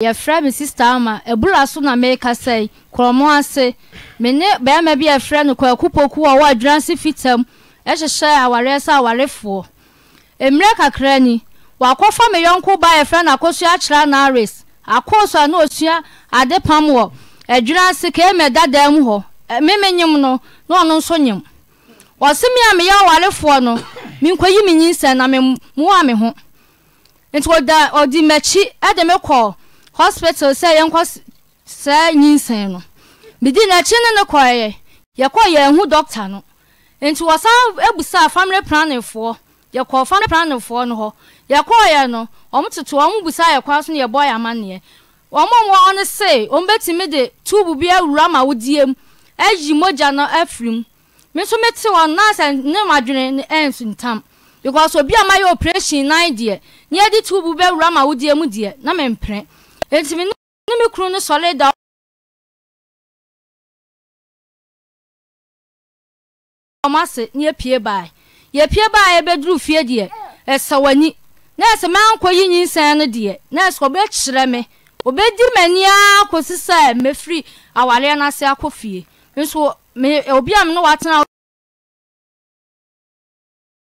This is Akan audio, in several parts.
yɛfrɛ me sista ama ebura so na meka sɛe kurɔmo ase me ne bɛrima bi yɛfrɛ no kwaku poku a ɔwɔ adwira se fitam ɛhyehyɛ awareɛ sɛ awarefoɔ mmerɛ kakra ni wakɔfa me yɔnko ba yɛfrɛ no akɔsua akyerɛ na ares akɔɔ so a na osua ade wɔ adwira se kɛmɛ dadaa mu hɔ meme no na nso nyim ɔse me a awarefoɔ no menkɔyi me nyinsɛn na memmoa me ho nti ɔda ɔdi m'akyi ɛde me kɔɔ hospital sɛ yɛnkɔ saa nyinsɛn no medi n'akyi ne ne kɔeɛ yɛkɔ yɛn ho doctor no nti wɔsan ebusa family planning foɔ yɛkɔ family planning foɔ no hɔ yɛkɔɔyɛ no wɔn tete wɔn busa yɛ kwan so yɛbɔ yɛ amanneɛ wɔn a wɔn no se wɔn de tuubu bi awura ma wodie mu ayi mogya no afiri mu me nso me te wɔn naasa ne mu adwene ne ɛnso ntam because obi a ma yɛ operation nan deɛ ne yɛde tuubu bɛwura ma wodie mu deɛ na mɛ mpere. eti mi ne mi kunu ne sɔre da ɔmo ase ne yɛpie baa yɛpie baa yɛbɛduru fie deɛ ɛsɛ w'ani na ɛsɛ mankɔ yi nyinsɛn no deɛ na ɛsɛ ɔbɛkyerɛ me obedi m'ani ara kɔsi sɛ mefiri awareɛ n'ase akɔ fie nso me obi a no watena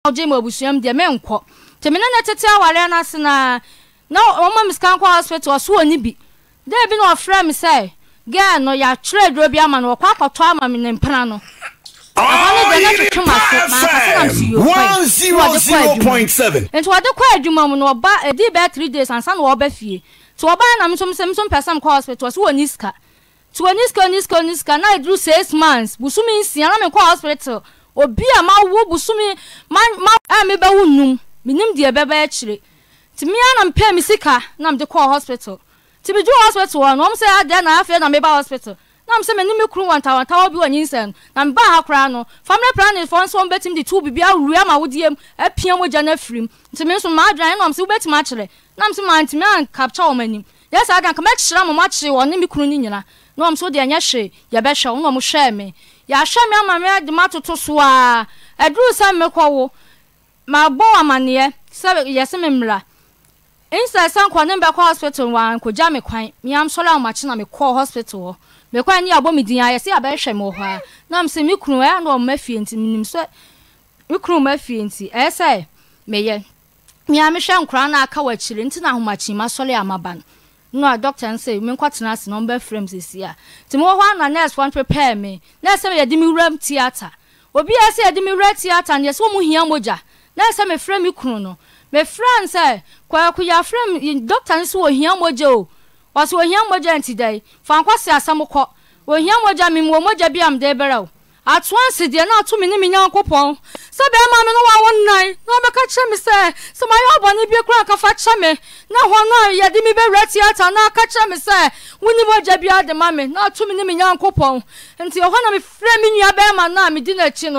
ɔgye ma abusua mu deɛ menkɔ tèmi ne ne tete awareɛ n'ase naa na ɔma me sika nkɔ hospital ɔso wɔ ne bi dɛ bi na ɔfrɛ me sɛ gɛɛ no yɛatwerɛ aduro bi ama no wɔkɔ akɔtɔ ama me ne mpena no nti wɔde kɔ adwuma mu na ɔba ɛdi bɛɛ three days ansa na wɔba fie nti ɔba na me nso sɛ me nso mpɛ sɛ mkɔ hospital ɔso wɔ ne sika nti wɔ ne sika wɔ ne sika wɔ ne sika na aduru six months busumi nsia na me kɔ hospital obi a ma wo busumi ma ma a me bɛ wo num me nim deɛ bɛbɛ akyire nti mmea na mpɛ mi sika na mde kɔɔ hospital nti megye wɔ hospital hɔ no ɔm sɛ adeɛ na afei ah, na meba hospital na m sɛ m'ani me kuru wɔntawɔntawɔ bi wɔ nyinsɛn na meba ha koraa no family planning fɔ nso wɔmbɛtumi de tu biribi awurua ma wodeɛ mu apia mogya no afiri mu nti me nso maadwane na ɔm sɛ wobɛtumi akyerɛ na m sɛ mantumi ankapkya wɔm anim yɛ saa da nka mɛkyerɛ mo moakye wɔne me kunu no nyina na ɔm so deɛ nyɛ hwee yɛbɛhwɛ wo na ɔm hwɛɛ me yɛahwɛ me ama me de matoto so a ɛduru sɛ mekɔ wo Ma wɔ amanneɛ sɛ yɛse me mmra nsa sɛ nkɔ ne mbɛkɔ hospital wa nkɔgya me kwan meam sɔre a ɔmakye na mekɔɔ hospital hɔ mekwan ne abɔ me din ayɛ sɛ yɛbɛhwɛ me wɔ hɔ eh, a na m sɛ me kunu ɛyɛ na ɔmma fie nti menim sɛ me kunu ma fie nti ɛyɛ sɛ meyɛ mea mehwɛ nkora no aka wɔ akyiri nti na ahomakyima sɔre a maba no na dɔkta no sɛ menkɔtena ase na ɔmbɛfrɛ m sɛsi a nti mewɔ hɔ ana nurse wɔn prepare me nurse sɛ yɛde me wuram theatre obi a sɛ yɛde me wura theatre no yɛ sɛ ɔmu mefra sɛ kko afradoa sɛ hiamya s haa ti as sɛmk aa om e makop sɛ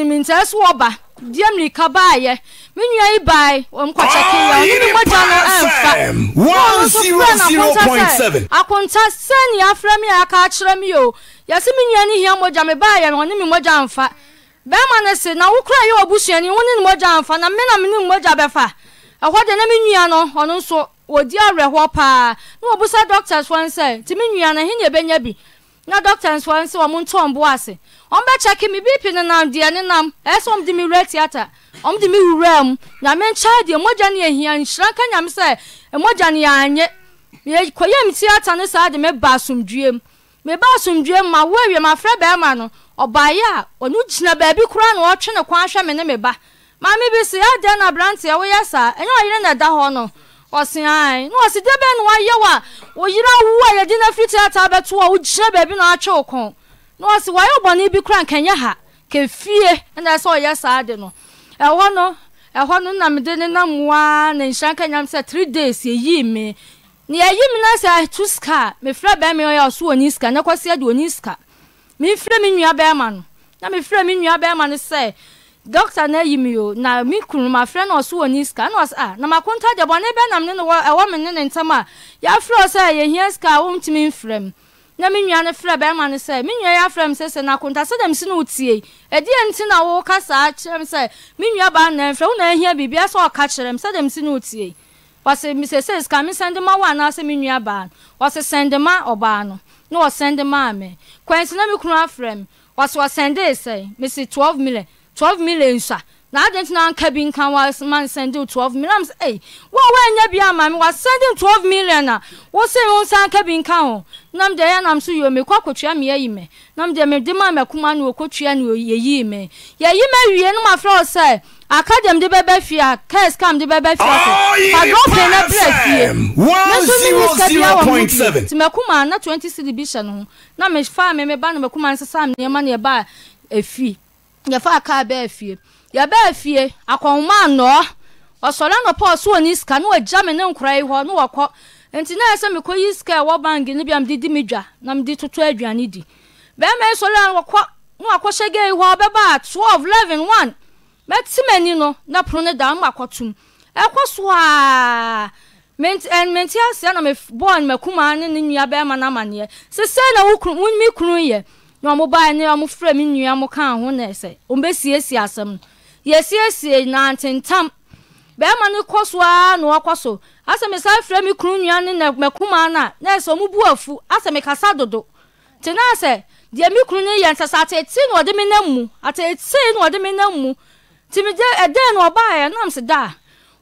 aaako dea mmirika bayɛ menua yi ba kɛoa sɛne fa makyerɛ m yse mea no hia yameaɛnoɔnemea mfa bano se nawoaɛae naa ahde ne mea oɔ erɛh paan b sa dctas sɛ timeao eebnya bina dtas sɛ motɔmboaase ɔm bɛ kyɛke me bp ne nam deɛ ne nam ɛsɛ ɔm de me wura tiata ɔm de me wura mu nyame nkyɛn deɛ mogya ne ahia nhyira nka nyame sɛ mogya ne yɛanyɛ mekɔyɛ me tiata e e ne saa de meba asomdwue mu meba asomdwue mu ma wo awie mafrɛ bɛrima no ɔbaeɛ a ɔno gyina baabi koraa na ɔtwe ne kwan hwɛ me ne me ba maame bi sɛ yɛadɛn ah, na aberanteɛ woyɛ saa ɛnyɛ ɔyere na ɛda hɔ no ɔse ae na ɔse dɛ bɛn na wayɛ wo a ɔyere awu a yɛde no afiri tiata bɛto a wogyina baabi na atwe wo na ɔsi wɔyɛ bɔnne bi kura nkɛnyɛ ha kefie ɛna sɛ ɔyɛ saa de no ɛhɔ no ɛhɔ no nam de ne nam waa na nhyira nkɛnyam sɛ three days yɛyi mi na yɛyi mi na sɛ ɛtu sika mefrɛ bɛrima ɔyɛ ɔso wɔ ne sika na kɔsi ɛde wɔ ne sika mefrɛ mi nua bɛrima no na mefrɛ mi nua bɛrima no sɛ dɔkta na ayi mi o na mi kunu ma frɛ na ɔso wɔ ne sika na ɔsɛ a na ma ko nta de bɔnne bɛ nam ne no ɛwɔ mi ne ne ntɛm a yɛafrɛ ɔsɛ yɛhia sika a wɔntumi mfrɛ mu na me nua no frɛ bɛrima no sɛ me nua yɛ afrɛ me sɛ sɛ na akonta sɛ dɛm si no wotie ɛdeɛ nti na woka saa kyerɛ me sɛ me nua baa na mfrɛ wo na ahia biribia sɛ ɔka kyerɛ me sɛ dɛm si no wotie wɔse mesɛ sɛ sika me sɛnde ma wo anaasɛ me nua baa no wɔse sɛnde ma ɔbaa no na wɔsɛnde maa me kwansi na me kunu afrɛ me wɔse wɔsɛndee sɛ mese 12 million 12 million sa na adi ntina nka bi nka wa man sending twelve million sɛ ɛy wɔn wɔn enya bi ama mi wa sending twelve million a wɔsi wɔn nsa nka bi nka ho nam deɛ nam so yɛ omi kɔ akɔtua mi ayi mɛ nam deɛ mi de ma mɛ kuma ni okɔtua ni yɛyi mɛ yɛyi mɛ wie no ma fɛ ɔsɛ aka deɛ mi de bɛbɛ fia kɛs kam de bɛbɛ fia sɛ padrɔfin na brɛ fie ne so mi mi sɛ bi awɔ bi ti mɛ kuma na twenty cedi bi hyɛ no ho na mɛ fa mi mi ba na mɛ kuma nsesa mi nneɛma na yɛ ba efi yɛ fa kaa bɛɛ fie yɛbɛɛ fie akɔnma anɔɔ ɔsɔre anɔpɔ ɔso wɔ ne sika na wagya me ne nkora yi hɔ na wɔkɔ nti na ɛsɛ mekɔ yi sika ɛwɔ bank ne bia mede di me dwa na mede toto aduane di bɛrima yi sɔre a wɔkɔ na wakɔhyɛ gei hɔ bɛbaa twelve eleven one mɛte m'ani no na pono no da no makɔtom ɛkɔ so a mente aseɛ na mebɔɔ makuma ne ne nua bɛrima no amanneɛ sesɛ na wo me kunu yɛ na ɔmo baɛ ne ɔmo frɛ me nua mo kaa ho na ɛsɛ ɔmbɛsiesie asɛm no yɛsiesie nantentam bɛrima no kɔ so aa na wɔkɔ so asɛ san frɛ me kunu nua ne makumaa no na ɛsɛ ɔmo bu afu asɛ kasa dodo nti na sɛ deɛ me kunu no yɛ nsɛ sɛ atɛti na ɔde me nam mu atɛti na ɔde me nam mu nti mede ɛdɛn na ɔbaeɛ nam si daa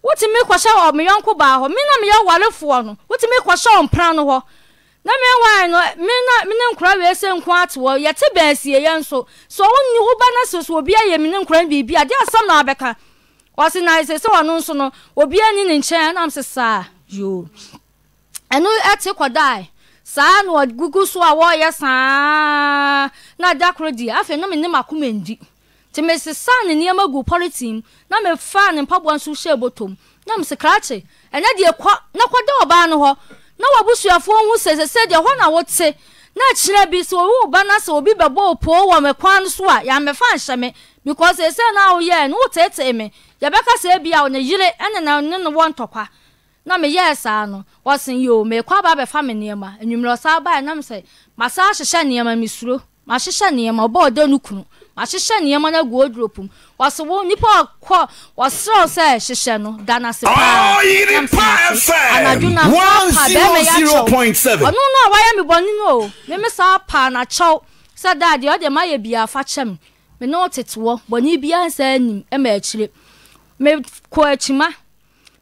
wotumi kɔhyɛ ɔ meyɔnko baa hɔ me na meyɛ warefoɔ no wotumi kɔhyɛ ɔ mpra no hɔ na meanwhile no me na me ne nkura wee se nko ate wɔ yɛte bɛɛsie yɛ nso so wo ni wo na so so obi ayɛ me ne nkura biribi adeɛ asɛm na abɛka ɔse na sɛ sɛ wɔno nso no obi ani ne nkyɛn nam se saa yoo ɛno ɛte kɔdae saa na ɔgugu so a wɔreyɛ saa na da koro di afei na me ne makoma ndi nti mese saa ne nneɛma gu pɔlitin na mefa ne mpaboa nso hyɛ bɔtɔm na mese krakye ɛnɛ deɛ kɔ na kɔda ɔbaa no hɔ na wabusuafoɔ hu sɛsɛsɛ deɛ hɔ na wote na kyerɛ bi sɛ owu ba na sɛ obi bɛbɔ opoo wɔ me kwan so a yɛamefa nhyɛ me because ɛsɛ na woyɛɛ no woteetee me yɛbɛka sɛ bi a ne yere ne na ne ne wɔ ntɔkwa na meyɛɛ saa no wɔsen yo meekɔ aba abɛfa me nneɛma anwummerɛ ɔsaa baɛ nam sɛ masaa hyehyɛ nneɛma mesuro mahyehyɛ nneɛma ɔbɔ ɔda no kunu mahyehyɛ nneɛma no agu wardrobe mu wɔse wo nnipa ɔkɔ wɔserɛw sɛ hyehyɛ no da nase pa bɛrima yɛakyɛw ɔno no a wayɛ me bɔne no o me me saa paa nakyɛw sɛ daa deɛ ɔde ma yɛ biaa fa kyɛ me me ne wo tetewɔ bɔne biaa nsaa nim ma akyire mekɔ akyima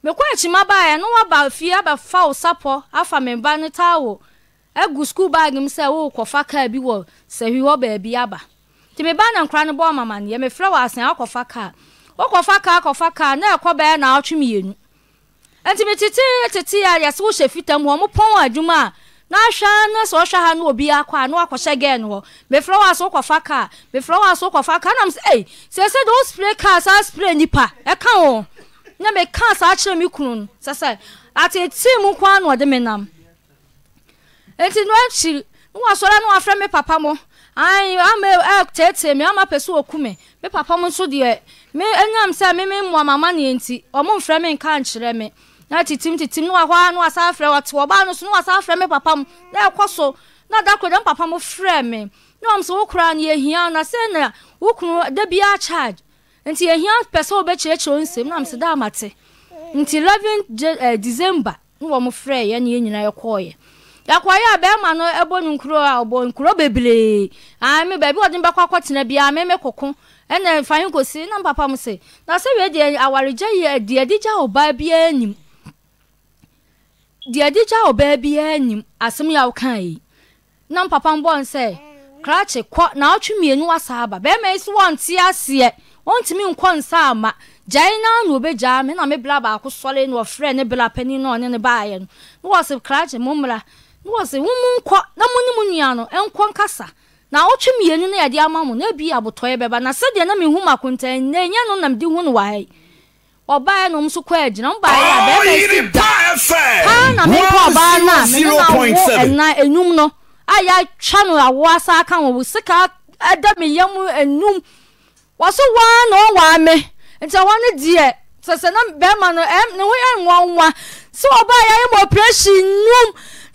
mekɔ akyima baeɛ no waba fie abɛfa wo sapɔ afa me ba no taa wo agu skuul baage m sɛ worekɔfa kaa bi wɔ sɛhwi hɔ baabi aba nti meba na nkora no bɔ ɔmamaneɛ mefrɛ wɔ asen akɔfa kaa wokɔfa kaa akɔfa kaa na ɛkɔ bɛyɛ na ɔtwe mmienu nti metete tete a yɛsɛ wohyɛ fitam hɔ mopɔn adwuma a na ahwɛ na sɛ ɔhwɛ ha na obi akɔ a na wakɔhyɛ gɛn hɔ mefrɛ wɔ aso wokɔfa kaa mefrɛ wɔ aso wokɔfa kaa nam sɛ sɛ sɛ de wospray kaa saa spray nipa ɛka wɔ na meka saa kyerɛ me kunu no sɛ sɛ atete mu nko a na ɔde me nam nti no akyiri na wafrɛ papa mo ayi ama ɛ tɛɛtɛɛ mi ama pɛ sɛ oku mi papa mu nso deɛ mi enyam sɛ mi mi mu mama ne nti ɔmo nfrɛ mi nka nkyerɛ mi na titim titim ne wa hɔ a ne wa saa frɛ ɔte ɔbaa no so ne wa saa frɛ mi papa mu na ɛkɔ so na da koro dɛm papa mu frɛ mi ne wɔn sɛ wokura no yɛhia na sɛ na wokunu debi bi nti yɛhia pɛ sɛ ɔbɛkyerɛkyerɛ wɔn nsɛm na mo sɛ daa ma nti eleven eh, december ne wɔn frɛ yɛ ne yɛn nyinaa yɛ kɔɔ yɛ. yɛkɔyɛ a bɛrima no ɛbɔ ne nkuro a ɔbɔ nkuro bebree ame baabi ɔde bɛkɔ akɔtena biara meme koko ɛna fahin kɔsi na papa m se na sɛ wie deɛ awaregya yɛ deɛ de gya ɔbaa biara nim deɛ de ɔbaa biara nim asɛm yɛ awokaa yi na papa m bɔn sɛ krakye kɔ na ɔtwe mmienu asa aba bɛrima yi so wɔnte aseɛ wɔntumi nkɔ nsa ama gyae naa na obɛgyaa me na me bla baako sɔre na ɔfrɛ ne bla panin na ɔne ne baayɛ no na wɔse krakye mo mmra na wɔ se wɔn nkɔ na mo ne mo nua no nkɔ nkasa na ɔtwe mmienu no yɛde ama mo na ebi abotɔeɛ bɛba na sɛdeɛ na mehu ma kontan na enya no nam de hu no wɔ ha yi ɔbaa nom so kɔ agyina mbaa yi a bɛrima si da paa na menkɔ ɔbaa no a mene na awo ɛna enum no a yɛatwa no awo asa aka wɔn sika ɛda me yam enum wɔso waa na ɔwɔ ame nti ɔwɔ ne deɛ sɛsɛ na bɛrima no ɛm ne ho yɛ nwanwa sɛ ɔbaa yɛ ayɛ mo operation num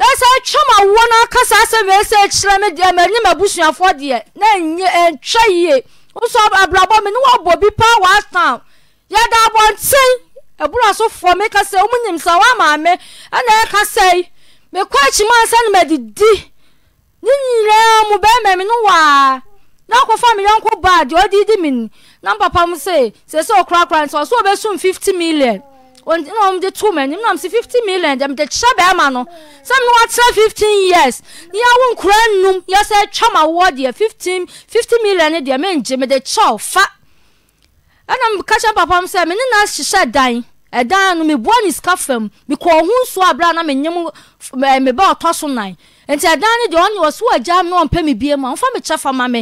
ɛsɛ atwam awoɔ no akasa asɛm ɛsɛ akyerɛ me deɛ mɛnye m'abusuafoɔ deɛ na ɛnyɛ ɛntwa yie nso abrabɔ mi ne wɔbɔ bi paa wɔatan yɛda abɔnten ɛburo asofoɔ mi kasa ɔmo nyim sa wɔn maame ɛna ɛkasa yi mekɔ akyi mu ansa na mɛdidi ne nyinaa mo bɛrima mi no waa na akɔfa mi yɔnko baa deɛ ɔde di mi ni. napapamsɛsɛ kra kasu 5 millin emlln a a aoa meyimebɛ toso na ti dao sana pɛmebim a mekyɛ famame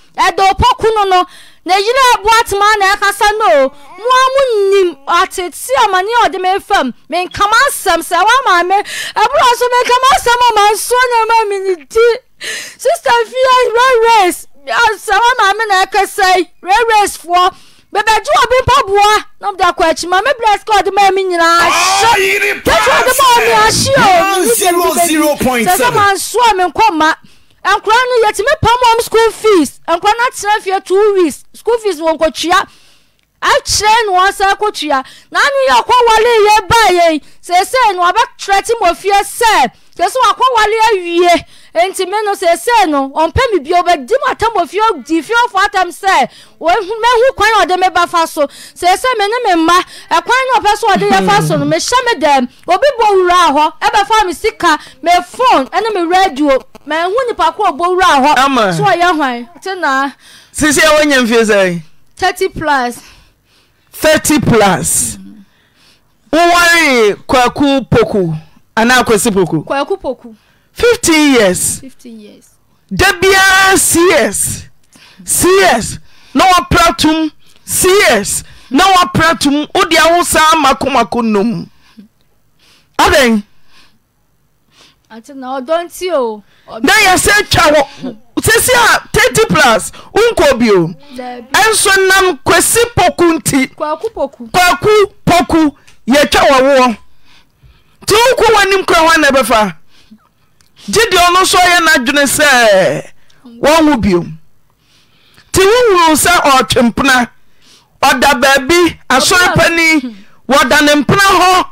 ɛdɛ pɔ ku n no ne yerɛ boatema na kasa no moa moni tsiamae de mfam mekama sɛmsɛ mam mmsɛmaso m se fkɛsɛ f bebai bpaboa imɛsyɛmaso mekɔma nkwadaa no yɛtumi pam wɔn school fees nkwadaa no atena fie two weeks school fees wɔn kɔtua akyerɛ no wɔn sɛ kɔtua n'anu yɛ ɔkɔ wɔle yɛ baa yɛn sɛsɛ no wɔbɛtwerɛ ti mɔ fie sɛ yɛsɛ wakɔwale awie nti me no seesei no ɔmpɛ me bio bɛdi mu atam wɔ fie di fie ɔfo atam sɛ mahu kwan a ɔde me ba fa so seesei me ne me mma ɛkwan e na ɔpɛ so ɔde yɛ fa so no mehyɛ me dɛm obi bɔ wura hɔ ɛbɛfa e me sika me phone ɛne e me radio mahu nipa ko ɔbɔ wura hɔ so ɔyɛ hwan te na sisi ɛwɔ nya mfie sɛ thirty plus thirty plus woware kwaku poku anksi 5 years da biaa ss na wpra tom s na wpra to m wode ho saa makomako nom anɛ yɛsɛ wa w ssa 30 pls wnkɔbio nso nam kwasi poku ntikwak poku yɛtwa wwoɔ nti wokɔ w'anim kora hɔ ana ɛbɛfa gye deɛ ɔno nso ɔyɛ n'adwene sɛ wɔnwo biom nti wohunu sɛ ɔtwempena ɔda baabi asɔre pani wɔda ne mpena hɔ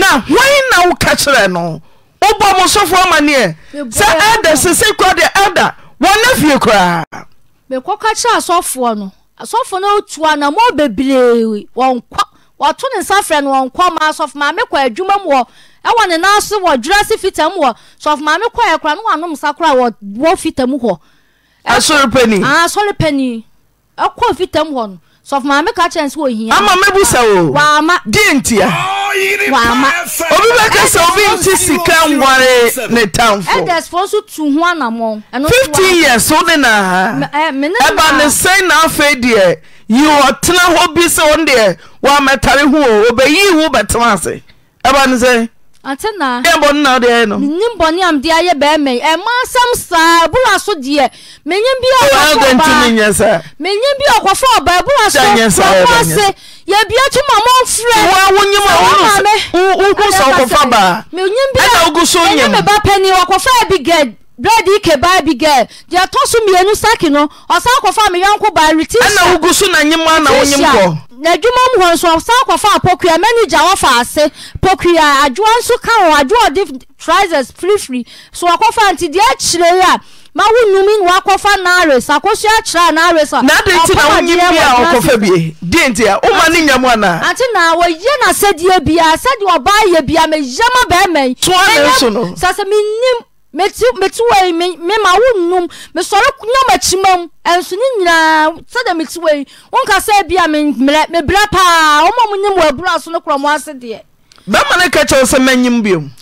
na hwan na woka kyerɛ no wobɔ mo sɔfoɔ amanneɛ sɛ ɛda sese kora deɛ ɛda wɔna fie koraa mekɔka kyerɛ asɔfoɔ no asɔfoɔ no otua na ma bebree wɔnkɔ wato ne nsa frɛ no wɔn kɔma sɔfo maame kɔ adwuma mu wɔ ɛwɔ ne nan so wɔ dwere ase fita mu wɔ sɔfo maame kɔ ɛkora no wɔanom nsa kora wɔ wɔ fita mu hɔ. asɔre panyin. asɔre panyin ɛkɔ fita mu hɔ no sɔfo maame ka kyɛn sɛ ohia. ama mebusa o. wama. di ntia. Oh, wama. obi bɛka sɛ obi nte sika ngware ne tamfo15 years wo na haɛba eh, ne sɛn eh, na deɛ yi ɔtena hɔ bi sɛ won deɛ woamɛtare ho o obɛyii wo bɛtema ase ɛba eh, ne sɛ menim bɔne amde ayɛ bɛmɛ masɛm saa bora so deɛ menya bi so ase yɛbi atuma mo nfrɛ wa wonye mu a wonu wonu sa ɔkɔfa baa ɛna ogu so nyem ɛna meba pɛni ɔkɔfa abigail brɛdi keba abigail deɛ ɛtɔ so mmienu saki no ɔsan kɔfa mi yɔnko baa retisha ɛna ogu so na nyem a na wonyem kɔ n'adwuma mu hɔ nso ɔsan kɔfa apokua manager wɔfa ase pokua adwoa nso ka wɔn adwoa ɔde trousers firifiri so ɔkɔfa nti deɛ akyire yi a ma wo numi wakɔfa nares akɔso akyerɛ nares a nade nti na wonyi bi a ɔkɔfa bie deɛ nti a woma ne nya mu anaa ante na wɔyɛ n'asɛdeɛ biaa sɛdeɛ ɔbaa yɛ bia meyɛ ma bɛɛma yi toa ne so no sɛ sɛ mennim meti meti wɔ yi me me ma wo num mesɔre nyɔma kyima mu ɛnso ne nyinaa sɛdeɛ meti wɔ yi wonkasa bi a mebrɛ mebrɛ paa wɔn a wɔn nyim wɔ abura so no korɔ mo ase deɛ. bɛrima ne kɛkyɛw sɛ mɛnyim biom.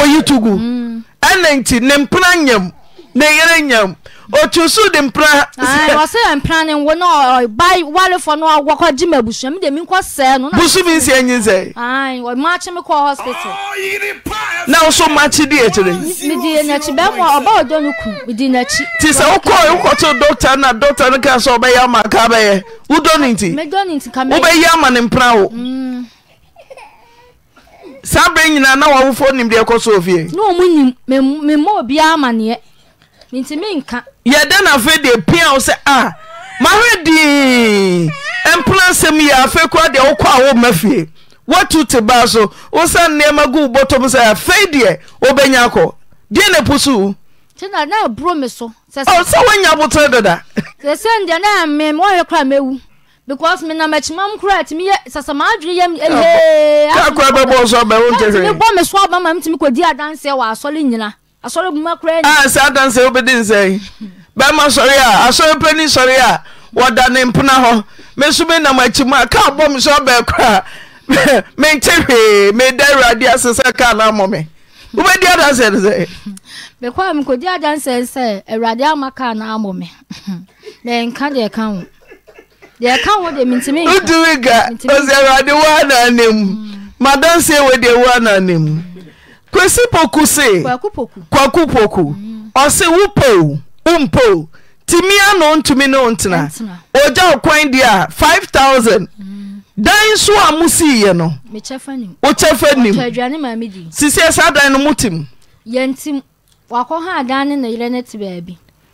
kɔyi to gu ɛne nti ne mpena nyam ne yere nyam otu so de mpra. ɔsɛ yɛ mpra ne nwo na ɔba walefo na ɔwɔkɔ gye ma busua mi de mi nkɔ sɛɛ no. busu mi nsi enyi nsɛ. ɔmo akyi mi kɔ hospital. Oh, na nso mo akyi di akyire. mi di n'akyi bɛɛ mu ɔba odo no kun mi di n'akyi. ti sɛ wokɔ wokɔ to dɔkta na dɔkta no ka sɛ ɔbɛyɛ ama ka bɛyɛ wodɔ ne nti. mi dɔ ne nti ka mi. wobɛyɛ ama ne mpra o. saa berɛ nyinaa na wɔawofoɔ nim deɛ ɛkɔ sɛɔfie na ɔmo nim memmɔ obiaa amanneɛ menti menka yɛdɛn na afei deɛ pia wo sɛ ah, a ma dii diin nsɛm yɛ afei koraa deɛ wokɔ a womma fie woatu te baa so wo sa nneɛma gu wobɔtɔm sɛ afei deɛ wobɛnya akɔ deɛ na po so wo sɛ woanya botore dada because me na mɛkyima m kora tumi yɛ sasama adwene yɛ kakora bɛbɔ sɔ bɛwo nkɛhwɛ bɔ me so aba ma metumi kɔdi adanseɛ wɔ asɔre nyina asɔre buma kora a sɛ adanseɛ wobɛdi nsɛe bɛma sɔre a pani a wɔda ne mpena hɔ me so me nam akyi mu ka bɔ me so ɔbɛɛ kora mente hwee meda awurade ase sɛ ka na mmɔ me wobɛdi adanseɛ no sɛ mekɔa mekɔdi adanseɛ sɛ awurade ama ka na amɔ me ka wo uduwiga oziara adịwa ananị m madansi ewedewu ananị m kwesị poku si kwaku poku ọsị wupo umpo timi anụ ntumi na ntina oja kwan di five 5000 dan nso a ihe sii yɛ no wokyɛfa nim sisi ɛsa dan no mu tim yɛntim wakɔ ha adan ne ne yerɛ no te baabi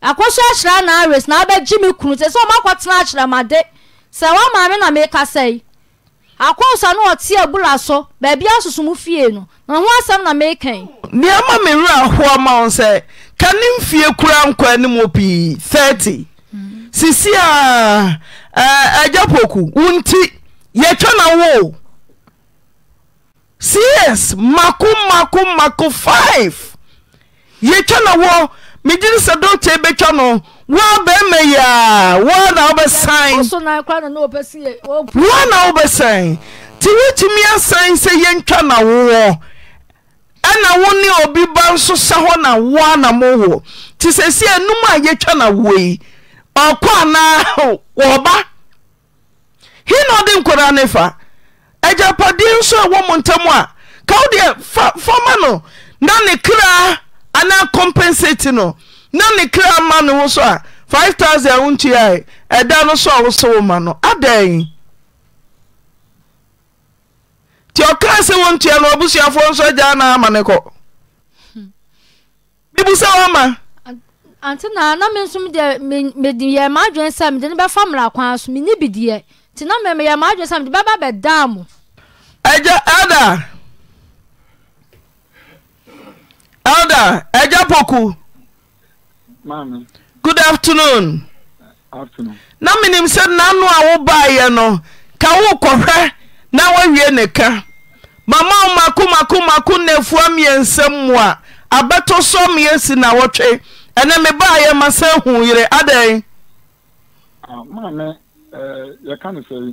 akɔhyɛ akyerɛ na ares na abɛgye me kunu sɛ sɛ ɔmakɔtena akyerɛmade sɛ woamaa me na meka sɛe akɔsa ne ɔte abula so baabi asosom fie no na ho asɛm na mekai nneɛma mewerɛ hoa ma wo sɛ ka ne mfie koraa nkɔ anim ɔ pii 30 sisi a agya poku wo nti yɛtwa na woo cs mako mako mako 5 yɛtwa na wɔ megye ne sɛ dɔkta bɛtwa no woa bɛma yi a woa na wobɛsan woa na wobɛsan nti wotumi asan sɛ yɛntwa na wowɔ ɛna wo ne obi ba nso sa hɔ na woa na mowɔ nti sɛ si anum a yɛtwa na woɔ yi ɔkɔ anaa wɔba he na ɔde nkwadaa ne fa agyapadeɛ nso a ɛwɔ mo ntam a ka wo deɛ fa fɔma no na ne Ana compensate no na ne kra ma ne wo so a 5000 E ɛda no so a wo so wo ma no adɛn nti ɔkra sɛ wontua no ɔbusuafoɔ nso agyaa na ama ne kɔ bibu sɛ woama ante na na me di deɛ medi yɛ m'adwene sɛ mede ne bɛfa mmara kwan so menni bideɛ nti na mmɛmɛ yɛ m'adwene ba ba bɛba bɛdaa mo agya ada elda agya poku good afternoon na menim sɛ n'ano a wobaeɛ no ka worekɔhwɛ na woawie ne ka mama wo makomakomako nnafua mmiɛnsɛm mu a abɛtɔ sɔ amịa si na wɔtwe ɛnɛ mebaayɛ ma sɛ hu yere adɛn ah, eh,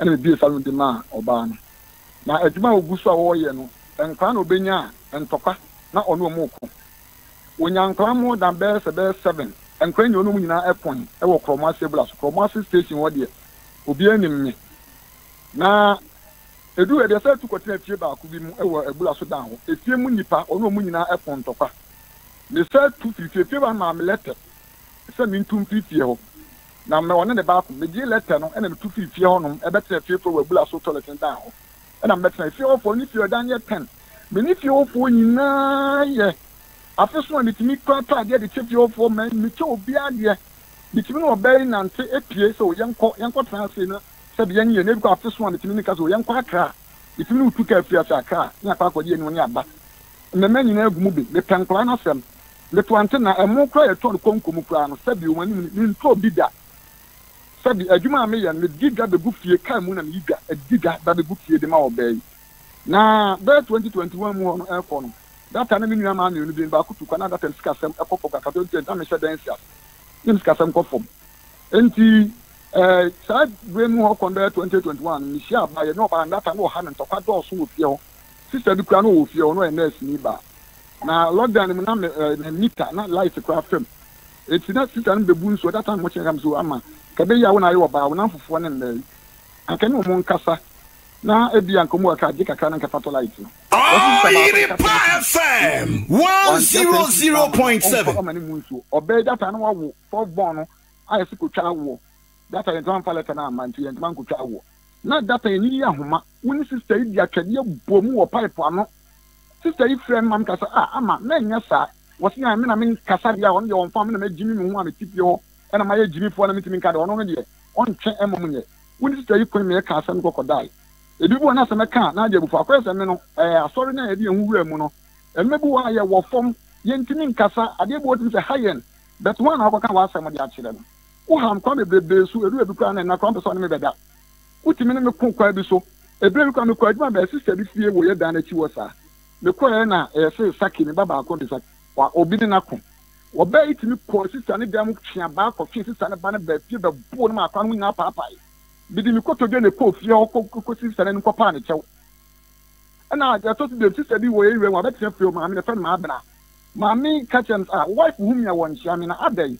ɛna ebie saa no de maa ɔbaa no na adwuma a ogu so a wɔreyɛ no nkwa na obenya a ntɔkwa na ɔno ɔmo ko wonya nkwa mo dan bɛyɛ sɛ bɛyɛ seven nkwa nyɛ ɔnom nyinaa ɛpɔn ɛwɔ kɔrɔmo ase bla so kɔrɔmo ase station hɔ deɛ obiara nim nye na edu ɛdeɛ sɛ etu kɔtena efie baako bi mu ɛwɔ ɛbula so dan hɔ efie mu nipa ɔno ɔmo nyinaa ɛpɔn ntɔkwa ne sɛ tu fifie fie ba maame lɛtɛ sɛ mi ntu mfifie hɔ na mɛ ɔne ne baako megye lɛtɛ no ɛna metu firi fie hɔnom ɛbɛtena fie fo wɔabula so tɔlɛt dan hɔ ɛna mɛtena fie hɔfoɔ ne fie ɔdan yɛ ten me ne fie hɔfoɔ nyinaa yɛ afe so a metumi kɔ ataadeɛ de kyɛ fie hɔfoɔ mɛ mekyɛ obiaa deɛ metumi ne ɔbɛyi nante apue sɛ yɛnkɔ yɛnkɔ tena ase no sɛde yɛnyɛ na bi kɔ afe a metumi ne ka sɛ yɛnkɔ akra metumi ne wotu ka afiri afi akra ne akɔ akɔde ani ne aba ne ntɔ sɛbi adwuma a meyɛ no medi dwa bɛgu fie kaa mu na meyi dwa adi dwa da bɛgu fie de ma wɔ bɛɛ yi na bɛɛ twenty twenty one mu hɔ no ɛkɔ no data ne me nua maa mmienu bi baako tu kwan na data sika sɛm ɛkɔ fam kaka twenty twenty na mehyɛ dan si ase ne me sika sɛm kɔ fam nti ɛɛ saa bɛɛ mu hɔ no bɛɛ twenty twenty one mehyia abaayɛ ne ɔbaa data ne ɔha ne ntɔkwa dɔɔso wɔ fie hɔ sista bi kura ne wɔ fie hɔ no ɔyɛ nɛɛse ni baa na lockdown mu na mɛ ɛɛ na mita na light kura fam eti na sista no bɛbu nsuo data no mo kyɛn kam so ama kɛbɛ yi a wɔn ayɛ wɔ baa wɔn afofoɔ ne mbɛɛ anka ne wɔn nkasa na ebi anka mu ɔka agye kakra na nka fatɔ light ɔyiri pa fm one zero zero point seven. ɔnkɔ ɔma ne mu nsuo ɔbɛɛ data wa wawo fɔf bɔn no ayɛ sɛ kotwa awoɔ data yɛn ntoma nfa lɛtɛ na ama nti yɛn ntoma nkotwa awoɔ na data yɛn yi ahoma wɔn ne sista yi di atwadeɛ bɔ mu wɔ pipe ano sista yi fira mam kasa a ah, ama mɛ nyɛ saa wɔsi na mena me nkasa deɛ a wɔn deɛ wɔn fa mena mɛ gyi mi mi ho a mɛ ti pie hɔ ɛna mayɛ gyimifoɔ no metumi nka de ɔno no deɛ ɔntwe mmom yɛ wone sita yi kwan mɛka asɛm kɔkɔ dae ebi bu anasɛm ɛka na agye abufo akɔyɛ sɛ me no ɛɛ e, asɔre no a yɛde yɛn wura mu no e mmabu wɔ e a yɛ wɔ fam yɛntumi nkasa adeɛ bi wɔtumi sɛ ha yɛn bɛt wɔn na akɔka w'asɛm de akyerɛ no woham kwan bebrebe so edu ebi kora na ɛna kora mpɛ sɛ ɔne me bɛda wotumi ne me ko kwan bi so ebire bi kora me kɔ adwuma bɛɛ sista bi fie wɔ yɛ dan n'akyi wɔ saa me kɔ yɛ na ɛyɛ sɛ saki ne ba baako de saki wa obi na n'ako wɔbɛɛ yi tumi kɔ sisan ne dan mu ba kɔ fie sisan ne ba ne bɛɛ fie bɛ buo ne mu akora ne mu nyinaa paapaa bidi mi koto dwe ne kɔ fie hɔ kɔ sisan ne ne kɔ paa ne kyɛw ɛna yɛtɔ so deɛ sisan bi wɔ eyiwe mu abɛtena fie maame ne fɛn maa bena maame kakyɛn a wife hu mi a wɔn mi na ada yi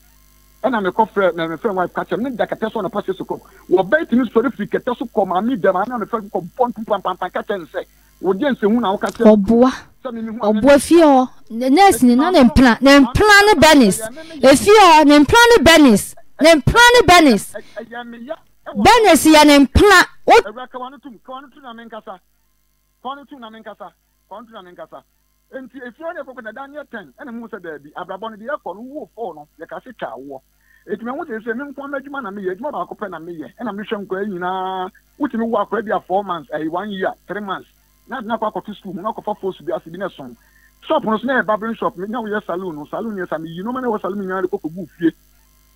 ɛna mi kɔ frɛ mɛ mi fɛn wife kakyɛn ne da kɛtɛ so na pɔsi so kɔ wɔbɛɛ yi tumi sɔre firi kɛtɛ so kɔ maame dɛm maame na mi fɛn kɔ bɔ ntu pampampa kakyɛn nsɛ wòdi nsehun na ɔka sɛ. ɔboa ɔboa fie hɔ nurse ni na ne mplan ne mplan ne benis efie hɔ ne mplan ne benis ne mplan ne benis benis yɛ ne mplan. na mi nkasa na mi nkasa kawa ne tum nti efie ne kɔkɔ na daniel ten ɛna mu sɛ beebi abrabɔ no bi ɛkɔ no wo fɔɔ no yɛ kasi taa woɔ ètùmí àwọn tẹ̀sí ẹ̀mí nkọ́ mẹ́júmọ́ náà mi yẹ ẹ̀dúmọ́ baako pẹ́ náà mi yẹ ẹ̀nà mi hwẹ́ nkọ́ ẹ̀ nyinaa wọ́n ti mi wọ akọ́rẹ́ four months ẹ̀yìn one year three months na adi n'akɔ akɔto sukuu mu n'akɔfa fo su bi ase bi n'ɛsɔn shop no so na yɛ barbering shop na woyɛ saloon saloon yɛ sa mi yi nneɛma na ɛwɔ saloon nyinaa de kɔkɔ gu fie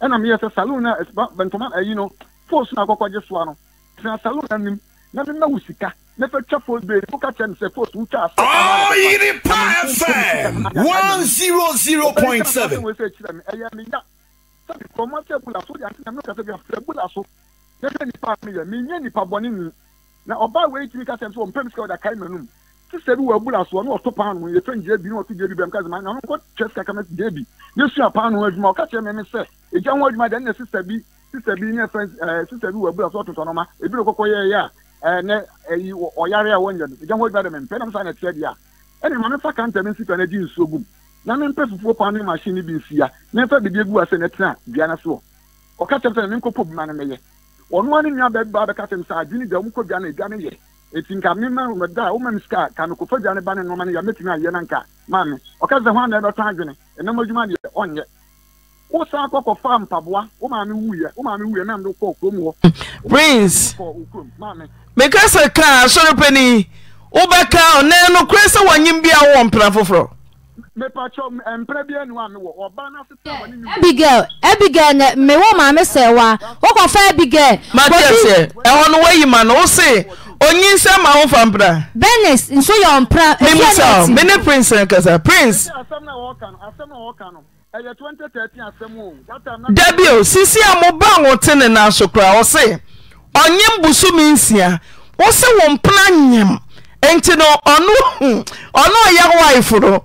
ɛna mi yɛ sɛ saloon na ɛsiba bɛntoma ɛyi no fos na akɔkɔ gye soa no tena saloon anim na ne nawu sika ne fɛ twa fos bee fo ka kyɛn sɛ fos wutwa asa. ɔyiri pa fm one zero zero point seven na ɔbaa wei tumi kasa sɛ ɔmpɛm sika ɔda kae n'anum sisɛ bi wɔ abula soɔ na ɔto paano yɛfɛ ngyina bi na ɔto gye bi bɛm kasa ma na ɔnkɔ twɛ sika kama gye bi na esua paano adwuma ɔka kyerɛ mɛmi sɛ egya ho adwuma deɛ ɛna sisɛ bi sisɛ bi ne fɛ ɛɛ sisɛ bi wɔ abula soɔ totɔ nɔma ebi na kɔkɔ yɛ yɛ a ɛɛ eh, nɛ ɛyi eh, ɔyare a wɔnyɛ no egya ho adwuma deɛ mɛ mpɛ nam saa na ɛkyerɛ deɛ a ɛna maame fa kanta mi nsipa na gye nsuo gum na ne mpɛ fufuo paano machine bi nsia ne nfa bibi egu ase na ɛtena dua na soɔ ɔka kyerɛ sɛ ne nkɔ pɔ bi ma ne mɛyɛ ɔno ne nua bɛbi ba bɛka sɛm sɛ adwene da womkɔ dwa no adwa no yɛ ɛti nka mema meda a woma m. sika ka nokɔfa dwa no ba ne nɔma no yɛmɛtumi ayɛ no nka ọ ɔka sɛ ho ana ɛbɛtɔ adwene ɛnam adwuma deɛ ɔnyɛ wo san kɔ kɔfa mpaboa wo maame wuyɛ wuyɛ nam de kɔ kurom hɔ hmm, prince meka sɛ pani wobɛka ɔnɛ no korɛ sɛ wɔnyem bi a wowɔ mpena foforɔ mepatwa mpere bi enu a mewɔ ɔbaa na sisan wɔ ne nyuma. abigail abigail na mewɔ maame sɛ wa wɔkɔfa abigail. matias yɛ ɛhɔ no wɔyi ma no wose onyin nsɛm ma wofa mpira. benis nso yɛ ɔmpira efi ɛna ti. mene prince nkasa eh, prince. asɛm na wɔka e o. sisi a mo ba wɔn ti ne nan so kora ɔse ɔnye mi nsia wɔse wɔn mpira nyam e nti no ɔno ɔno ɔyɛ wife no.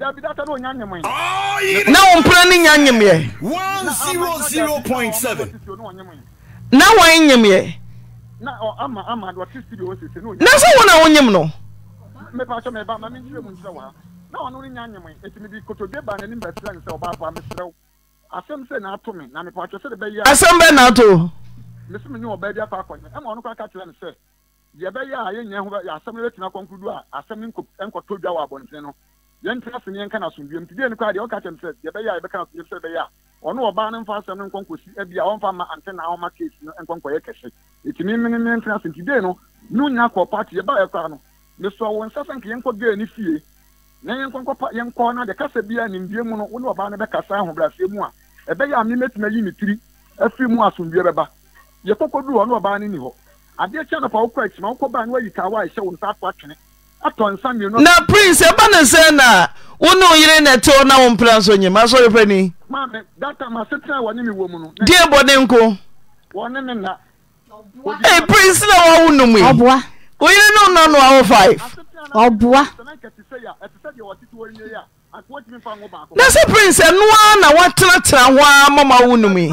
na wɔn mpona ne nya nyimyɛ. one zero zero point seven. na wɔn nyimyɛ. na sɛ wɔn a wɔnyim no. na ɔno e ne nya nyimyɛ eti mi bi kotodwe ba n'anim bɛ sira nsɛ ɔbaa bɔ amesrɛw asɛm sɛ n'ato mi na mipa atwa sɛ de bɛ yɛ. asɛm bɛ n'ato. mesi mi nye ɔbaa bi akɔ akɔnyɛ ɛma ɔno kɔ aka kyerɛ mi sɛ yɛbɛyɛ a yɛnyɛ ho asɛm yɛ bɛtumi akɔnkudu a asɛm nkɔtɔ dwa wɔ abɔnten no yɛntena se ne yɛnka no asomdwam nti deɛ no kɔ a deɛ ɔka kyɛm sɛ yɛbɛyɛ a yɛbɛka asomdwam sɛ bɛyɛ a ɔno ɔbaa no mfa asɛm no nkɔnkɔsi abi a ɔmfa ma ante na ɔma case no nkɔnkɔyɛ kɛse ɛtumi mene ne ntena se nti deɛ no ne wonya kɔ party yɛbaa yɛkɔa no mesɔ wo nsa sɛ nka yɛnkɔ gaa ne fie na yɛnkɔnkɔpa yɛnkɔ na deɛ kasa biaa nimdie mu no wo ne ɔbaa no bɛkasa ahobrɛaseɛ mu a ɛbɛyɛ a memɛtumi ayi ne tiri afiri mu asomdwɛ bɛba yɛkɔkɔduru hɔ ne ɔbaa no ni hɔ adeɛ kyɛ nɔpa wokɔ akyima wokɔbaa ne wayi kaa wɔ a ɛhyɛ wo nsa ato atwene na prince ɛba ne sɛ na wo ne eh, wo yere ne ɛte wo na wo mpena so nyim asɔrepɛni deɛ bɔne nko e prince na woawo nom yi wo yere ne wona no awo 5 na sɛ prinse ɛnoara na woatenatena ho ara mama wo nom yi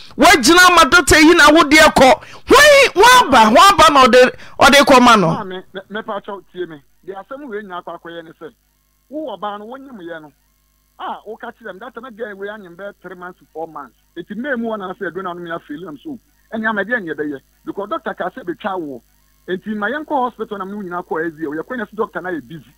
woagyina ama dɔta yi na wodeɛ kɔ hwan woaba ho aba na ɔde ɔde kɔ ma no mepatwɛ tie me deɛ asɛm wei nyina akɔ akɔyɛ ne sɛ wowɔ baa no wonyemyɛ no a woka kyerɛ m data na gɛ wei anyem bɛɛ three months to four months ɛti mmaa mu wɔnana sɛ aduona no meafei lam so ɛne amadeɛ nyɛ bɛyɛ because dɔctor ka sɛ bɛtwa woɔ nti ma yɛnkɔ hospital nam ne wo nyinaa kɔ ɛzie ɔyɛkɔnya so dɔctor no ayɛ busy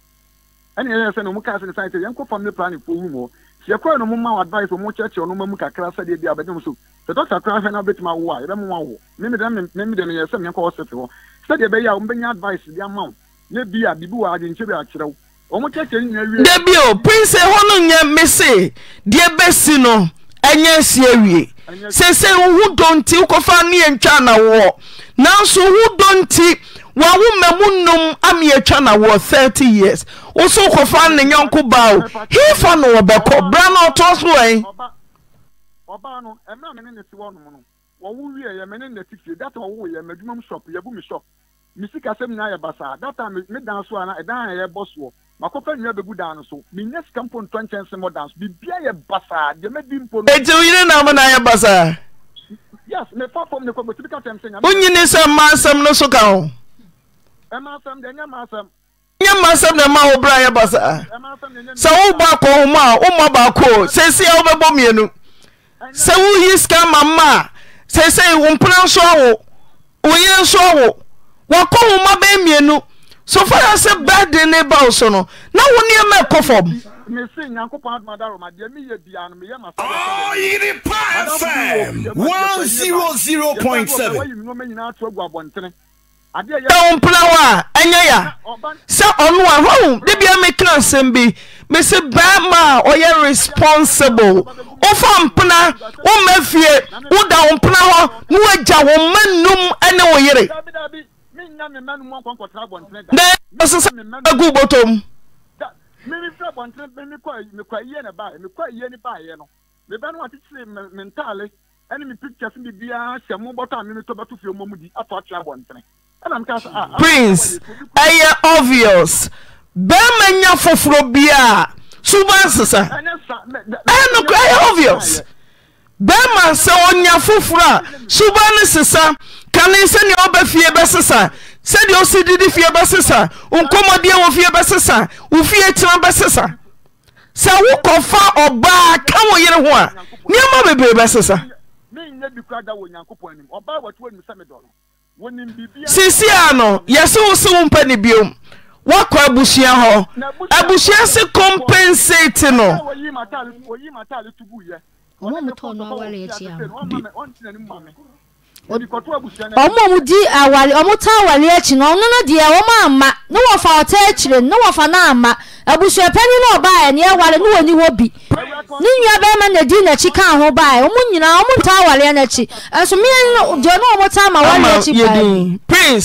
ɛne ɛyɛ sɛ na ɔmu kaa sɛ ne sane sɛ yɛnkɔ family planning fo wu mu hɔ sɛ kora no moma advice ɔmo kyerɛkyerɛ ɔno ma kakra sɛdeɛ bi abɛdem so sɛ dɔkta kora hwɛ no wobɛtumi awo a yɛbɛmo awo memede no yɛ sɛ meɛnkɔ hospital hɔ sɛdeɛ ɛbɛyɛ a wombɛnya advice bi ama wo na bi a biribi wɔ agyenkyɛ bi akyerɛ wo ɔmo kyerɛkyerɛ nyina wie bio prince hɔ no nyɛ me se deɛ bɛsi no ɛnyɛ asi awie sɛ sɛ wohu dɔ nti wokɔfa ne yɛntwa anawɔ nanso wohu dɔ nti wɔn ahoma mu num amiatwa na wɔ thirty years woso kɔfa ne nyɔnko baa o hifa na wɔbɛkɔ bra na ɔtɔ so ɛn. ɔbaa no ɛmɛ mi ne ne ti wɔ nom no wɔwo wie yɛ mɛ ne ne ti fie data wɔwo yɛ mɛ dwuma mu shop yɛ bu mi shop mi si kasɛm nyinaa yɛ basaa data mi mi dan so ana ɛdan yɛ bɔ soɔ makɔfɛ nua bɛ gu dan no so mi nyɛ sika mpo ntɔ nkyɛn se mo dan so bibia yɛ basaa deɛ mɛ yes mɛ fa fɔm ne kɔ mɛ tibi ka tɛm se nya. o so ɛma asɛm deɛ nyɛ ma asɛm nyɛ ma asɛm na wo bra yɛ ba saa sɛ wobɔ akɔ hom a woma baako o seesie a wobɛbɔ mmienu sɛ woyi sika ma mma a seesei wo mpena nso awo wo yere nso awo wakɔ homa bɛɛ mmienu so fara sɛ bɛɛde ne ba wo so no na wo nneɛma ɛkɔ fam mese nyankopɔn adomada roma deɛ meyɛ biaa no meyɛ masɔyere pa fm 100.7 nyinaa to agu abɔntene dɛwo mpena wo a ɛnyɛ ya sɛ ɔno a hɔ de bia mekra nsɛm bi mese bɛrima a ɔyɛ responsible wofa mpena womma fie woda wo mpena hɔ na woagya wo mma num ne wo yere na ɛsesa agu botom ɛne me pictures bi biara hyɛ mo bɔtɔ a memetɔ bɛto fie mɔ mu di ato atwe abɔntene prins ɛyɛ obvious bɛrima nya foforɔ bia a suba ne sesa o ɛyɛ obvious bɛrima sɛ ɔnya foforɔ a suba ne sesa kane sɛnea ɔbɛ fie bɛsesa sɛdeɛ ose didi fie bɛsesa nkɔmmɔdia wɔ fie bɛsesa wofie tena bɛsesa sɛ wokɔfa ɔbaa ka wo yere ho a nneɛma bebree bɛsesa sisiea no yɛ se wo se wo mpa ne biom wokɔ abusua hɔ abusua se kɔmpɛnsete no ọmụ ọmụdi awari ọmụta awali echi na ọnụnụ di ya ọmụ ama n'ụwọfa ọta echiri n'ụwọfa na-ama abusua ọbaa ya na awari n'ụwa ni obi bi ebe eme na edi n'echi ka ahụ baa ọmụ nyinaa ọmụ nta awari n'echi nso mmiri ọmụta ama echi baa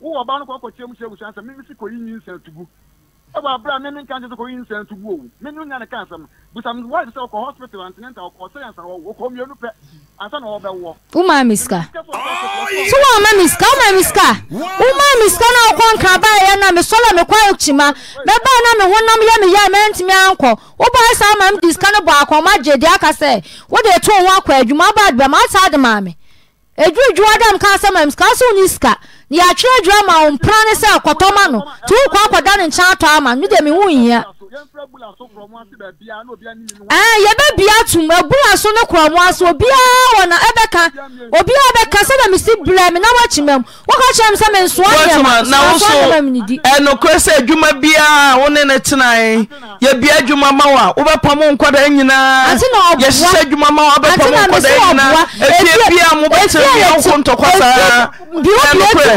wo wɔ ɔbaa no kɔ kɔkyerɛ mu kyerɛ abusua nsɛm mimi si kɔyi nyi nsɛm tugu ɛwɔ abira a mimi nka nkyɛn sɛ kɔyi nsɛm tugu owu mimi nya ne ka nsɛm busa mi wɔyɛ sɛ ɔkɔ hospital antinenta ɔkɔ sɛ yansa wɔ ɔkɔ mienu pɛ ansa na ɔbɛwɔ. wuma misika tí wọn ma misika wuma misika wuma misika na ɔkɔ nkraba yɛ na mi sɔlɔ mi kɔ ekyima bɛba na mi honam yɛ mi yɛ mɛ ntumi ankɔ wọba ɛsɛ ama mi disika ne bɔ akɔnma gye di aka sɛ wɔde etu wɔn akɔ adwuma aba adubɛ ma ata adi maame edu edu adam ka asɛm ma misika asɛ wɔn yi sika. yɛatwerɛ adwuma ma wo mpra ne sɛ kɔtɔ ma no nti kwa akɔda ne nkyɛn atɔ ama no deɛ meho Ah, yɛbɛ bia atom abua so no korɔmoa so obiaa wɔ na ɛbɛka obiaa bɛka sɛ na mesi brɛ me na woakyima mu woka kyerɛ m sɛ mensoa deɛmnedi ɛnokorɛ sɛ adwuma biaa wo ne ne tenae yɛbia adwuma ma wo a wobɛpam nkɔda nyinaa yɛhyehyɛ adwuma ma wo abɛpam nkɔda nyinaa ɛfie bia mobɛtɛ bia woko ntɔkwa saa ɛnokorɛ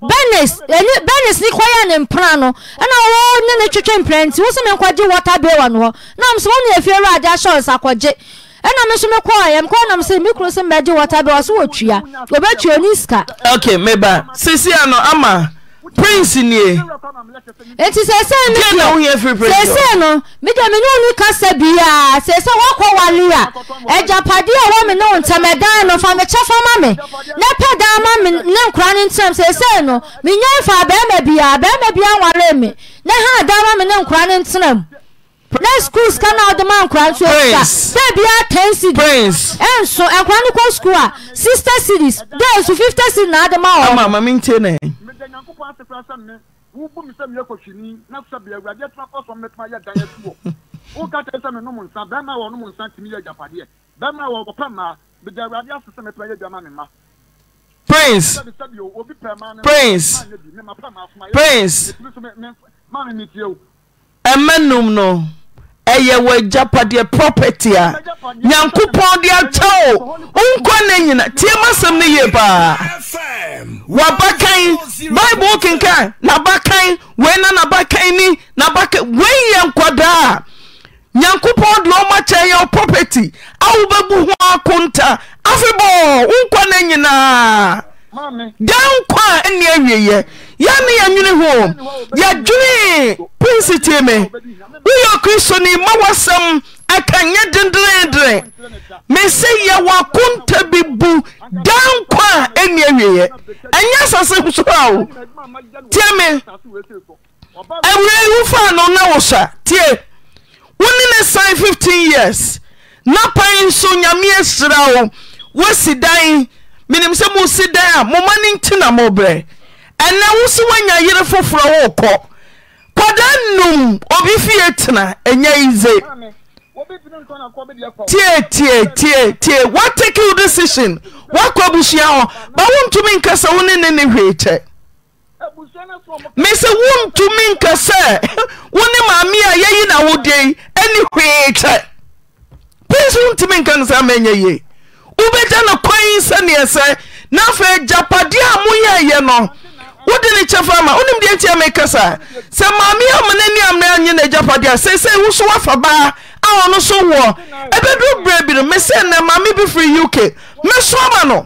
bennis ɛni benis ni kɔyɛ ne mpran no ɛna wɔn ne ne twitwi mpran ti wosi mi nkɔgye water bill wɔ no na mo so wɔn na efi ewura adi ahyɛ ɔsa akɔgye ɛna mi nso mi kɔ ayɛ mi kɔ nam sɛ mi water bill ɔso wɔ tua obetua oni sika. Okay, meba sisi ano ama prince nie. eti sese mi fi sese no mi de mi n'olu kasa biya sese wakɔ wale a ɛjapade a wɔn mi n'o ntɛm ɛdan no fa mi kyɛ fama mi n'ɛpɛ dan ma mi ne nkura ne ntɛm sese no mi nya fa bɛrima biya bɛrima biya wale mi ne ha dan ma mi ne nkura ne ntɛm ne school sika na ɔde ma nkura e nso ɛsa sɛ bia ten cities ɛnso nkura ne kɔ school a sixty cities de nso fifty cities na ade ma wɔn. ama maame n tẹ na sɛ nyankopɔn sɛ me wobu me sɛ meyɛ kɔhwini na sɛbea awurade atena kɔ sɔ yɛ dan asi wɔ woka kyerɛ sɛ menom nsa bɛrima wɔ nom nsa tumi yɛ agyapadeɛ bɛrima wɔ wɔpɛ mmaa mede awurade ase sɛ mɛtuma yɛ adwama me ma prince prince prince ɛmɛ no ɛyɛ wɔ agyapadeɛ property a nyankopɔn de wonkɔ ne nyina tiɛma sɛm no yie paa wabakan bible kenkan nabakan wei na nabakan ni wei yɛ nkɔdaa nyankopɔn de ɔma kyɛ yɛwo property awobɛbu ho akonta afebɔɔ wonkɔ ne nyinaa da yɛ ne yɛnwene ho yɛdwenee pnsi tee me woyɛ okrisono ma wɔsɛm akanyɛ deneeere mesɛ yɛwɔ akonta bi bu dan kɔ a ɛni wieɛ ɛnyɛ asase nsoa wo tiɛ me awura yi wo faano na wo sa tie wo ne ne sae 5 years na pani nso nyameɛ sira wo wosidan menim sɛ musi dan a momma no nti namɔberɛ ɛnɛ wo so woanya yere foforɔ wokɔ kada num obi fie tena nyɛ ie iewotak decision woakwa busa hɔ ba wontumi nkɛ sɛ wone ne ne hwei tyɛ me se wontumi nkɛ sɛ wone mame a yɛyi na wodi ne hwee tɛ pes wontum k owobea no ki sɛnesɛ na afei gyapadeɛ a moyɛyɛ no wode ne kyɛfa ama wonim deɛ ntia meka saa sɛ maame a ma n'ani ammerɛ anyɛ no agyapadeɛ a seesei wo so woafa baa a ɔno so woɔ ɛbɛduru berɛ bi no mese nnɛ maame bi firi uk meso ama no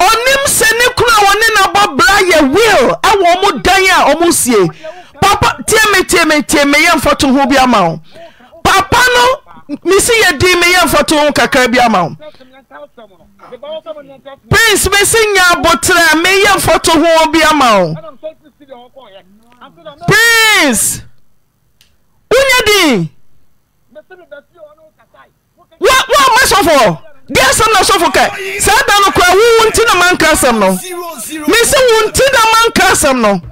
ɔnim sɛ ne kunu a wɔne nabɔ bra yɛ will awɔ ɔmo dan a ɔmo sie papa tie me tie me tie me yɛmfa to ho bi ama wo papa no mesi yɛ din meyɛ mfato ho kakra bi ama wo prince mesi nya aboterɛ a meyɛ mfato ho bi ama wo prince wonya din woama sɔfoɔ deɛ asɛm na sɔfo kae saa da no koraa wowo nti na manka asɛm no mesi wo nti na manka asɛm no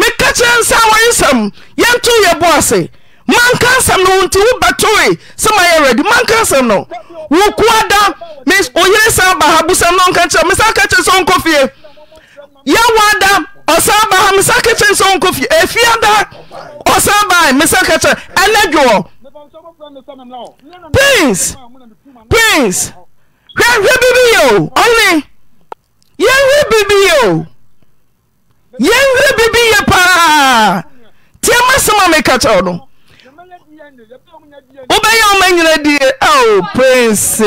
meka kyerɛ nsa wɔye sɛm yɛnto yɛ bo ase manka asɛm no wonti wobɛtoe sɛ mayɛ awuradi manka asɛm no wo koa da oyere san ba ha busɛm no ɔnka kyerɛ mesa ka kyerɛ sɛ ɔnkɔ fie yɛwo da ɔsan ba ha mesa ka kyerɛ sɛ ɔnkɔ fie efia da ɔsan ba mesa ka kyerɛ ɛnɛ dwoɔ prince prince hwɛ hwɛ bibi yɛ o ɔne yɛhwɛ bibi yɛ o yɛnwerɛ bibi yɛ paa tiɛma sɛm a meka kyɛw no wobɛyɛ woma nyina die ao oh, prinse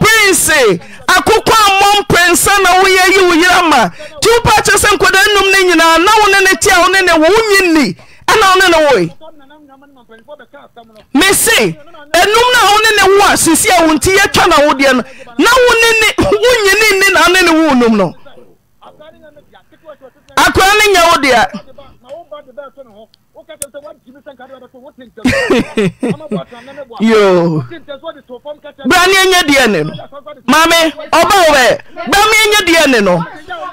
prinse akokɔ a mmɔm na woyɛ yi wo yera ma nti wopa akyerɛ sɛ nkɔda nnum no nyinaa na wo ne ne tia wo ne ne wo nyi nni ɛna wo ne ne woe mese anum no a wo ne ne wo a sisi a wo nti yɛtwa na wodeɛ no na wo ne ne wonyini nni na ne ne wo no akora ne nya wo deɛ yo bra ne nya deɛ ne no maame ɔba wo bɛ bra ne nya deɛ ne no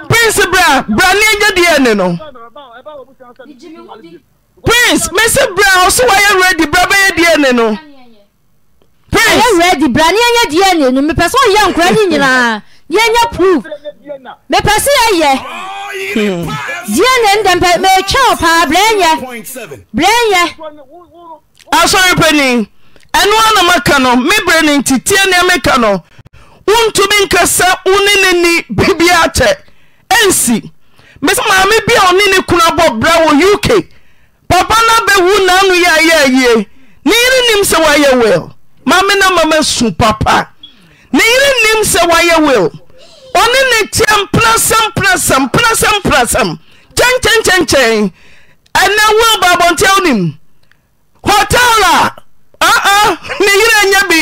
prince bra bra ne nya deɛ ne no prince mesi bra ɔso wayɛ ready bra bɛyɛ deɛ ne no prince ɔyɛ ready bra ne nya deɛ ne no mepɛ sɛ ɔyɛ nkora ne nyinaa asɔre pa ni ɛnoaana maka no me bere ne nti tiɛ nneɛ me ka no wontumi nkɛsa wone neni bibia atɛ ansi mes maame biaa ɔne ne konabɔ bera wo uk papa no bɛwu naano yɛayɛ ayie neyinenim sɛ woayɛ wal mamena ma masu papa ne yere nim sɛ wɔyɛ wel ɔne ne teɛm penasɛm pnasɛm pnasɛm prasɛm kyɛnkyɛnkyɛnkyɛn ɛnɛ wel babɔnteɛonim hotal a ne yerɛ ya bi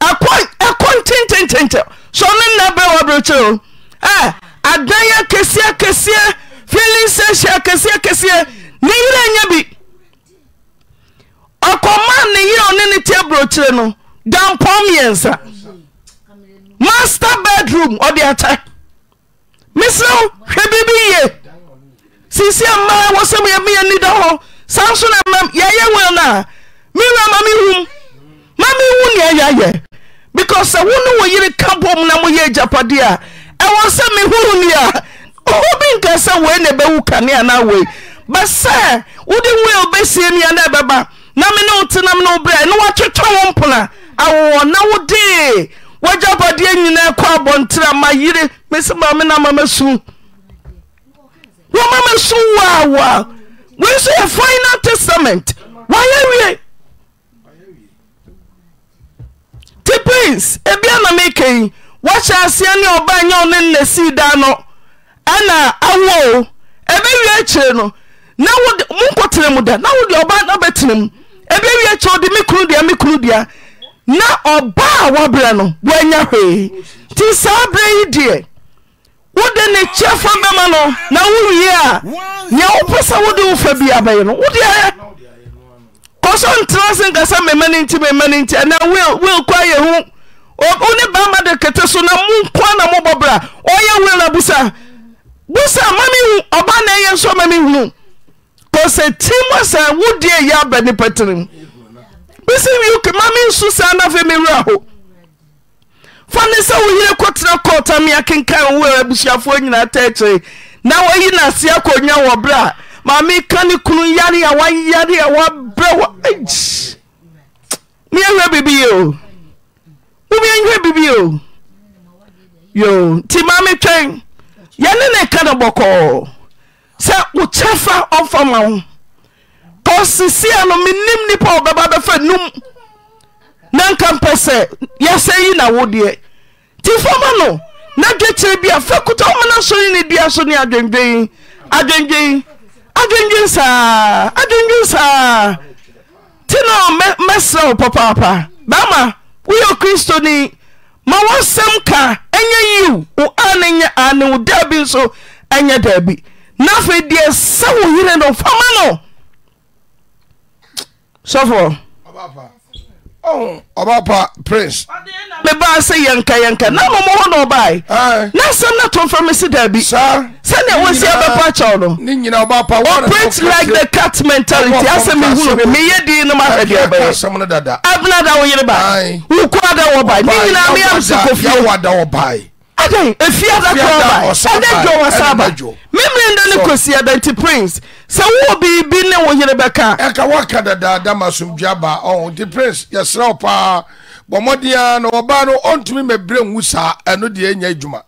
kɔ kyɛnkyɛkyɛkyɛ sɔne nɛɛ warkyerɛ adaɛ kɛsikɛsiɛ feissa kssɛ ne yer nya bi ɔkɔma ne yerɛ ɔne ne teɛ borɛkyerɛ no dampɔ myɛnsa maste bedroom ɔde ata meserɛ hwɛ bibi ye sesie ma wɔsɛan h sasonoaɛ o me ma m ɛoaɛaɛwoae eɛ o moa w nawode wyade nyinaa kɔ aɔnteramaeremmnmamainal estanɛwe ti prins inamek waɛ aseɛ ne ɔba nyɛ no nnasii da n nbɛwe kyirɛ neemekɛdeme ia me knu dia na ɔba a no woanya hwee nti saa berɛ yi deɛ wode ne kyɛfa bɛma no na wowie a nea wopɛ sɛ wode wo fa bi abɛyɛ no wode ayɛ kɔ sɛ ntena se nka sɛ mema no nti mema no nti ɛnaa wil kɔ ayɛ wo ne baama de kete so na mo nkoa na mobɔ berɛ a ɔyɛ wil na busa busa ma me hu ɔba na ɛyɛ nso ma me hunu kɔ sɛ tim asa wodeɛ yɛ aba nipa tenem bisi wiuke mame nsu saa na afei mewura ho fa ne sɛ wo yere kɔtena kɔɔta me akenkan wo wura abusuafoɔ nyinaa tɛɛkyerɛ na wayi n'ase akɔnya wɔ berɛ a maame ka ne kunu yare a wayare a wabrɛ wa agyi meɛhwɛ biribi o womeɛhwɛ biribi o yo nti maame twɛn yɛne ne ka no bɔkɔɔ sɛ wo kyɛfa ɔmfa ma wo bcause sesia no mennim nnipa a ɔbɛba bɛfa num na nka mpɛ sɛ yɛasɛ yi na wo deɛ nti fama no na dwakyerɛ bi a fa kuta womano sɔre ne dua so ne adwendwen adwendwen adwendwen saa adwendwen saa nti na mɛsrɛ wo papaapa bɛima woyɛ ni ma wosɛm ka ɛnyɛ yiw wo a ne nyɛ ane wo daa bi nso ɛnyɛ daabi na afei deɛ sɛ wo yere no fama no sɛfomeba oh, sɛ yɛnkayɛka na momohɔne ɔba nasɛm no tomfrɛ mesi da bi sɛnea wɔsia bɛpɔ akɛw nop entalityɛ meyɛ di nomahadeɛaer bakɔ ada a enyina mamsfu ɛfiada kraba ɛdɛ dwo wa sa aba memere nda ne kɔsi adanti prince sɛ wowɔ biribi ne wo yere bɛka ɛka woaka dadaada ma asomdwa ba ɔho nti prince yɛserɛ wo paa bɔ mmɔden a na wɔbaa no ɔntumi mɛbrɛ nwu saa ɛno deɛ ɛnya adwuma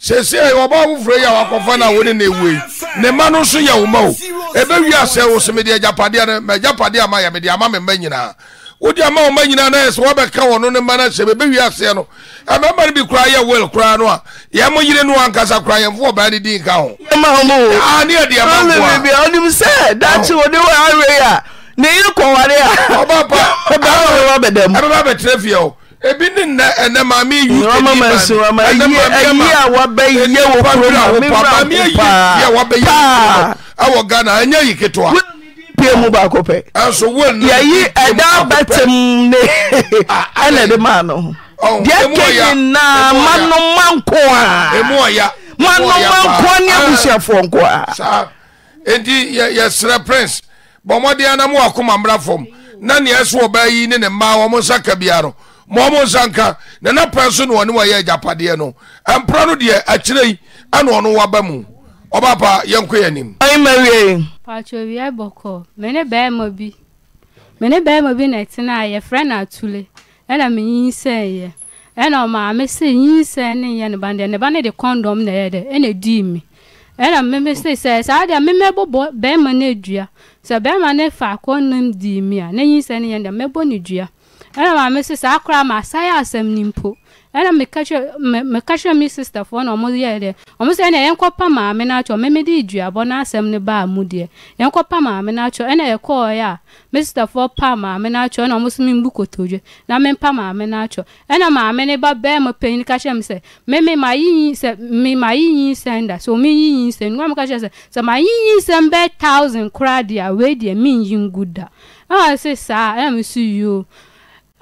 sɛsɛ ɔbaa foforɔ yi a wakɔfa no a wo ne ne ɛwei ne ma no nso yɛ wo ma o ɛbɛwie asɛ wo so mede agyapadeɛ no magyapade a mayɛ mede ama memma nyinaa wodi ama wɔn nyinaa na yɛ sɛ wɔbɛka wɔn ne mma na hyɛ bɛbɛ wi aseɛ no mmarima no bi koraa yɛ wel koraa no a yɛn mo yire no ankasa koraa yɛn fo ɔbaa ne din ka ho. ɛma ho aa ne ɛdi ɛma ho a. ɔlɛ bibi ɔnim sɛ dakye wo ne wo awe a ne yi kɔware a. ɔba pa ɔba bɛ dɛm. ɛbɛba bɛ tẹrɛ fiyɛ o ebi ni nna ɛnɛ maami yi ɛni ma ɛnɛ maami yi a wabɛ yi yɛ wɔ kuro na mi ra ko paa ɛwɔ ghana ɛnyɛ yi ketewa pie mu baako pɛ yɛyi ɛda bɛtem ne ah, ah, ɛna eh. ɛde maa no deɛ ke nyinaa manoma nko a manoma nko a ne ah. abusuafoɔ nko a enti yɛserɛ prince bɔ mmɔden na mo wakoma mmra fam na neɛ ɛso ɔbaa yi ne ne mmaa wɔn nsa ka bia no ma ɔmo nsa nka na na pɛ so ne wɔne wɔyɛ agyapadeɛ no mpra no deɛ akyerɛ yi ɛna ɔno waba mu ɔba pa yɛnkɔ yɛ anim patro wia bɔkɔ me ne bɛrima bi me ne bɛrima bi na ɛtena a yɛfrɛ no atule ɛna menyinsɛeɛ ɛna ɔmaame sɛ nyinsɛn ne yɛ ne ba deɛ ne ba ne de kɔndɔm na ɛyɛ dɛ ɛna dii me ɛna mmemme sɛ sɛ saa deɛ mmemme bɔbɔ bɛrima no adua sɛ bɛrima no fa akɔnnam dii me a ne nyinsɛn ne yɛ deɛ mmɛbɔ ne dua ɛna maame sɛ saa koraa ma asae asɛm ni mpo ɛna meka kyerɛ me sisterfoɔ na ɔmo yɛ deɛ ɔmo sɛ ɛna yɛnkɔpa maame no akyɛ di de duabɔ no asɛm ne baa mu deɛ yɛnkɔpa maame no akyɛ ɛna yɛkɔɔɛ a me sisterfoɔ pa maame no akyɛ ɛna ɔmo so membu kotodwe na mempa maame no akyɛ ɛna maame ne ba bɛɛ mo panyin ka kyerɛ me sɛ meme mayi sɛ me mayi yinsɛm da sɛ ɔme yi yinsɛm nua meka kyerɛ sɛ sɛ mayi yinsɛm bɛɛ thousand koraa deɛ a wei deɛ menyi ngu da ɛna ah, ɔse saa ɛna me so yio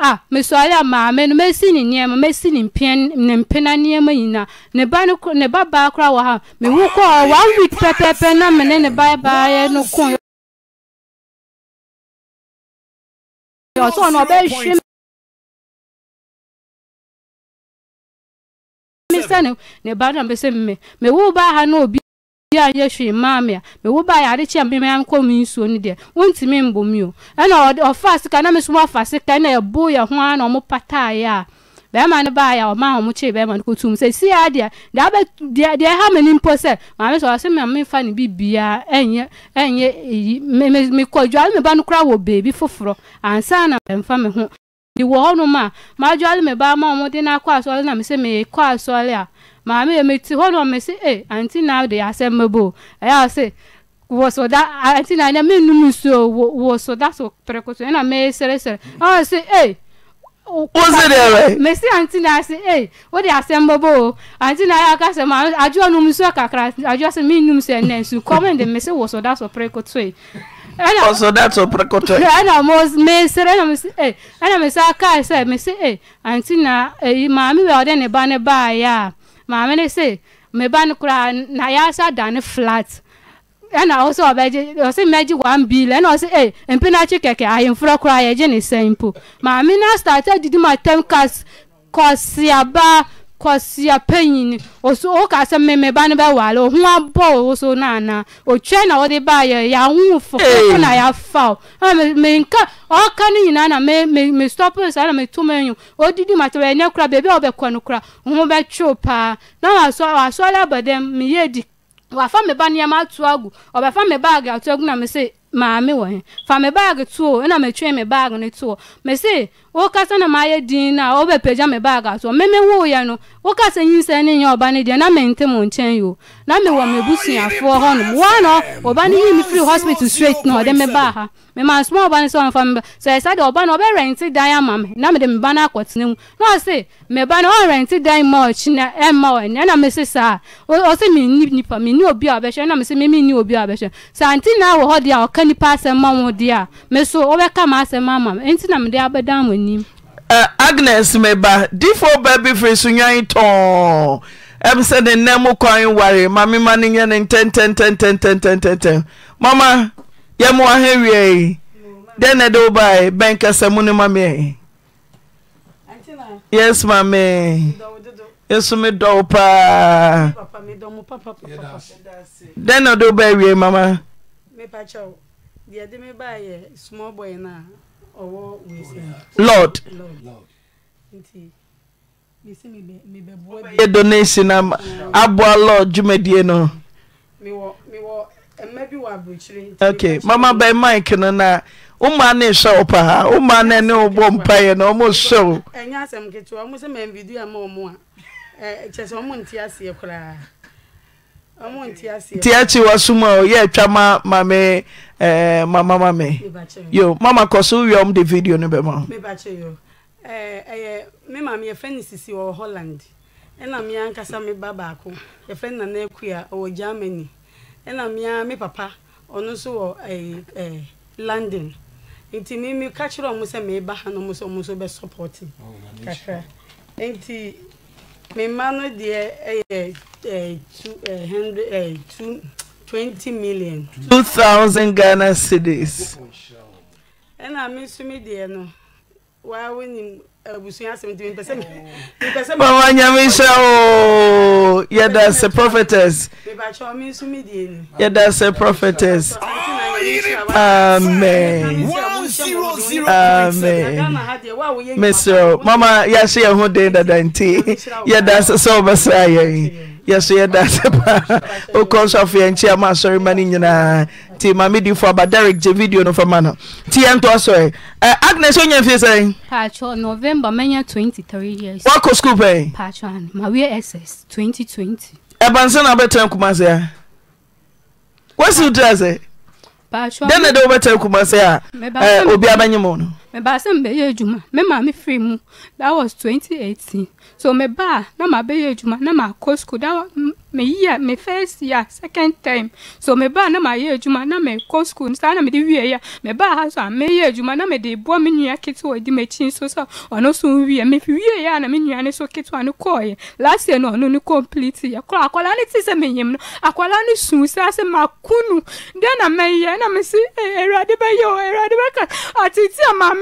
a mesɔre a maame no mesi ne nneɛma mesi ne mpɛn ne mpena nneɛma nyinaa ne ba no ne ba baa koraa wɔ ha mewu kɔɔ one week pɛpɛɛpɛ na me ne ne ba baa yɛ no ko ɔsɛ ɔno ɔbɛhwe me sɛ ne ba no na mɛsɛ me mewo baa ha na obi bia yɛ hwee maa mi a mewo baa yɛ ade kyea mi mɛm kɔ mi nsuo no deɛ wontumi mbɔ mi o ɛna ɔfa sika na mesom afa sika ɛna ɛbo yɛ ho ara na ɔmo pataaeɛ a bɛrima no baa yɛ a ɔmaa ɔmo kyee bɛrima no kotum sɛ si ya deɛ deɛ abɛ deɛ deɛ ɛha mi ni mpo sɛ maame sɛ ɔsɛ maame fa ne bi bia ɛnyɛ ɛnyɛ eyi me me me kɔ dwa me ba no kora wɔ beebi foforɔ ansa na mɛmfa me ho de wɔ hɔnom a maa dwa me ba ama ɔmo de na akɔ asɔre na me sɛ me kɔ asɔre a maame yɛ meti hɔ nom mesi e anti na de asɛm mɛbo ɛyɛ ɔse wɔ soda anti na ɛnɛ menum nsuo wɔ wɔ soda so pɛrɛkoso ɛna mɛsɛrɛsɛrɛ ɔyɛ eh, eh? se e wọ́n de rẹ̀. mèsì àǹtí náà ṣe ẹ ó de àṣẹ ń bọ́bọ́ o àǹtí náà yà kásẹ̀ mọ́ àjọ ọ̀nùmí sọ kàkàrà àjọ ṣe mí nùm sẹ̀ nẹ̀ ṣù kọ́mẹ̀ ndé mèsì wọ̀ sọ̀dá sọ pẹ́rẹ́kọ̀ tó yìí. ọ̀sọ̀dá sọ pẹ́rẹ́kọ̀ tó yìí. ẹnna mo mèsì rẹ̀ ẹnna mèsì ẹ ẹnna mèsì aká ẹsẹ̀ mèsì ẹ àǹtí náà èyí màmí wẹ̀ ọ̀dẹ́ ní bá ní bá yà á maame ne se me ba no koraa na yɛasa dane flat ɛna ɔsɛ ɔbɛgye ɔsɛ mɛgye one billion ɛna ɔsɛ ee mpinakyi kɛkɛ ahemfura koraa yɛgye ne sɛn po maame na start adidi ma term cars kɔsiaba kɔsia panyin osu oka sɛ mɛmɛ ba ne bɛ wale o ho abɔ o so nana otwa na ɔde ba yɛ yahu fɔ koko na yafa e o mɛ nka ɔka ne na mɛ mɛ mɛ stɔp saa na mɛ to mɛ nyo odidi ma tɛbɛ ɛnɛ kura beebi a ɔbɛ kɔ kura ho bɛ tso paa na wasɔ wasɔre abɔ dɛm mɛ yɛ di wafa mɛ ba nneɛma ato agu ɔbɛfa mɛ baagi ato agu na mɛ se maame wɔ hɛ fa mɛ baagi to o ɛna e mɛ twɛn mɛ baagi ne to o mɛ se wo kasa na maa yɛ din na wo bɛ pɛgya me baage so mɛmɛ wo yɛ no wo kasa nyinsɛn ne nyɛ ɔba ne deɛ na mɛ ntɛ mo nkyɛn yi o na mɛ wɔ mɛ busuafoɔ no wɔn no ɔba ne yi mi firi hospital straight na ɔde mɛ baa ha mɛ maa soma ɔba ne sɛ ɔnfa mɛ sɛ ɛsɛ deɛ ɔba na ɔbɛ rɛnti dan ama mɛ na mɛ de mɛ ba no akɔ tena mu na ɔse mɛ ba no ɔn rɛnti dan ma ɔkyi na ɛma ɔyɛ na ɛna mɛ se saa ɔse mi ni obi a ɔbɛhyɛ ɛna mɛ se obi a ɔbɛhyɛ santi na wɔ hɔ deɛ ɔka nipa asɛm ma so ɔbɛka ma asɛm ama mɛ nti na mɛ de abɛdan agnes meba difo ba bi fri so wa tɔ m sɛne nnɛm koware mamemano ane tɛmɛɛɛɛm mama yɛ mowaha wie ɛnna dwo ba kɛsɛmune ma mi yesmame s me dɔwo paaɛnndbam lord yɛ donation na aboa lord dwumadie no ok mama bɛn mike no na woma ne nsɛ wo pa ha woma na tiakyi wa sum a ɔyɛ atwa ma mame ɛɛ mama mame yo mama kɔ so wiam de video no bɛ ma. ɛyɛ me maame yɛfrɛ no sisi wɔ holland ɛna me ankasa me ba baako yɛfrɛ no nana akua ɔwɔ germany ɛna me a me papa ɔno nso wɔ ɛɛ london nti me me ka kyerɛ ɔmo sɛ meba ha no ɔmo nso ɔmo nso bɛ support oh, kakra nti me no deɛ ɛyɛ twenty million. two thousand ghana cedis. ɛna me nso mi deɛ no waa wɔnim. Oh. mama nyame hyɛ o yɛda sɛ prophetess yɛda sɛ prophetess amen amen mesrɛ oh, mama yɛahyɛ yɛn ho den dada nti yɛda sɛ sɛ wobɛsra yɛn yɛso yɛda sɛ paa wokɔ nso afei ɛnkyi ama asɔre ma no nyinaa nti ma medifoɔ aba derek gye video no fa ma no nti yɛnto asɔre agnes wonya mfie sɛn paatwɔ november manya three years woakɔ skul pɛn paatwɔ mawie ss 2020 ɛbanse na wobɛtena kuma se a wasi wotira sɛ dɛn na dɛ wobɛtena kuma se a obi abɛnye mo no me ba sɛ mebɛyɛ adwuma me maame firi mu that was 2018 so me ba na mabɛyɛ adwuma na makɔ school that was me year me first year second time so me ba na mayɛ adwuma na mekɔ school saa na mede ya? me ba ha so a meyɛ adwuma na mede boa me nua ketewa di m'akyi nso sɛ ɔno so wie fi wieɛ ya na me nua ne so ketewa no kɔɔyɛ last year no ɔno no complete yɛ korɔ akwadaa no te sɛ menyim no akwadaa no suu saa sɛ mako no dɛn na mɛyɛ na mese eh, eh, awurade eh, bɛyɛ o awurade bɛka atete a maame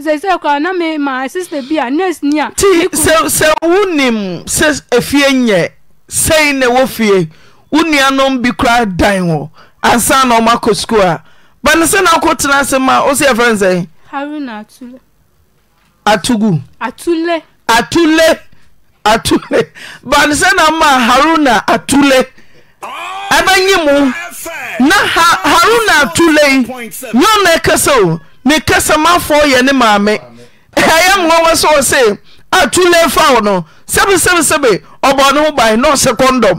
sɛsɛ kora na me ma sister bi a nurse ni a. ti sɛ sɛ wonim sɛ efie nyɛ sɛyi na ɛwɔ fie wo nuanom bi kora dan wɔ ansa na ɔmo akɔ sukuu a bani sɛ na akɔ tena ase ma o si ɛfrɛ nsɛn. haruna atule. atugu. atule. atule atule bani sɛ na ma haruna atule ɛbɛnyi mu na ha haruna atule yi nyɔnu ɛkɛsɛ o. nekasamafɔɔ yɛ ne maame ɛayɛmhɔwɛ sɛwɔ se atule faw no sɛbe sebsebe ɔbɔ ne ho bae nɔ sɛcɔndom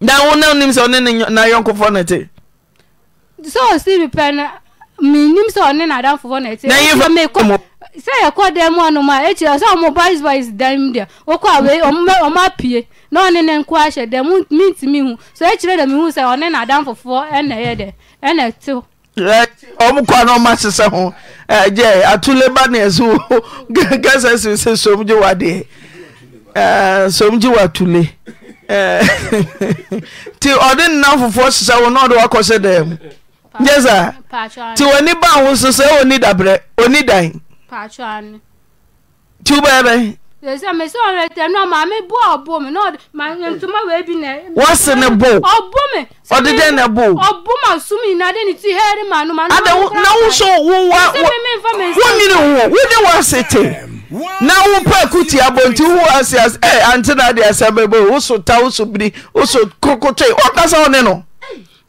na wonanim sɛ ɔne nayɔnkofɔ no te sɛɔsi bipɛ no menim sɛ ɔne nadamfoɔ no tesɛ yɛkɔ dɛn mu anom a ɛkyirɛ sɛ ɔmo boys boys dam deɛ wokɔ awei ɔma apue na ɔne ne nko ahyɛ dɛm mentumi hu so ɛkyirɛ dɛ mehu sɛ ɔne nadamfofoɔ ɛnɛyɛ dɛ ɛnɛ tew ɔmokɔa no ɔma sesɛ ho gye atole ba ne ɛso kasa si somgye wadeɛ somgye nti eh. ɔde nna fofoɔ hyehyɛ wo na ɔde wakɔhyɛ dɛm nyɛ saa nti w'ani ba ho so sɛ ɔni dabrɛ ɔni dan nti wobɛyɛ bɛn sɛ mesɛ ɔrɛtɛ no ma me bo ɔbo me na ntoma wei bi nɛ wɔse ne bo ɔbo me ɔde dɛn ne bo ɔbo ma som nyinaa de ne ti hɛre ma no ma na wo so wowa wonyini wo wode wɔasete na wo pa kuti abɔnti wo ase ase ɛ ante na de asɛ bɛbɛ wo so ta wo so biri wo so kokotoe ɔkasa wo ne no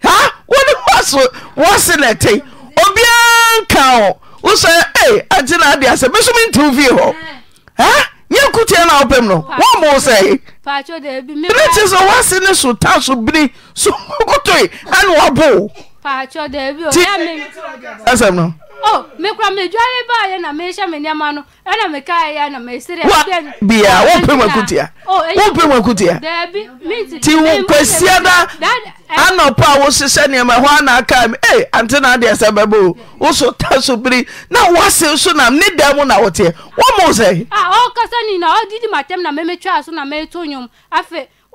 ha wode wɔso wɔse ne te obiara nka wo wo sɛ ɛ ante na de asɛ mesom ntiw fie hɔ ha nyɛ kutia no wopɛm no womo sɛe bere kyi so woase ne so ta so bini so kotoe ane waboo paatwɛ daabi o yɛ mi. ɛsɛm no. o mekura medware a yɛ na mehyɛ me na no ɛna mekae yɛ na ya. wa bia wo pe mu akutia wo pe mu akutia. daabi minti. ti wo kwasia da anɔpa a wosesɛ nneɛma hɔ ana aka m ee ante na adị sɛ bɛbɛ o woso ta so biri na wase so nam ne dan mu na woteɛ wɔn mo sɛ. a ɔkasa ni na ɔdidi ma tɛm na mɛmɛtwa so na mɛto nnwom afei.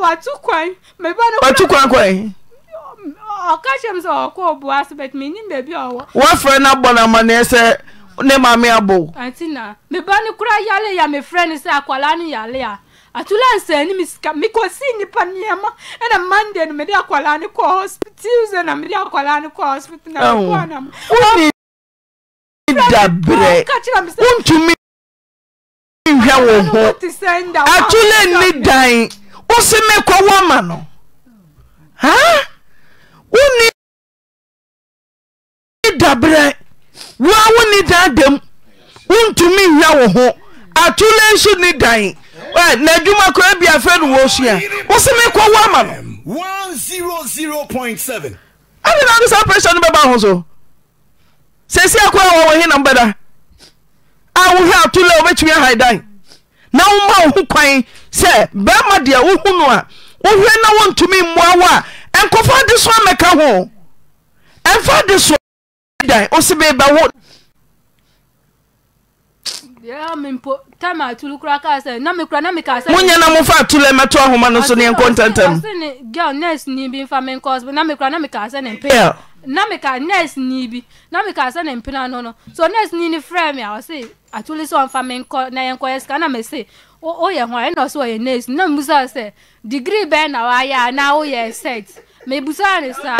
watu kwan kwa wa frɛ no abɔ na mane sɛ ne ma me abo meba ne kora yale ya mefrɛne sɛ akwalane yaa atlansɛnmkosi nipaneɛma nonen da berɛwontumi hwa wo hoaatula nne da wo se mekɔwɔ ma no a wonni wa woa wonni dan dam wontumi nwia wo ho atole nso ni dan n'adwuma koraa bi afrɛ no wɔ sua wo se mekɔwɔ ma no ade na sa pressure no bɛba ho so sɛsi akora wɔ wɔ he na mbɛda a wohwɛ atole a wobɛtumi ahae dan na woma wo ho kwan sɛ bɛrima deɛ wohu no a wohwɛ na wontumi mmoa wo a ɛnkɔfa de so amɛka ho ɛmfa de so dan wo se beebɛwo monyɛ na mofa atolo mɛto ahoma no so ni yɛnkɔ ntantam na meka nurse ni bi na meka sɛ ne mpena no no so nurse ni ne frɛ me a ɔse atuli sɛ ɔmfa nkɔ na yɛnkɔyɛ sika na mese o ho a ɛna ɔsɛ ɔyɛ nurse na mbusa sɛ eh, eh, degree bɛn na wayɛ a na woyɛ set mebusa ne saa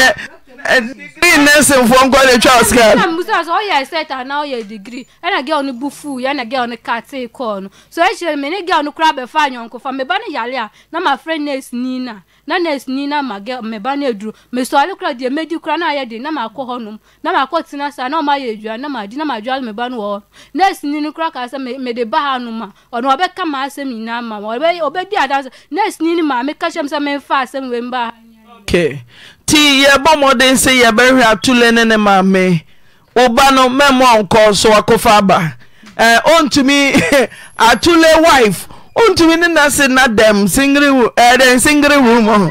degree nurse mfoɔ nkɔ ne twa sika na mbusa o ɔyɛ set a o ɔyɛ degree ɛna girl no bu fuu ɛna girl no kate kɔɔ no so ɛkyerɛ e me ne girl no koraa bɛfa anyɔnkofa meba no yare a na mafrɛ nurse ni na na nurse ni na ma gɛ mɛ ba ne duro mɛ sɔɔli kura deɛ kura na yɛ de na ma kɔ hɔ nom na ma kɔ tena sa na ma yɛ dua na ma di na ma dua mɛ ba no wɔ nurse ni ni kura ka sɛ mɛ de ba ha no ma ɔno ɔbɛ ka ma asɛm nyinaa ma ma ɔbɛ ɔbɛ di adansi nurse ni ni maame ka kyɛm sɛ mɛ nfa asɛm wɛ mba. okay ti yɛbɔ mɔden sɛ yɛbɛhwɛ atule ne ne maame woba no mɛmɔ nkɔ so akɔfa aba ɛɛ ontumi atule wife. ontumi nena si na demne singri wumo n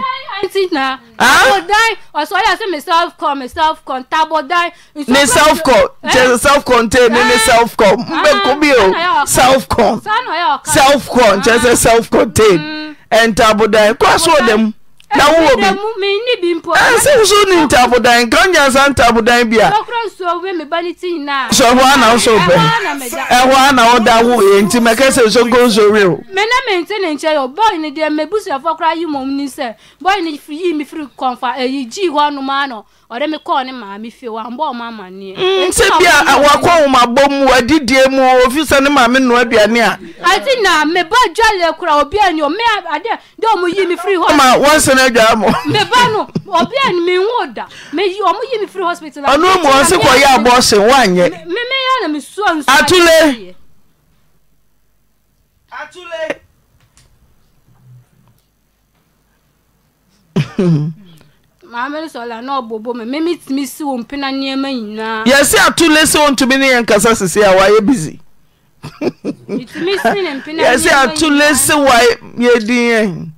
sel cte sel kontenini self com mbekobi selm slf kom tese self con te ntabo dn kua suo dem na wowɔ bisɛ wo so ni ntaabodan nka onyansa ntaabodan bi a so ɛhɔ a na wosɛ ɛhɔ a na woda woɛ nti mɛkɛ sɛ so nkɔ nsɔre o mena mente ne nkyɛ yɛ bɔy ne deɛ mabusuafoɔ koraa yi mɔm ni sɛ bɔy ne yi me firi kɔmfa eyi eh, ji hɔ nom ano ɔde me kɔɔ ne maame fie wa ɔmo mm, bi eh, a wakɔ ɔmo abɔ mu adidie mu ne maame nua aduane a. ati na meba kura obi ani o ade de ɔmo yi mi firi ma wɔn sɛn adwa mo. meba no obi ani mi nwo da ɔmo yi mi firi ɔno mu ɔsi kɔ yɛ mi yɛse atole sɛ wɔntumi ne yɛ nkasa sisi a wayɛ busy yɛse atole si yɛdinɛ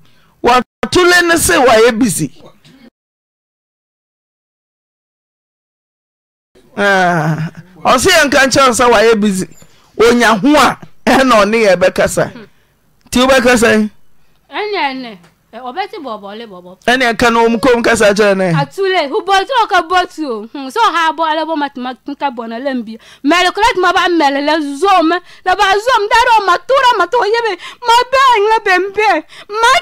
watole ne se wayɛ busy ah, ɔse yɛ nka nkyɛwo sɛ wayɛ busy onya ho a ɛna ɔne yɛ bɛkasa nti wobɛkasa e o maieo me a n ae mn pon yin bem mad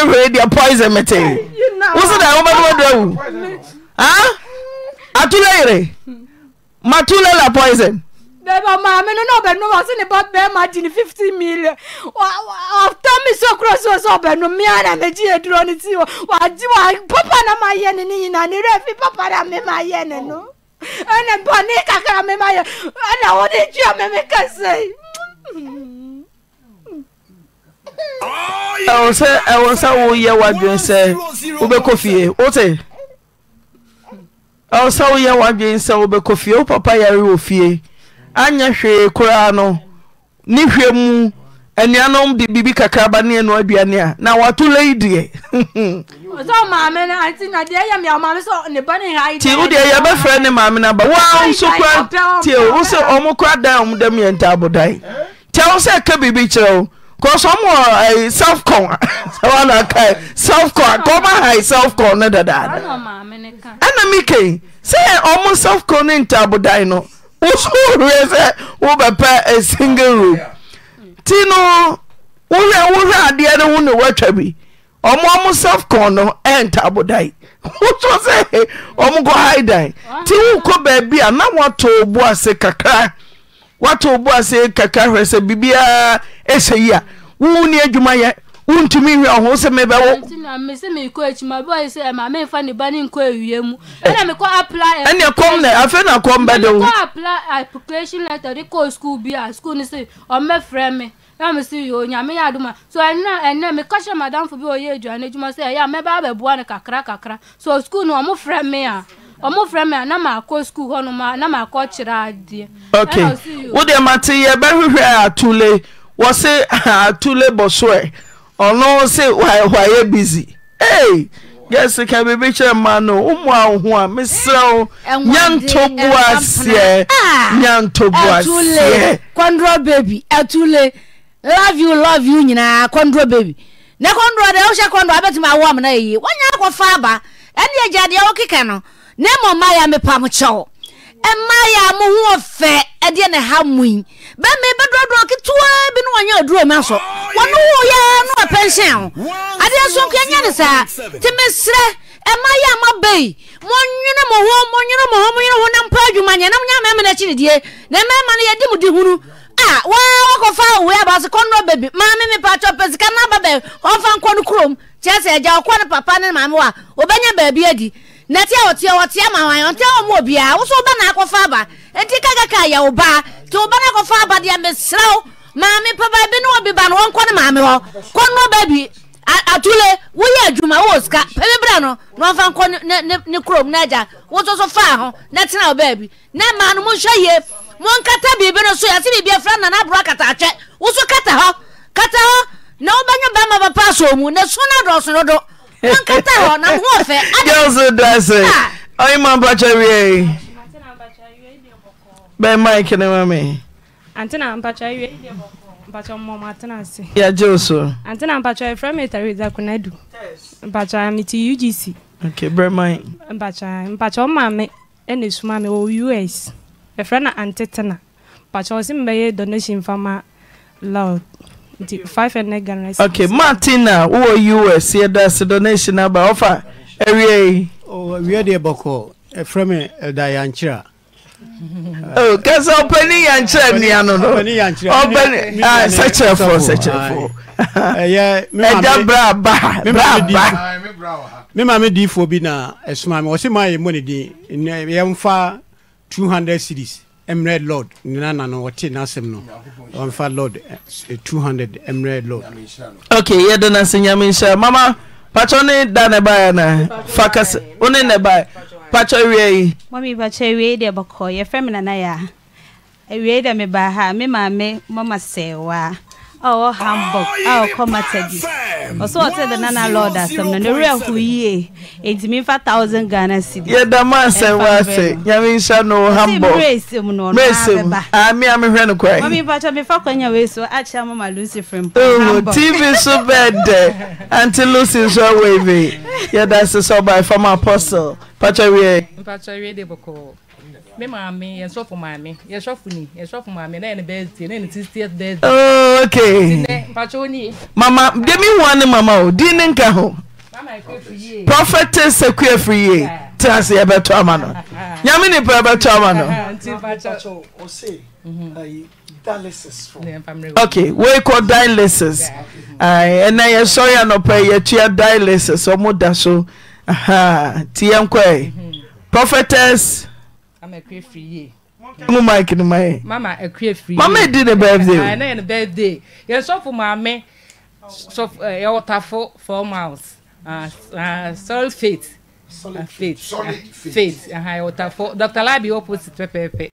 p ededo ah atule yere matule la poison. bẹẹba maa mi nínú ọbẹ nínú wọn sí ni bọ bẹẹ máa di ni fifty million ọtọ mi sọ kúrò sí ọsọ ọbẹ nínú mi àná méjì èdúró ni tí wàá jí wàá pápá náà máa yẹ ni níyìn náà ni rẹ fi pápá náà mi máa yẹ ni nù ẹnì bọ ní kakra mi máa yẹ ẹnì àwọn oníjú ọmọ mi kẹsẹ. ẹ̀wọ̀n sẹ́ ẹ̀wọ̀n sẹ́ wo yẹ wá dùn sẹ́ wọ́n bẹ kó fìyè ó tẹ̀. ɛwo woyɛ w'adwene sɛ wobɛkɔ fie wo papa yare wɔ fie anyɛ hwee koraa no ne hwɛ mu anuanom de biribi kakraba ne ɛno aduane a na wato lɛyi deɛnti wodeɛ yɛbɛfrɛ ne maame no ba woa nso wo sɛ ɔmo dan yɛ nti sɛ biribi kyerɛ wo ɔm sɛcɔ aaha sɛfcɔn no dadaaa ɛnameke sɛ ɔmo sɛcɔn no ntaabodan no wosɛ sɛ wobɛpɛ asingle ro nti no woɛwohɛ adeɛ no ho ne woatwa bi ɔmoɔmo sɛcɔn no ntaaboda wosɔ sɛ ɔmokɔ hadan nti wokɔ baabi a na wotɔɔ boase kakra wato bo ase kakra hwɛ sɛ biribiara ɛsɛ yi a ko wowu ne adwuma yɛ wontumi nhwɛ ɔho sɛ mebɛwo ɛne ɛkɔm na afei na kɔm bɛde wo na mi si yo nyame ya aduma so ɛnna ɛnna mi kɔhyɛ madamfo bi a ɔyɛ aduane adwuma sɛ ɛyɛ a mɛba abɛboa ne kakra kakra so school no ɔmo frɛ me a ɔmofrɛ me na maakɔ skuul hɔ nom na maakɔ kyerɛ adeɛ ok wo deɛ mate yɛbɛhwehwɛ atule wɔ se atule bɔsoɛ ɔno se hwayɛ busy e yɛsika biribi kyerɛ ma no womu a wo ho a meserɛ wo nyantɔ boa aseɛ ah! nyantɔ boa aseɛ kɔndrɔ baby atule love you love you nyinaa kɔndrɔ bebi na kɔndrɔ deɛ wohyɛ kɔndrɔ abɛtumi awoa me na ɛyie woanya akɔfa aba ɛne agya deɛ wokeka no na mmom mmaa yi a mepa mo kyɛw mmaa yi a mo ho ɔfɛ ɛdeɛ na ha mu yi bɛmi bɛdodoɔ ketewa bi ne wɔnyɛ aduro ma so wɔne wo yɛ ne wɔpɛnhyɛn ho adeɛ nso nko ɛnyɛ ne saa te mesrɛ ɛma yɛ ama bei mɔnwene mo ho mɔnwene mo ho mɔnwene ho na mpa adwuma nyɛ na monyɛ mɛma no akyi ne die na mɛma no yɛdi mu di hunu a waa wakɔfa owe aba se kɔnnɔ baabi maame me pa atɔ pɛ sika no aba bɛ ɔmfa nkɔ no kurom kyerɛ sɛ agya ɔkɔ ne papa ne maame wa ɔbɛnya baabi adi na tia wɔ tia wɔ tia ma wɔn ɔntia wɔn mu obiara woso ɔba na akɔfa aba eti kakaka yɛ ɔba te ɔba na akɔfa aba deɛ mesraw maame papa ebi ne wɔn bi ba no wɔn kɔ ne maame hɔ kɔ ne ɔba bi atule woyɛ adwuma wɔ sika ebi bira no na wɔn fa nkɔ ne ne ne kurom n'agya woso so fa ho na tena ɔba bi na maa no mo nhwɛ yie mo nkata biribi no so yɛsi biribi efra nana aburo kata atwɛ woso kata hɔ kata hɔ na wɔbɛnyɛ bɛrima bɛpa aso mu na sun na dɔɔso dodo nkata hɔ na ho ɔfɛ. girls do ase ɔyɛ mu abakyɛ wie. bɛn mike ne ma mi. ante na mpakyɛ wie mpakyɛ mɔ mu atena ase. yagye o so. ante na mpakyɛ efra mi tariza kunadu mpakyɛ mi ti ugc. okay bɛn mike. mpakyɛ mpakyɛ ɔmaame ɛna esuma mi wɔ us efra na ante tena mpakyɛ ɔsi mi bɛyɛ donation fama lord nti five hundred ghana cedis. okay martina wowɔ us yɛda se donation aba ɔfa awie yi. awie oh, deɛ bɔkɔ ɛfrɛ me ɛda yankyerɛ. Oh, kasa ɔpɛni yankyerɛ nua no no ɔpɛni ah, sɛkyerɛfoɔ sɛkyerɛfoɔ ɛda bra ba bra ba. me maame diifoɔ bi na ɛsoma mi wɔsi maa yɛ mmɔ ne din yɛmfa two hundred cedis mmerɛ lord nyina na no wɔte n'asɛm no ɔmfa lord eh, two hundred mmerɛ lord ok yɛde na sɛ nyame nhyɛ mama patwɔ ni da ne baeɛ na fa kɛsɛ wo ne ne baeɛ patwɔ awie yi mami patwɔ awie deɛ bɔkɔ yɛfrɛ me nanayɛ a awie dɛ mebaa ha me maame mama sɛɛwaa ɔwɔ oh, hamburg a ɔkɔ matadi ɔsɛ ɔte de nana lord asɛm no ne werɛ ho yie enti memfa thousand ghana cedi yɛda ma asɛm wɔ ase nyame nhyɛ no wɔ hamburgmmerɛsɛm no ɔnoabɛba me a mehwɛ no kwae mefa kyɛ mefa kwanya wei so akyea mama lucy frim oh, tv so bɛdɛ ante lucy nso awɔ ebe yɛda se sɛ ɔbae fam apostle pakyɛ boko me maame yɛn sɔfo maame yɛn sɔfo ni yɛn sɔfo maame na yɛn birthday na yɛn sixtieth birthday. okay mpatsɛ oni. mama demi wa ni mama o di ne nka ho. prophetess seku efiri yie tí a sì yẹ bẹ tó ama no nyame nipa yẹ bẹ tó ama no. mpatsɛ o se mhm. uh, dialysis okay wey kọ dialysis ɛnna yɛ sɔrɔ yɛ nɔpɛ yɛ tuya dialysis ɔmo da so nti yɛn kɔ yɛ prophetess. Mama ekwe free ye. Mu mic ni mai. Mama ekwe free. Mama e di ne birthday. Ah na e ne birthday. Ye so eh, for mama. So eh uh, otafo four miles. Ah uh, uh, solid faith. Solid ah, faith. Solid ah, faith. Faith. Ah uh, otafo Dr. Labi opposite pepepe.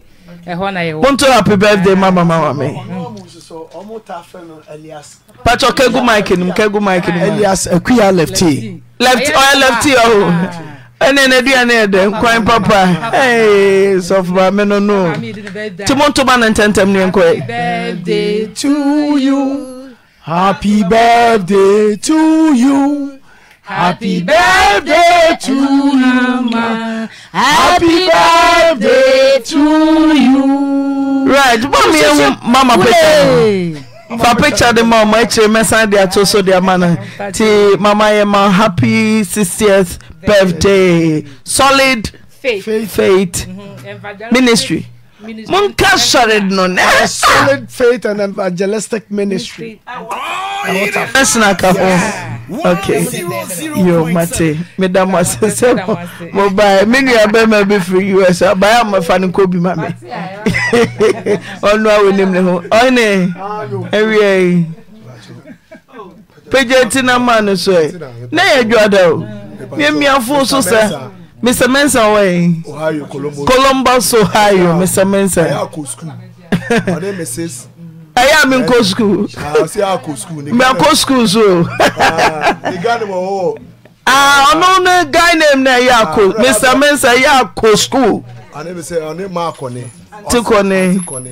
Ɛhɔ na yɛ wɔ. Wontu happy birthday mama mama mi. Pàtó kẹ́gù máìkì ni mu kẹ́gù máìkì ni mu. Elias Akuya lefty. Lefty ọ̀ya oh, lefty ọ̀hún. Oh ɛne na aduane ɛdɛ kwan papa sɔfo me no no nti montoma no ntɛntɛm ne nkɔɛ happy birthday to you Happy birthday to you, ma. Happy birthday to you. Right, bọ́ọ̀mù yẹn wú mama pẹ̀sẹ̀ fa picture de ma ọmọ e ekyir mẹsan de ato so de ama na ti mama yẹ ma happy sixtieth birthday solid faith, faith. faith. Mm -hmm. ministry monka sɔre no nɛ solid faith and evangelistic ministry ɛsena ah, oh, ka ho ok yo mate meda mo ase sɛ mobae me nua bɛma bi firi us abae a mafa no nkɔ bi ma me ɔno a wɔnim ne ho ɔne awiei pagya ti na ma no so ɛ e. na yɛ dwada o miamiafo so sɛ Mr. Mensah wẹ̀. Ohio Columbus. Columbus Ohio Mr. Mensah. Ẹ̀yà kò skul. Ọ̀dẹ́ school. Ẹ̀yà mi kò skul. Ṣé a kò skul ni? Mẹ kò skul so. Ní Ghana wọ̀ guy name náà ẹ̀yà kò Mr. Mensah ẹ̀yà kò skul. Ọ̀dẹ́ Mensah ọ̀nà máa kọ̀ ni. Ti kọ̀ ni.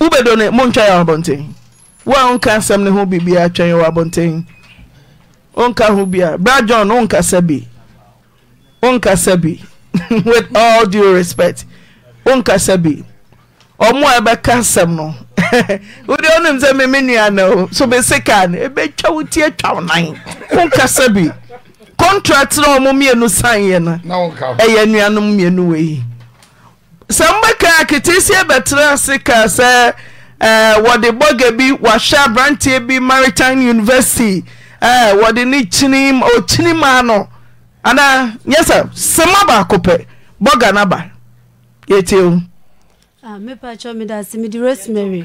wobɛdo eh. ne montwa yɛ abɔnten wo a wonka asɛm ne ho biribiaa twɛn wɔ abɔnten wonka ho bia bra john wonkasa bi wonkasa bi with all due respect wonkasa bi ɔmo a ɛbɛka e asɛm no wode wonim sɛ me me nuano so e e no ɛbɛtwa wo wo nan wonkasa bi contract na ɔmo mmienu no ɛyɛ mmienu sɛ mbɛka aketeesie bɛtena ase ka sɛ eh, wɔde bɔga bi wahyɛ aberanteɛ bi maritime university eh, wɔde ne kyini okyini maa no anaa nyɛ sɛ sɛma baako pɛ bɔga no ba yɛtie o. Ah, mepatwɛ meda ase mede rosemary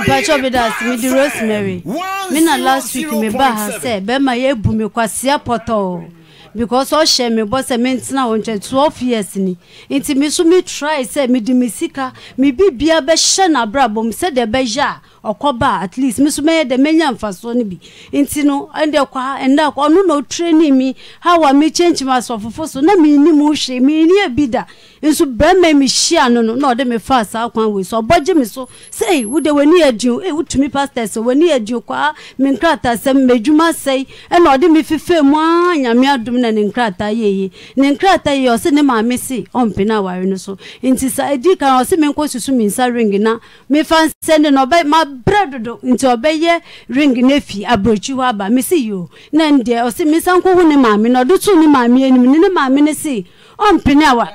mpatwɛ meda ase mede rosemary na last week mebaa ha sɛ bɛrima yɛabu me kwasea pɔtɔɔ because ɔhyɛ me bɔ sɛ mentena wo nkyɛn twelve years ni nti me so me try sɛ mede me sika me bibia bɛhyɛ n'abrabɔ mu sɛdeɛ ɛbɛyɛ a ba at least mi nso mɛyɛ dɛ mɛnya mfasoɔ no bi nti no ɛdɛ kɔ ha ɛnda kɔ na ɔtire ne mi ha wa mi kyɛnkyɛn asɔfofo so na mi ni mu hwɛ mi ni ebi da nso bɛrima mi hyia no no na ɔde mi fa saa kwan wei so ɔbɔ gye mi so sɛ ewu de wani adiw ewu tumi pastor sɛ wani adiw kɔ ha mi nkrataa sɛm mɛdwuma sɛi ɛna ɔde mi fife mu aa nyame adum na ne nkrataa yie ne nkrataa yie ɔsɛ ne maame si ɔmpe na aware no so nti sa edi kan ɔsɛ mi nkɔ susu mi nsa ring na mi fa nsɛn de na ɔbɛ ma abrɛ dodo nti ɔbɛyɛ ring ne fi aburokyi hɔ aba mesi yi o na ndeɛ ɔsi mesanko ne maame na ɔde tu ne maame anim ne ne maame ne si ɔmpene awa.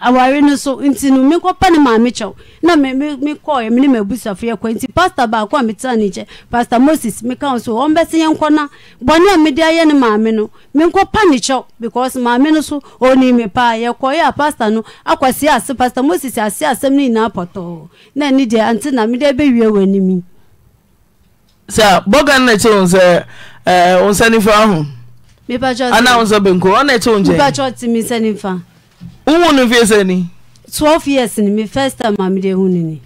awari no so nti no mekɔpa ne maame kyɛw na mekɔɛ mene maabusafo yɛkɔ nti pastor baako a metena ne nkyɛ pastor moses meka wo so ɔmbɛse yɛnkɔ na bɔne a mede ayɛ ne maame no menkɔpa ne kyɛw because maame paa a pastor no ase pastor moses ase asɛm no nyinaa na deɛ ante na mede wɔ anim sɛ bɔga nifa ho wo nsa benkum ɔna wo wowu no mfie ni 12 years ni me first time amede hu no e ni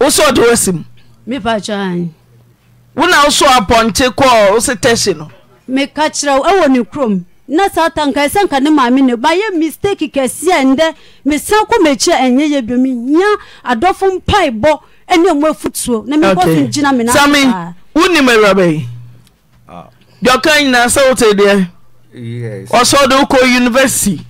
wo sɛ ɔde woasim mepakyaa wona woso apɔnkye kɔɔ wo se tɛhye no meka kyerɛ ɛwɔ ne kurom na saa tanka ɛsɛ nka ne maame ne mayɛ mistake kɛseɛ ɛndɛ mesan kɔ m'akyi a ɛnyɛ yɛ bio mehia adɔfo mpaebɔ ɛne mu afotuo na mekɔ so gyina me nasame wonim awurabɛyi dɔka nyinaa sɛ deɛ ɔsɛ ɔde wokɔ university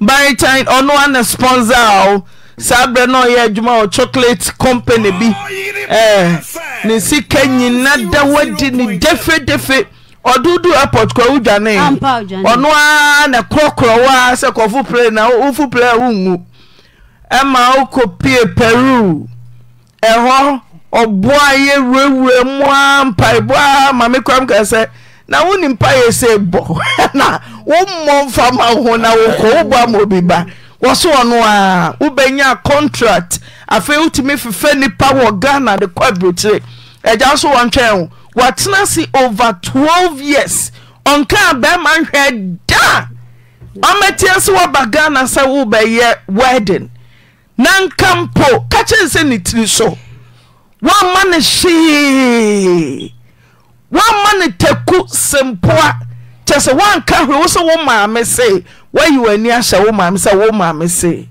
by time ɔno ana sponsor a wo saa berɛ na ɔyɛ adwuma wɔ chocolate company bi oh, eh, ne sika nyina da wadi ne defedefe ɔde wodu airport kora wodwane ɔno ara na korɔkorɔ wo a sɛ kɔfo play na wofo play a wongu ɛma wokɔpie peru ɛhɔ ɔboa yɛ wurawura mu a mpaebɔ a mame kora m kaa sɛ woɛoɔ mfamwombwɔsoɔ no a wobɛnya cntract aei wotumi fefɛ nnipa wɔ ghana de kɔbrkyire agya so wɔntwɛ ho watena se ove 12 yeas ɔnkaa bɛima nhwɛ daa ɔmɛtiɛ sɛ wba ghana sɛ wobɛyɛ wden na nka mpo kakyern sɛ ne tiri so woama no hyeee woama no taku sempoa kyɛ sɛ woanka hwɛ wo sɛ wo maame se woayi w'ani ahyɛ wo maame sɛ wo maame se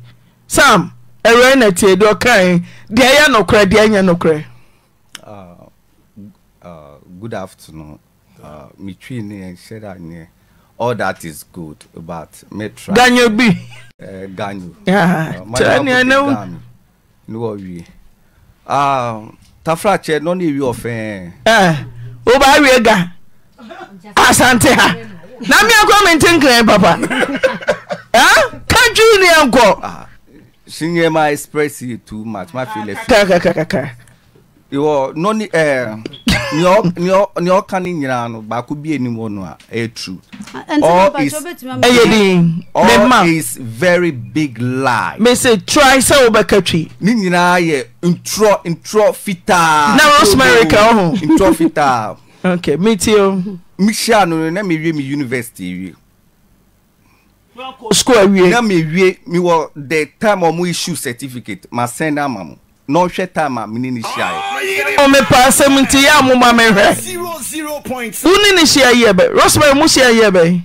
sam awurɛ na tie deɛ ɔkae deɛ ɛyɛ nokorɛ deɛ ɛnyɛ nokorɛ uh, uh, good afternoon uh, metwi ne ɛnhyɛ nyɛ all that is good but me try ganyo bi eh, uh, ganyo ah, kyerɛ nea ne ne wɔwie tafra kyɛ no ne ewi ɔfɛn wobawie ga asante ha na mi meakɔ mentenkran papa eh? ka dwii ne ɛnkɔ ah, Shinyema express you too much. My feeling. Kaka kaka kaka. You are no eh, nea ɔka ne nyinaa no baako bi anim hɔ a ɛyɛ all is ɛyɛ is very big lie. mese try sɛ wobɛka twi. ne nyinaa yɛ nturɔ nturɔ fitaa. na wɔn sumɛrika ɔho. nturɔ fitaa. okay me too. mihyia no na mewie me university wie school awie na mewie mewɔ the time ɔmo issue certificate ma send ama mo na ɔhwɛ time a mene ne hyiaeɛ ɔme ah, paa asɛm nti yɛ a moma mehwɛ wone ne hyia yɛ bɛ rosmary mo hyia yɛ bɛ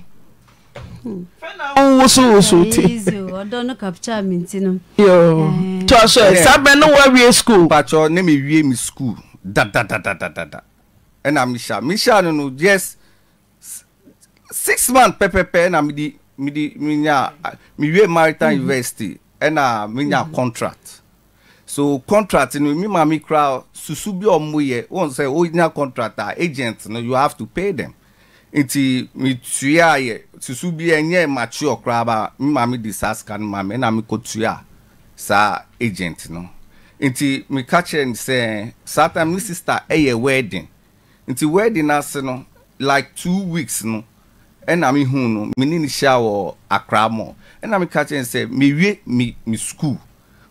wosowoso ti toa so ɛ saa bɛ ne woawie school patɔ ne mewie me school dadadadadada ɛna mehyia mehyia no no yes. six month pɛpɛpɛ ɛna mede mede menya mewie maritime mm-hmm. university mi menya mm-hmm. contract so contract no mi maame kura susu bi ɔmo yɛ wɔn sɛ ɔnya contract agent no you have to pay them nti mi tuya yɛ susu bi ɛnyɛ mature kura ba mi maame di saa sika no maame ɛna mi kɔ tua saa agent no nti mi ka kyerɛ no sɛ saa time mi sista ɛyɛ wedding nti wedding ase no like two weeks no ɛna mi hu no mi ni ni hyia wɔ akra mɔ ɛna mi ka kyerɛ sɛ mi wie mi mi school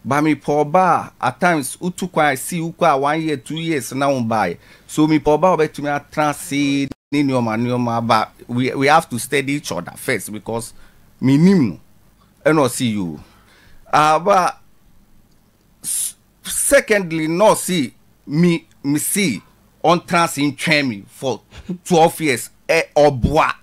ba mepɛ ɔba at times wotu kwan si wokɔ a one year two years na wo baeɛ so mepɛ ɔba a wobɛtumi atena ase ne nneɔma nneɔma ba we, we have to study each other first because menim no ɛna ɔse yo aba secondly na ɔse me me see ɔntena ase ntwɛn me for twelve years ɛ ɔboa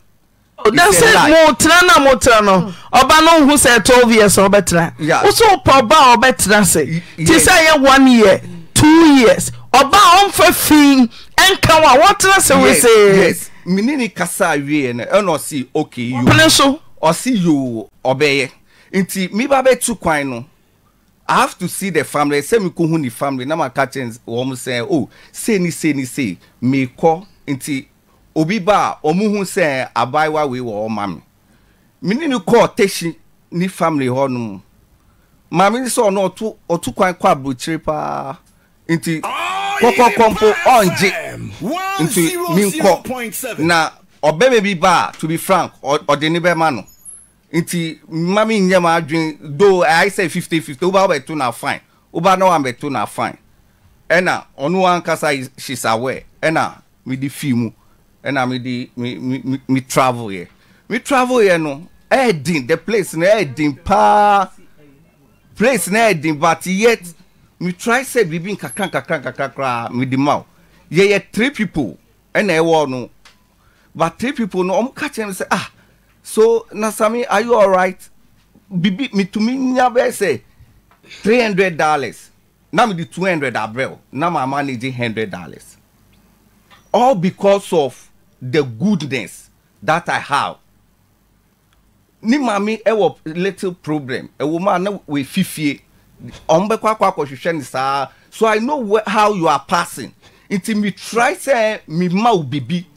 na sɛ mo tena na motera no ɔba no nhu sɛ 12 years ɔbɛtena wo so wopɛ ɔba a ɔbɛtena sɛ nti sɛ yɛ 1 year two years ɔba a ɔmfa fii ɛnka wo a wɔtena sɛ we sɛ mene ne kasa awieɛ no ɛna ɔse ok yopene so ɔse yoo ɔbɛyɛ nti meba bɛtu kwan no i have to see the family sɛ mekɔhu ne family na maka kyɛ wɔm sɛ o sei ni sei ni sei mekɔ nti obi ba a ɔmo hu sɛ abaayewa wei wɔ ɔma mi mini ni kɔɔ tɛsi ni family hɔ nom maame ni sɛ ɔno ɔto ɔto kwan kɔ aburukyire paa nti kɔkɔkɔ mpo ɔngye nti mi nkɔ na ɔbɛrɛ bi ba a to be frank ɔde ne bɛma no nti maame nyɛ ma adwene though ayi sɛ fifty fifty woba ɔbɛto na fine woba na wabɛto na fine ɛna ɔno ankasa she's aware ɛna mi di fi mu ɛna mi di mi mi mi travel yɛ mi travel yɛ no ɛɛdin the place na ɛɛdin paa place na ɛɛdin but yet mi try say Bibi nkakra nkakra nkakra koraa mi di ma o yɛyɛ three people ɛna ɛwɔ no but three people no ɔmo ka kyerɛ mi sɛ ah so nasami are you alright bibi mi tumi nya bɛɛ sɛ three hundred dollars na mi di two hundred abrɛ o na ma manage hundred dollars all because of the goodness that i have ne maame ɛwɔ little problem ɛwɔ mu a na w'efifie ɔn bɛ kɔ akɔ akɔhwehwɛ ne saa so i know where, how you are passing nti mi try sɛ mi ma o bibi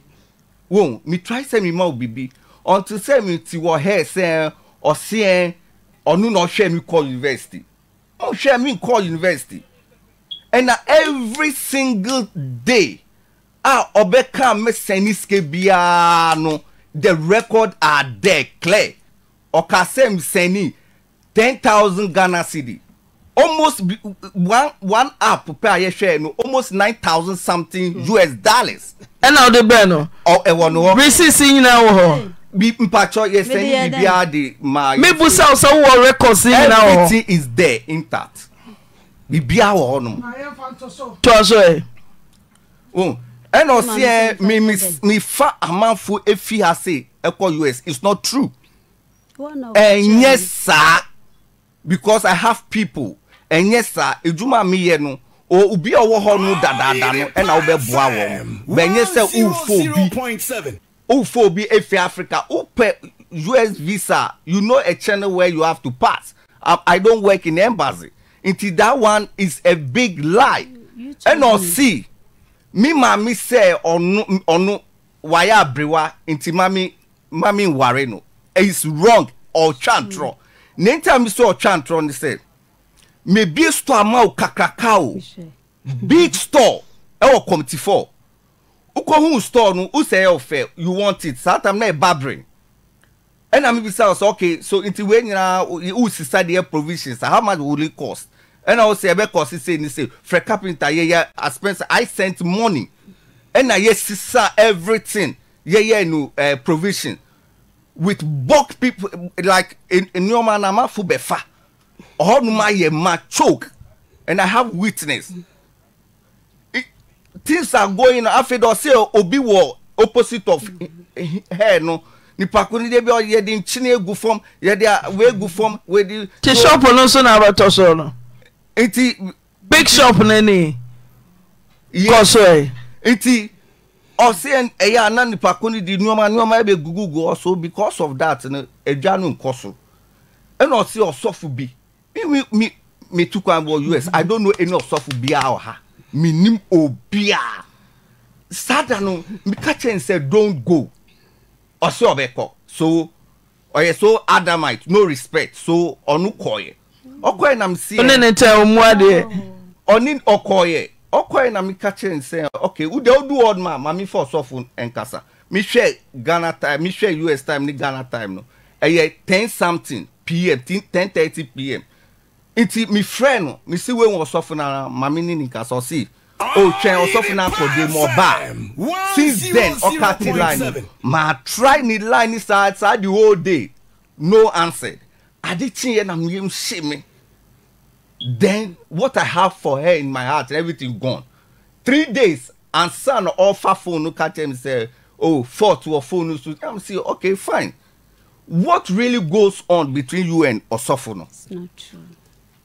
wɔn mi try sɛ mi ma o bibi until sɛ mi ti wɔ hair sɛ ɔseɛ ɔno na ɔhwɛ mi kɔ university ɔhwɛ mi kɔ university ɛna every single day a ɔbɛka mɛsɛn ne biara no the record are there clear ɔkasɛm sɛni ten thousand ghana cedi almost one one app pɛ a yɛhwɛ no almost nine thousand something mm. us dollars. ɛna ɔde bɛɛ no. ɔ ɛwɔ no hɔ. resisi nyinaa wɔ hɔ. bi mpatsɔ yɛ sɛni bibiara de maa yɛ. mi busa ɔsɛ wɔ records nyinaa wɔ hɔ. everything is there intact bibiara wɔ hɔ nom. tɔ so yɛ ɛna ɔsi ɛ mi fa amanfo efi ha se ɛkɔ us it's not true ɛnyɛ saa because i have people ɛnyɛ saa edwuma mi yɛ no obi a ɔwɔ hɔ no dadaada no ɛna ɔbɛ boa wɔn bɛnyɛ sɛ ufo bi ufo bi efi africa upɛ us visa you know a channel where you have to pass i, I don't work in embassy until that one is a big lie ɛna ɔsi mi maame sɛ ɔno ɔno wayɛ abrewa nti mami maame nware no is wrong ɔtwa ntorɔ mm. ne ntam sɛ ɔtwa ntorɔ no sɛ mebie store ama wo kakraka o big store ɛwɔ committee four wokɔhu store no wosɛ ɛyɛ ɔfɛ you want it saa tam na ɛba bere ɛna mebisa wo sɛ okay so nti wei nyinaa wosisa deɛ provisions how much will it cost ɛna wo sɛ yɛbɛkɔ sese ni se frɛ carpenter yɛyɛ aspencer i sent money ɛna yɛsisa everything yɛyɛ no uh, provision with bulk people like nneɛma anamafo bɛfa ɔhɔnom ayɛ ma choke and i have witness it, things are going on afei dɔ sɛ obi wɔ opposite of hair no nipako ni de bi ɔyɛ de nkyini egu fam yɛ de wegu fam wɛ de. ti shop no nso na abatɔ so no nti. big shop nani. kɔ so ɛ. nti ɔsi ɛyɛ ana nipa ko ni di nneɛma nneɛma ɛbɛ gugugu ɔso because of that no ɛdwa no nkɔ so ɛna ɔsi ɔsɔfo bi mi mi mi mi tu kwan wɔ us i don't know any ɔsɔfo biara ɔha mi nim obiara sada no mi ka kyɛn sɛ don go ɔsi ɔbɛ kɔ so ɔyɛ so adamite no respect so ɔno kɔɛ ɔkɔɛ nam si yɛ ɔne ne kyɛn ɔmu adeɛ ɔne ɔkɔɔyɛ ɔkɔɛ na mi ka kyerɛ nsɛn ok wudɛ odu hɔ ma maame fɔ ɔsɔfo nkasa mi hwɛ ghana time mi hwɛ us time ne ghana time no ɛyɛ ten something pm ten thirty pm nti mi frɛ no mi si wei wɔ ɔsɔfo na maame ne ne nkasa ɔsi otwɛn oh, ɔsɔfo na akɔde mu ɔbaa since then ɔka ti line maa try ni line saa saa the whole day no answer adi kyin yɛ na mi yɛ mu se mi then what i have for her in my heart everything gone three days and son offer phone catch him say oh four to a phone so i'm say okay fine what really goes on between you and osofunu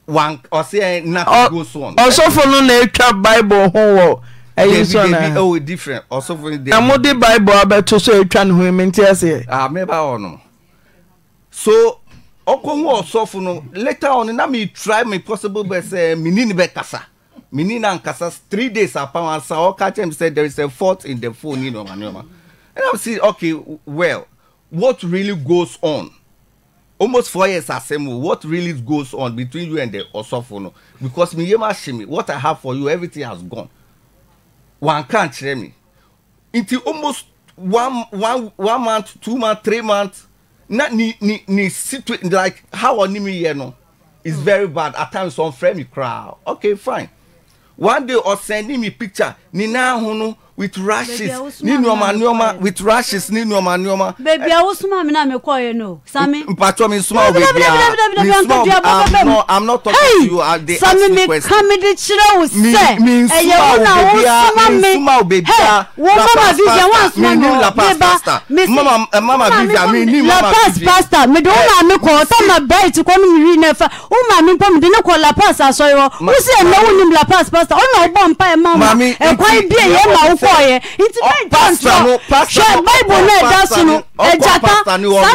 wan ọsẹ nothing goes on. ọsọfúnni na-etwa bible ho wọ ẹyin sọ na david oh different ọsọfúnni david. àmúdi bible abẹ́tò so etwa ne ho emi ntí ẹ sẹ. àmì bá wọ̀ nù so ɔkɔ hu ɔsɔfo no later on na mi try my possible best ɛ eh, mini ni bɛ kasa mini na nkasa three days apam asa ɔka kyɛn sɛ there is a fault in the phone ni nɔɔma nɔɔma and i'm saying okay well what really goes on almost four years asemu what really goes on between you and the ɔsɔfo no because mi yé ma ṣe mi what i have for you everything has gone wọn kàn kyerɛ mi until almost one one one month two month three month na ni ni ni situation like how oni mi yẹ no is hmm. very bad at times on frame me cry okay fine one day ọsẹ ni mi picture ni na ahun no with rashes ní nneọma with rashes ní nneọma nneọma. bèbí àwọn súnmọ́ mi náà mi kọ́ yẹn nù sami. mpàtọ́ mi súnmọ́ òbí bíi ah mi súnmọ́ i'm not i'm not talking to you ah they ask me question. sami mi kàn mi di kyerẹ́ wò sẹ́ ẹ̀yẹ wọn náà wọ́n súnmọ́ mi mi súnmọ́ òbí bíi ah, ah. wọ́n mama vivian wọ́n súnmọ́ mi wọ́n mi ba mi si mama eh, vivian mi ni mama vivian. la paz pasta mi di wọn náà mi kọ ọtá ma bẹ́ẹ̀ ti kọ́ mi rí n'ẹ̀fẹ̀ wọn maa mi pọ̀ mi di ne kọ la paz asọ̀yọ̀ wọ́n sì ẹ̀ mẹ́wọ́ ni la paz pastor. Oh, ọ̀nà ọ̀bọ̀ mpa ẹ̀ máa ma ẹ̀kọ́ ibi kọ yẹn nti bẹẹ jọntọ ṣe baibu náà ẹja sunu ẹja tán sátani wọn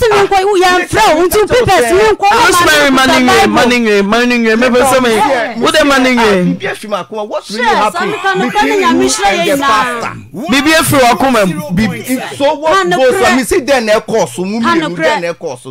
sì ní nkọ yẹn fẹ o nti pípẹs ní nkọ wọn máa ní nkọ baibu. maninwe mẹfẹ sẹmẹ wúdẹ maninwe. ṣe sanukanu kani yami ṣe yẹ yina. bibi efi wa kuma. so what goes on mi si den ẹ kọ so mu mi mi den ẹ kọ so.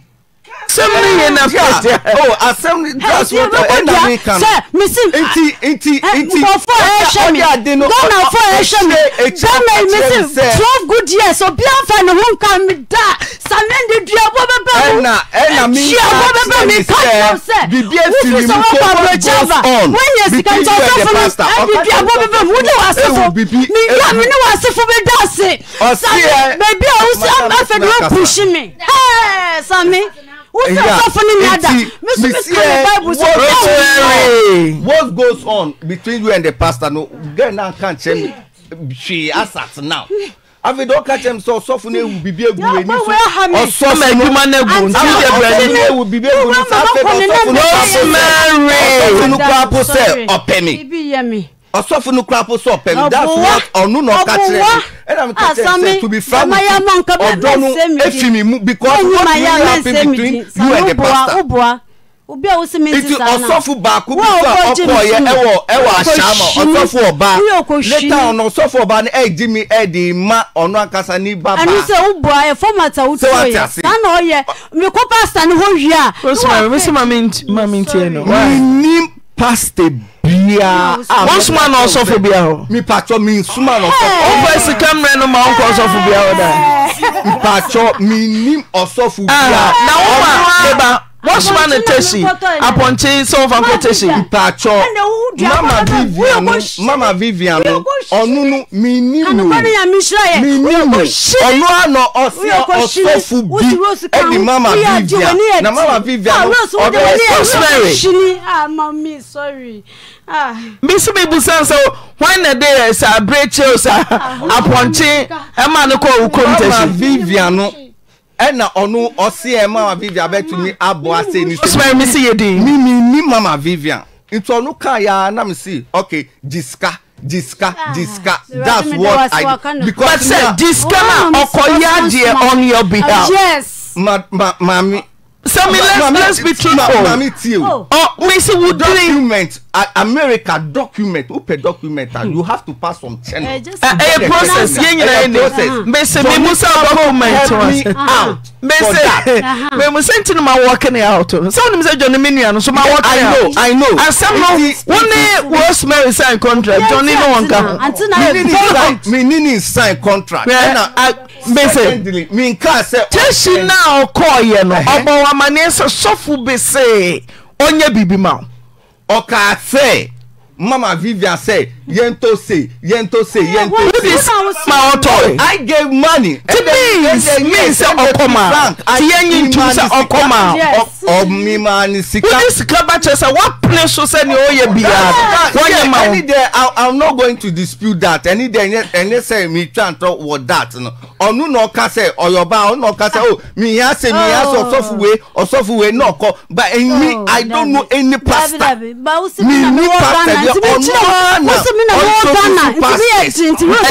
asɛm ne yɛ nafa oh, asɛm dasɛnameka ntintintinmɔfo eh, ɛhyɛ me ghanafo ɛhyɛ me bɛma mesi twelve good years obia mfa ne ho nka me da sane de duabɔ bɛbɛ muduabɔ bɛbɛ me kasɛm sɛ wofi sɛ wokɔ abrɔkyava woanya sika nti ɔsɔfo no ade duabɔ bɛbɛ mu wode wasefo menya me ne wasefo bɛda ase sane baabi a wo sɛ afɛ ne woapuhyi me same what goes on between you and the pastor no girl now can't tell me she asat now afi dɔw ka cɛm sɔ sɔfo ne egu wɛ ni so ɔsɔfo edwuma ne gu nti egu ni so afɛ ɔsɔfo ne wu bibi egu ni so afɛ ɔsɔfo ne wu bibi egu ni so afɛ ɔsɔfo ne wu bibi egu ni so afɛ ɔsɔfo ne wu bibi egu ni so afɛ ɔsɔfo ne wu bibi egu ni so afɛ ɔsɔfo ne wu bibi egu ni so afɛ ɔsɔfo ne wu bibi egu ni so afɛ ɔsɔfo ne wu bibi egu ni so afɛ ɔsɔfo ne wu bibi egu ni so afɛ ɔsɔfo ne wu bibi egu ni so afɛ ɔsɔfo ne wu bibi egu ni so afɛ ɔsɔfo ne wu bibi egu ni so afɛ ɔsɔfo ne wu bibi egu ni so afɛ ɔsɔfo ne wu bibi egu ni so afɛ ɔsɔfo ne wu bibi egu ni so afɛ ɔsɔfo ne wu bibi egu ni so ọsọfún ní kúrápù sọ pẹlú that's what ọ̀nù náà ká tirẹ̀ ẹ̀dá mi kò tẹ̀ ah, ṣe to be frank with you ọ̀dọ́nu efi mi mu because what will happen between you and the pastor obi a wosi mi ti sa na ọsọfù baako bí sọ ọkọ yẹ ẹwọ ẹwọ àṣàmọ ọsọfù ọba létà ọ̀nà ọsọfù ọba ni ẹ jí mi ẹ dì í ma ọ̀nà ankasa ní bàbá. ẹnu sẹ o bọ ẹ fọmàtà o tó yẹ sanni ọ yẹ mi kó pásítà ni wọn yìí a. o sì máa mi n tiẹ̀ nù. mi ní pásítà biara. wọn suma na ọsọfo bia hɔ. mipatsɔ mi suma na ọsọfo. o fɛ sika mìíràn ni maa n kɔ ɔsɔfo bia hɔ dɛ. mipatsɔ mi ni ɔsɔfo bia. na wọn ma eba wọn suma ni tesi apɔnkye sɔnfa ko tesi. mipatsɔ mama vivian mama vivian no ɔnunu mi ni mu mi ni mu ɔnu anɔ ɔsɛ ɔsɔfo bi ɛdi mama vivian na mama vivian ah, no ɔbɛ ɔsɛmɛrɛ mesu ah. mi busan sɛ wɔn na de yɛ sɛ abirekye o sɛ apɔnkye ɛma ne kɔ owu kurom tɛsi. mama vivian no ɛna ɔno ɔsi ɛ mama vivian abɛtumi abɔ ase ni so. osimiri mi si yɛ den. mi mi ni mama vivian nti ɔno kaa ya nam si ok jisika jisika ah. jisika that's what i because. but sɛ jisika ma ɔkɔ oh, yɛ adiɛ on your behalf. yes. ma ma maami. So I let's, Mami, let's be truthful. Ma, Mami Tio. Oh, oh Missy Woodley. Document. Uh, America document. Who pay document. And you have to pass some channel. Uh, uh, a process. Yeah, yeah, yeah. Process. Missy, mm-hmm. uh-huh. uh-huh. me musa document. Help me out. Missy, me musa inti no ma working out. So ni misa Johnny Mini ano so ma working out. I know, I know. And some When One day Rosemary sign contract. Johnny no one come. Me nini sign contract. Yeah. bese kyɛhyi na ɔkɔɔyɛ no ɔbɔ wamaneɛ sɛ sɔfo bese ɔnyɛ biribi ma ɔkaa sɛ mama vivia sɛ yɛntɔ se yɛntɔ se yɛntɔ this ma ọtọ rẹ ti means means sẹ ọkọ ma ti yẹ nyi ntum sẹ ọkọ ma wọ́n ní sika bá kyerẹ sẹ wọ́n pinne so sẹ ni ó yẹ bìyà wọ́n yẹ ma wọ́n. ẹni dẹ i'm not going to dispute that ẹni dẹ ẹni sẹ mi twa n tọ wọ that no ọ̀nù náà ọ̀ka sẹ ọ̀yọ̀ba ọ̀nù náà ọ̀ka sẹ o oh, mi yà sẹ mi yà sẹ ọ̀sọ́fùwé oh. ọ̀sọ́fùwé náà kọ but ẹni oh, i don't know any pastor mi ní pastor yẹ ọ̀nù náà ọ̀sọ́fù pastor.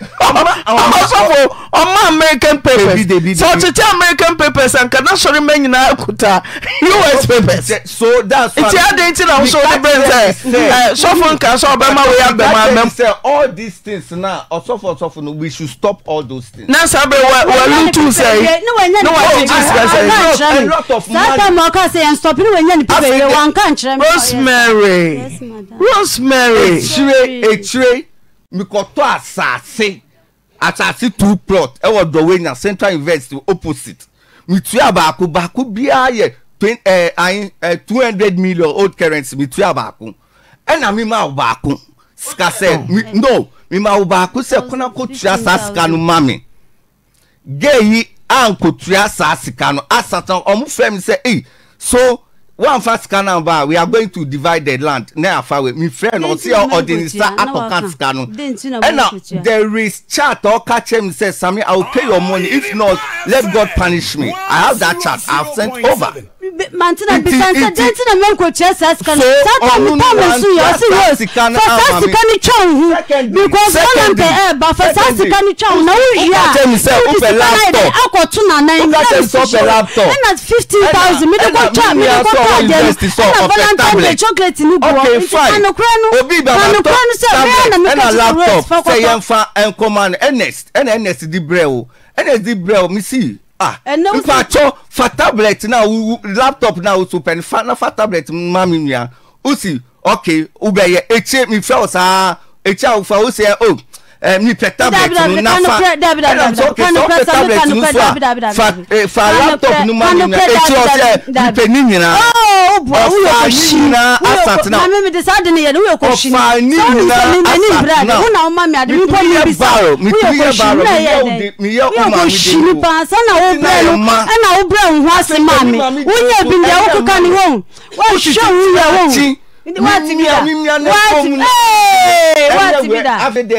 ɔmasɔfo ɔma american papers sɛ ɔtete american papers anka na sɔre ma nyinaa kuta us papers nti adɛn nti na wosɛ wode berɛ sɛ sɔfo nka sɛ ɔbɛma wei abɛmaabɛm na berɛ walutu sɛi ne wagye sika sɛi rosemary rosemary mekɔtɔ asase asase two plot ɛwɔ dɔwɛnya central university opposite mitua baako baako biara yɛ two hundred million old currency mitua baako ɛna mi ma wo baako sika sɛ mi no mi ma wo baako sɛ kɔnɔ tura saa sika no ma mi gay yi saa sika no asatan ɔmo fɛ mi sɛ ee so one fa sika na we are going to divide the land na afa we mi friend ọsi ọdinisa akọka sika no ẹna there is chart or catch kyerẹ mi sẹ sami i will pay your money if not let god punish me i have that chart i have sent over. mantina bisansa denti na mẹ́kò kyerẹ́ sá sika no sátà mi pa mi sun yọ ọsi rose fẹsẹ̀ sika ni twẹ́ òhu because ọ̀nà mpẹ ẹ̀ bá fẹsẹ̀ sika ni twẹ́ òhu na ó yí a ní sika náà yẹ dẹ akọ̀tún nànà yẹn ní ẹ̀ mi sọ ẹ̀na fifteen thousand mi dẹ́kọ̀ twẹ́ mi dẹ́kọ̀ is best sọ ọfẹ tablet ok fine obi ibama tọ tablet ẹna laptop sẹ yẹn fa nkọma ernest ẹna ernest di brẹ o ernest di brẹ o ah nfa atọ fa tablet na laptop na o so pẹni fa na fa tablet ma mi nua o si ok ubẹ yẹ etie mi fẹ o etie awofa o si Eh, mipɛ tablet nu nafa ɛna sɔ kɛ sɔ pɛ tablet nu fa fa eh, fa laptop nu ma nyina eti ɔsɛ mipɛ ni nyina ɔfa ni nyina asatena ɔfa ni nyina asatena mitumi yɛ baro mitumi yɛ baro mi yɛ ɔma mi de ko ɛna yɛ ma ɛna wo brɛ nhu ase maa mi wo nyɛ bi nyɛ wo keka ni wo wo hwehwɛ wo yɛ wo ndi wa ti mi da wa ti mi ee wa ti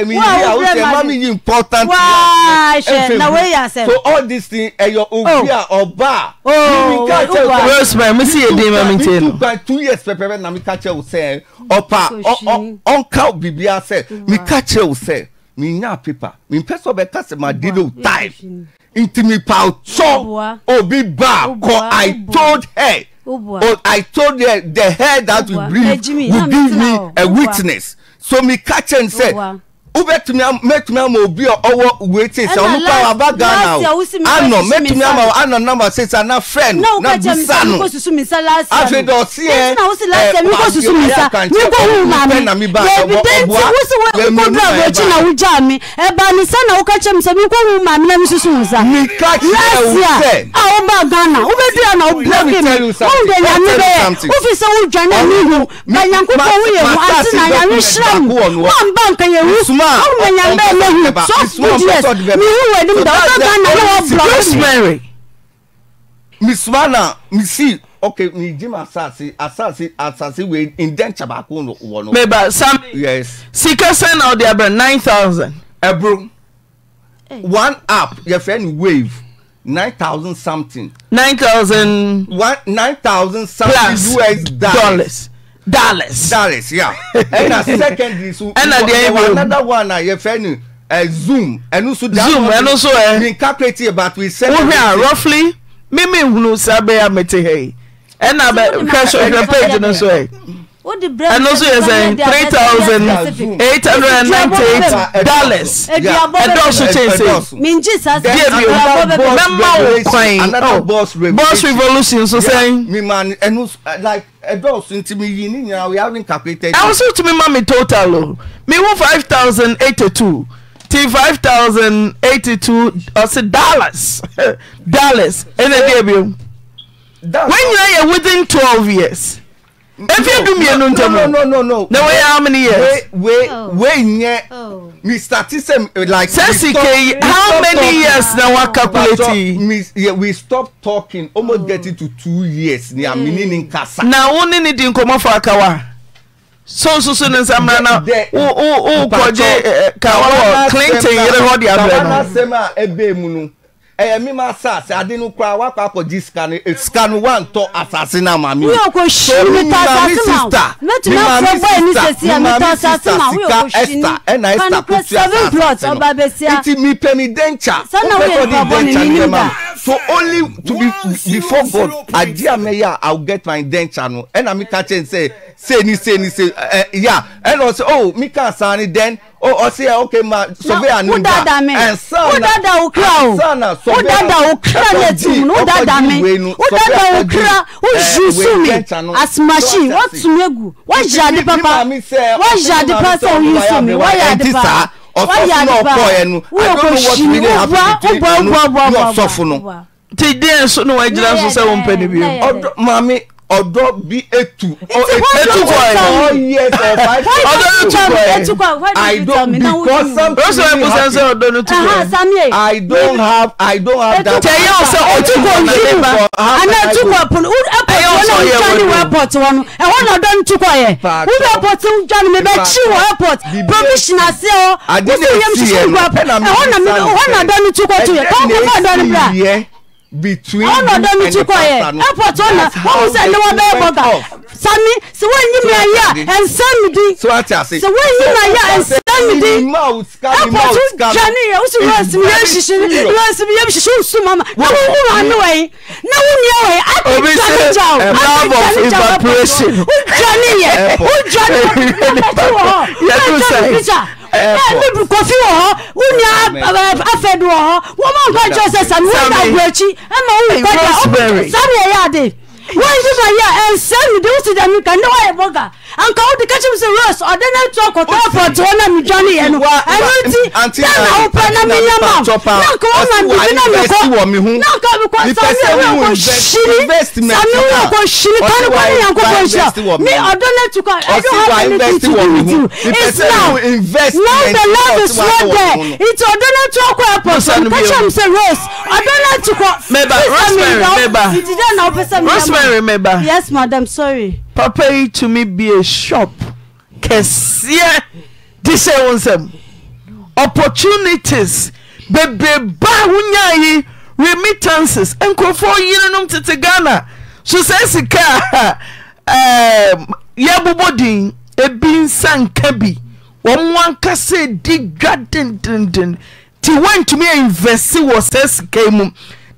mi da wa wura ma mi important wa ṣe na wey ya sef. so all these things ẹyọ òbíà oh. ọba oh, mi ká ṣe o. rosemary mi sì yé dín mami tiẹ nù. two years pẹpẹpẹ na mi ká ṣe o sẹ oh, ọpa ọnka bìbí asẹ mi ká ṣe o sẹ mi nya paper mi pẹ sọ bẹ kásẹ ma di do time ntì mi pa ọtọ òbí bá a kọ i told her oh, i told the the hair that oh, will breathe will give me a oh, witness so me catch and say wobɛtumi mɛtumi ama obi a ɔwɔ wete sɛ ɔno pa waba ghana o anɔ mɛtumi ama anɔ namba six ana fɛn na busa no afei dɛ ɔseɛ ɛɛ na mi ba ɔbɔ ɔboa bɛmi nu ma ɛba ɛba ni sɛ na woka kyɛ mi sɛ mi ko hu maame na mi susu mi sa mi ka kyerɛ wo sɛ a woba ghana wobɛdua na wobloke mi wɔn de nyame bɛyɛ wofi sɛ wodwane mi hu na nyankopɔn woyɛ hu ase na nyame hyira mu wɔn ọmọ yẹn bẹ́ẹ̀ lẹ́yìn so two years mi hu wẹ̀ ni mi da ọjọ́ ghana ni wọ́n block me. miss wana mi si okay mi jim asase asase asase wee indenture baako wọ no. meba sami yes. sika sẹ́n na ọ̀dẹ̀ abẹ́rẹ́ nine thousand. ẹ̀bùrù one app yẹ fẹ́ ni wave nine thousand something. nine thousand. one nine thousand something us dollars. dallas dallas yeah ɛna secondary so ɛna deɛ another one eh, eh, zoom ɛnu so zoom ɛnu so ɛ eh. calculate we send. a roughly hunu sábẹ́ page ni and also yɛ sɛn three thousand eight hundred and ninety eight dollars ɛdɔɔso kyɛnse diɛ bi o mɛma wo kwan oh boss revolution so sɛn. ɛdɔɔso nti mi yi ni nyinaa we having not calculated. ɛwɔ so tumi ma mi total o mi wo five thousand eighty two ti five thousand eighty two ɔsi dollars dollars ɛna diɛ bi o wɔn nyinaa yɛ within twelve years. efi edu mienu ntɛmu na wei how many years. Oh. Oh. We we we mi start sɛ like. sɛsi ke how many years na wa calculate we stop talking almost oh. getting to two years ni amini ni nkasa. na wo ni ni di nkɔmɔ fɔ akawa so soso ne nsamra na O o o kɔje ka wɔ clinton yɛrɛ hɔ di abirɛ no ɛyɛ mímọ asase adi ni kura wakɔ akɔji sikanu sikanu wa ntɔ asase na maami. mi yóò ko si mi ta asase ma mi tun b'a fɔ bɔ yen sisi ya mi ta asase ma mi yóò ko si ni kanu ko seven plot ɔba bɛ siya. iti mi pɛ mi denca. sanni awo ye kɔbɔ ni ninu da so only to be before god adi ameya i will get my denture no ɛna mi ka kyɛn say say ni say ni say ɛ ya ɛna say oh mi ka asaani den oh ɔsɛ ɛ okay ma surveyor ni ba ɛnsan na ɛnsan na surveyor ɛfɔji ɛfɔji wei nu surveyor ɛfɔji ɛɛ wei denture no asimasi wɔtumi egu wɔyɛ adi papa wɔyɛ adi papa sɛ oyin sumi wɔyɛ adi papa ọsọfún náà ọkọ ẹnu i don't know what really happen between ẹnu ní ọsọfún náà. ti díẹ̀ sọ ni wọ́n gyina so sẹ́wọ̀n pẹ́ níbi yẹn. maame ọdọ bi etu etukọ ẹ ọdọ etukọ ẹ i don because something wey happen i don have i don have that kind of thing etukọ yìí wa ana etukọ polo airport wọn náà ń jọ ní airport wọn ẹ wọn náà dán etukọ yẹ wọn airport ń jọ ní mi bẹ kí wọ airport promissioner sí ọ wọn yẹ mi sísun gbọ ẹ wọn náà dán etukọ tó yẹ káwọn kò fọ ọdọ nípa between oh, no, you and the pastor airport on na wọn sẹ ni wọn bẹẹ bọga sami sẹ wọn mi ayé ẹnsẹ di sẹ wọn mi ayé ẹnsẹ di airport jẹ ni yẹ o sì rọ ẹsìn yẹ ṣiṣi rọ ẹsìn yẹ ṣiṣi o sùn mama na wọn wọn àánú ẹ yìí na wọn ni ẹ wẹ a ti jẹ ni jà o a ti jẹ ni jà o o jẹ ni yẹ o jẹ ni yẹ o jẹ ni yẹ o jẹ ni yẹ ɛnu kofi wɔ hɔ wuni afɛdu wɔ hɔ wɔn mɔ nkɔ nkyɛn sɛ sami wɔn na aburokyi ɛma wɔn nkɔ nkyɛn sami ɛyɛ adi wọn yìí sísọ yẹ ẹ sẹnu de wosi dẹ mi kan ne yẹ bọ ga anka o de kẹsí mi sẹ rose náà tún ọkọtọ ọpọtọ ọ náà mi jọ ni yẹnu ẹnu ti náà náà náà mi yẹ mọ náà kọ wọn máa bíbí náà mi kọ náà kọ mi kọ sani wọn kọ sini sani wọn kọ sini kọ́ni yẹn kọ́ kọ́ sọ mi ọdọ náà tún kọ ẹni I remember. Yes, madam, sorry. Papa yi to me be a shop kɛseɛ de hyɛ wɔn nsam. Opportunities bebree ba wonya yi remittances nkurɔfoɔ yinom tete Ghana so sika a um, yɛbobɔ din ebi nsa nka bi wɔn ankasa di dwa dendenden ti wɔntumi invest wɔ sɛ mu.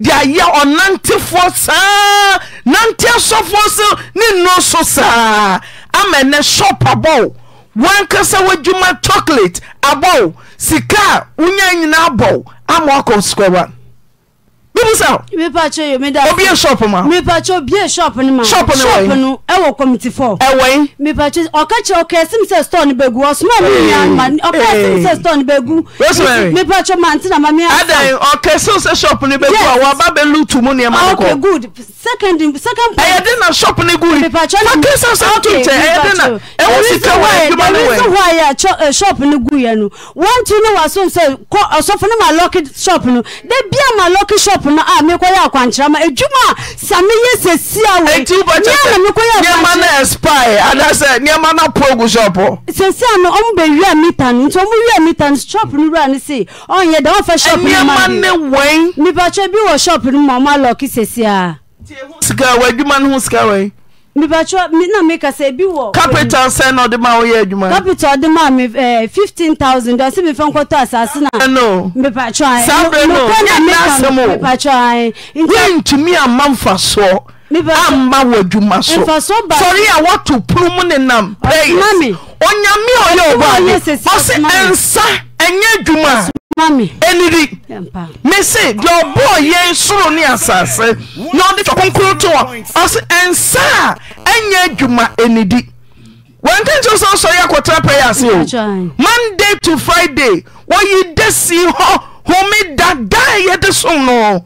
de ayɛ ɔnantefoɔ saa nante asɔfoɔ so ne nno so saa ama ɛnɛ shorp abɔw woankasa woadwuma chocolate abɔw sikaa wonya nyinaa abɔw ama akɔ skuawa obi e shop ma. mipatsɛ obi e shop ni ma. shop ni wɔyi shop nu ɛwɔ e committee fɔ. ɛwɔyi. mipatsɛ ɔka kyerɛ ɔka ɛsɛm sɛ store ni bɛ gu ɔsuma mi ni ama ɔka ɛsɛm sɛ store ni bɛ gu. rosemary mipatsɛ ma ntina ma mi ansa. adan ɔka ɛsɛm sɛ shop ni bɛ gu awɔ aba bɛ lu tumu ni ɛma ni kɔ. ok good second second point. ɛyɛ de na shop ni gu yi. mipatsɛ ni ok mipatsɛ ɛyɛ de na ɛwɔ sika wa adwuma ni wɛ. ɛwɔ sika wa yɛ shop ni gu yɛ no wɔn ti ni wa so nsɛ kɔ ɔsɔfo ni ma lɔki shop no de bia ma lɔki shop apoma a ah, mekɔyɛ akwankyerɛma adwuma eh, sa meyɛ sɛsia wna mekɔyɛ sɛsia no ɔmo bɛwia mita no nti ɔmo wia mita no shop no wura ne oh, se ɔnyɛ dɛ ɔmfa shop no ma mipatwɛ bi wɔ shop no ma ɔmo alɔke sɛsiaa sika wɔ adwuma no ho sika wɔ mipatwa mi na mi kasa ebi wɔ. capital sɛn na ɔde ma ɔyɛ adwuma. capital ɔde ma mi ɛɛ eh, fifteen thousand ɔsi mi fɛn kɔtɔ asase na. ɛno mipatwa ye sabre no ɛna asɛm o mipatwa ye. yɛ ntumi ama nfa soɔ ama wɔ adwuma so sɔre a wɔto pulum ne nam prayers onyame ɔyɛ ɔba mi ɔsi nsa ɛnyɛ adwuma ɛnidi mese deɛ ɔbɔɔ yɛn soro ne asase na ɔde fa to hɔ ɔse ɛnsa a ɛnyɛ adwuma ɛnidi wɔnka nkyɛw sɛ wosɔre akɔtena pɛyɛ ase o monday to friday wɔyi da si hɔ home dadaa yɛde som no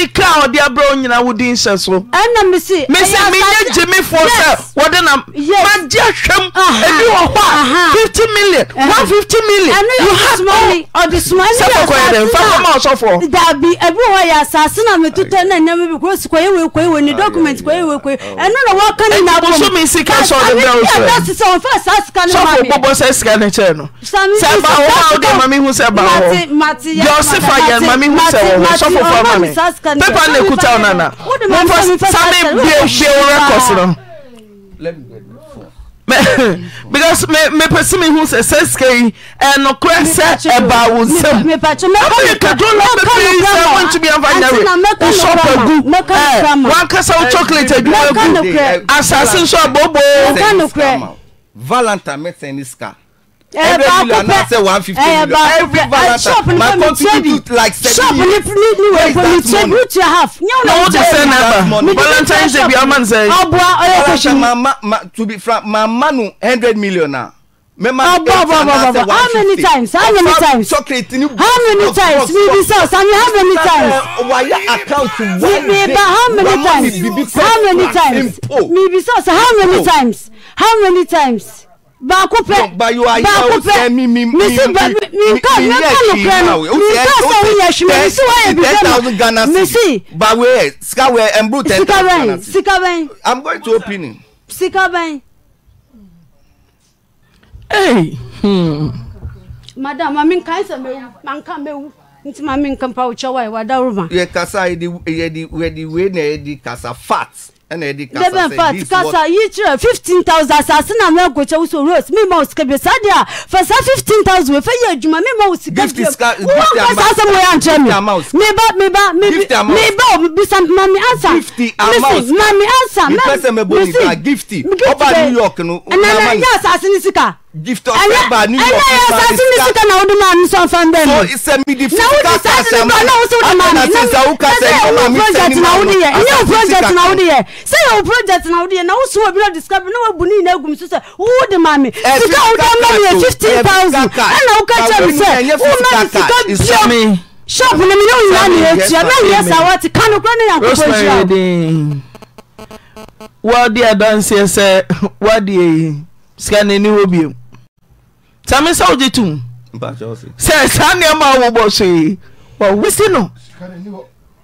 sika a ɔde abrɛ wo nyina wo din hyɛ so ɛna mesi mesi menyɛ gyimifoɔ sɛ wɔde na magye ahwɛm ebi wɔ hɔ a fifty million uh-huh. one fifty million you have all ɔde sumani yɛ asase na sɛ kɔkɔ ma ɔsɔfoɔ dabi ebi wɔ yɛ asase na metutɔ na nneɛma bi kuro sikɔ yewe kɔ yewe ni document kɔ yewe kɔ ɛno na wɔka ne na bɔ mu ɛbusu mi sika sɛ ɔde brɛ wo sɛ ɛbi ɛda sisan ɔfɛ sika ne ma no sɛ ba hɔ oh, a mami hu sɛ ba hɔ yɛ ɔsifa yɛ mami hu sɛ wɔ hɔ sɔfo mami pepa na ekuta onana momfa sami bie bie wo records no because me me pese me hu sɛ sɛ sika yi ɛnokorɛ sɛ ɛba wo nsam ɛmoyɛ kadro na bɛpii sɛ wontumi amfa nyare wo shop agu wankasa wo chocolate adwuma agu asase nso aboboo valanta mɛsɛne sika every dealer na one fifty million every my company do like seven years where is that money. na o de send number valentine's day a man say. ọbọ ọyọ kò ṣe. ma to be frank ma ma hundred million na. Mema oh, bo, bo, bo, times? How many times? how many times? We so, how many times? how many times? How so, how many times? How many times? baako pɛ baako pɛ misi ba minka minka lukurɛ no minka sɛ o yɛ sumɛ misi wa yɛ bi fɛn ma misi. bawe sikawɛ ɛnburu ten thousand ghana si sikawɛ. i'm going to open it. sikawɛ. ee. Hmm. madam maami nka ɛsɛ mewu ma nka mewu nti maami nka mpa o cɛ wa ye wa dawuro ma. yɛ kasa yɛ di yɛ di yɛ di wei na yɛ di kasa fat ɛna yɛde kasa sɛ this fact, was kasa yi kyerɛ fifteen thousand asase na mɛ gòkyɛ wosɔ rose mi ma o sika bi saa deɛ fa saa fifteen thousand wofɛ yɛ adwuma mi ma o sika bi wo nkɔ saa sɛ mo yɛ ankyerɛ mi mi ba mi ba mi bi mi ba o bisa maami ansa misi maami ansa mɛ misi gift ɔba new york no ɛnana yɛ asase ni sika gift of fiber new york fiber is sika na wodi maa mi sɔn fan bɛɛ mi so sɛmi di fisika kasa ma na wosi wodi maa mi na sisan o kasa yi ma mi sɛni ma ma asa fisika project na wodi yɛ sɛ yɛ o project na wodi yɛ na wosi wo bi na discover na wo bu ni yina egum sisɛ wo di maa mi sika o da ma mi yɛ fifteen thousand ɛna o ka jɛ mi sɛ o ma mi sika biɔ shop ni mi y'o yina ni yɛ tia mɛ yɛ sa waati kanu kura ne yan koko jira o. wadi adansi ɛsɛ wadi eyi sika ni ni wo bi mu same sɛ wogye tom sɛ saa nneɛma a wobɔ so yi wɔwesi no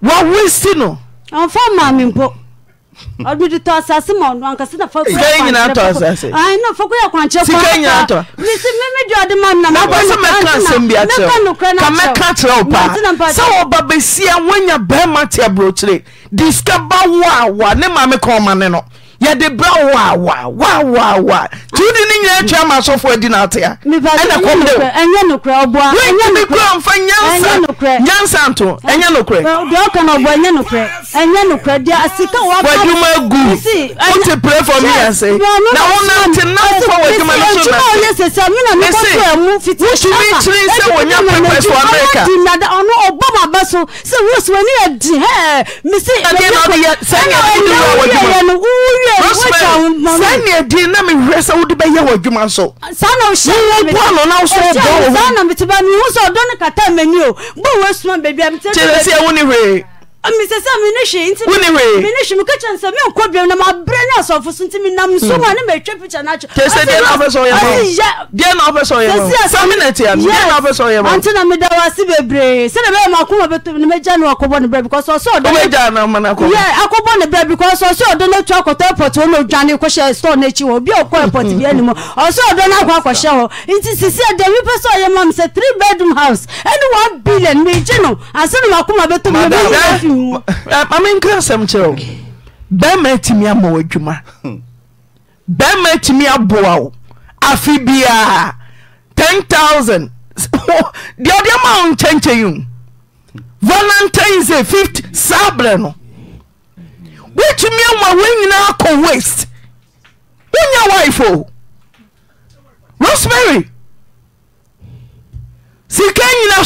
wɔwesi no ɔmfa ma me mpo ɔdede tɔ asase ma ɔno ankasa na fa sika nyinaa tɔ asase ayi na fa koyɛ kwankyɛ kwan sika nyinaa tɔ misi mímí di ɔdi ma nam n'abɔ sɛ mɛka asɛm bi akyerɛ ka mɛka kyerɛ o paa sɛ ɔba besia wonya bɛrima te aburokyire disika ba wo a wa ne maame kɔn ma ne yɛde berɛ wawawawawa nti wode ne nyina atwa ma asɔfoɔ adi no ate a ɛna kɔmdɛwotumi kora mfa nyansa nyansa nto ɛnyɛ nokorɛwadwuma gu wote pray for me ase na wonante na wofa w'adwuma no so nase wotumi kyere sɛ wonya pɛpɛs wɔ amerika sɛ woswani adi hɛ mesi ɛdeɛ na wode yɛ sɛ nyɛ wode wɔ w'adwuma sɛa nnea din na mehwerɛ sɛ wode bɛyɛ wo adwuma nsowaa'nkɛsawone he mesɛ sɛ mene hwe nti mene hwe meka kyɛ sɛ menkɔ biam na mabrɛ ne asɔfo so nti menam so ma ne matwa pikya no akyɛante na meda w ase bebree sɛde bɛyɛ makoma bɛtɔ ne mɛgya ne akɔbɔ ne berɛ because ɔsɛ akɔbɔ ne berɛ because ɔsɛ ɔdɔ no atu akɔtɔ airport wɔ na odwane kɔhyɛ store no akyi hɔ obi a ɔkɔ airport bi anim ɔsɛ ɔdɔ no akɔ akɔhyɛ hɔ nti sisi ɛdɛ mepɛ sɛ ɔyɛ ma m sɛ three bedroom house ɛne one billion megye no ansa ne makoma bɛtɔ me mɛyi adwuma eh, amenka asɛm kyerɛ o bɛrima atumi ama wo adwuma bɛrima atumi aboa wo afe biaa 10000 deɛ ɔde ma wo nkyɛnkyɛn o valentines day 50 saa berɛ no wotumi ama wɔn nyinaa kɔ waste wonya wife o rosemary sika nyina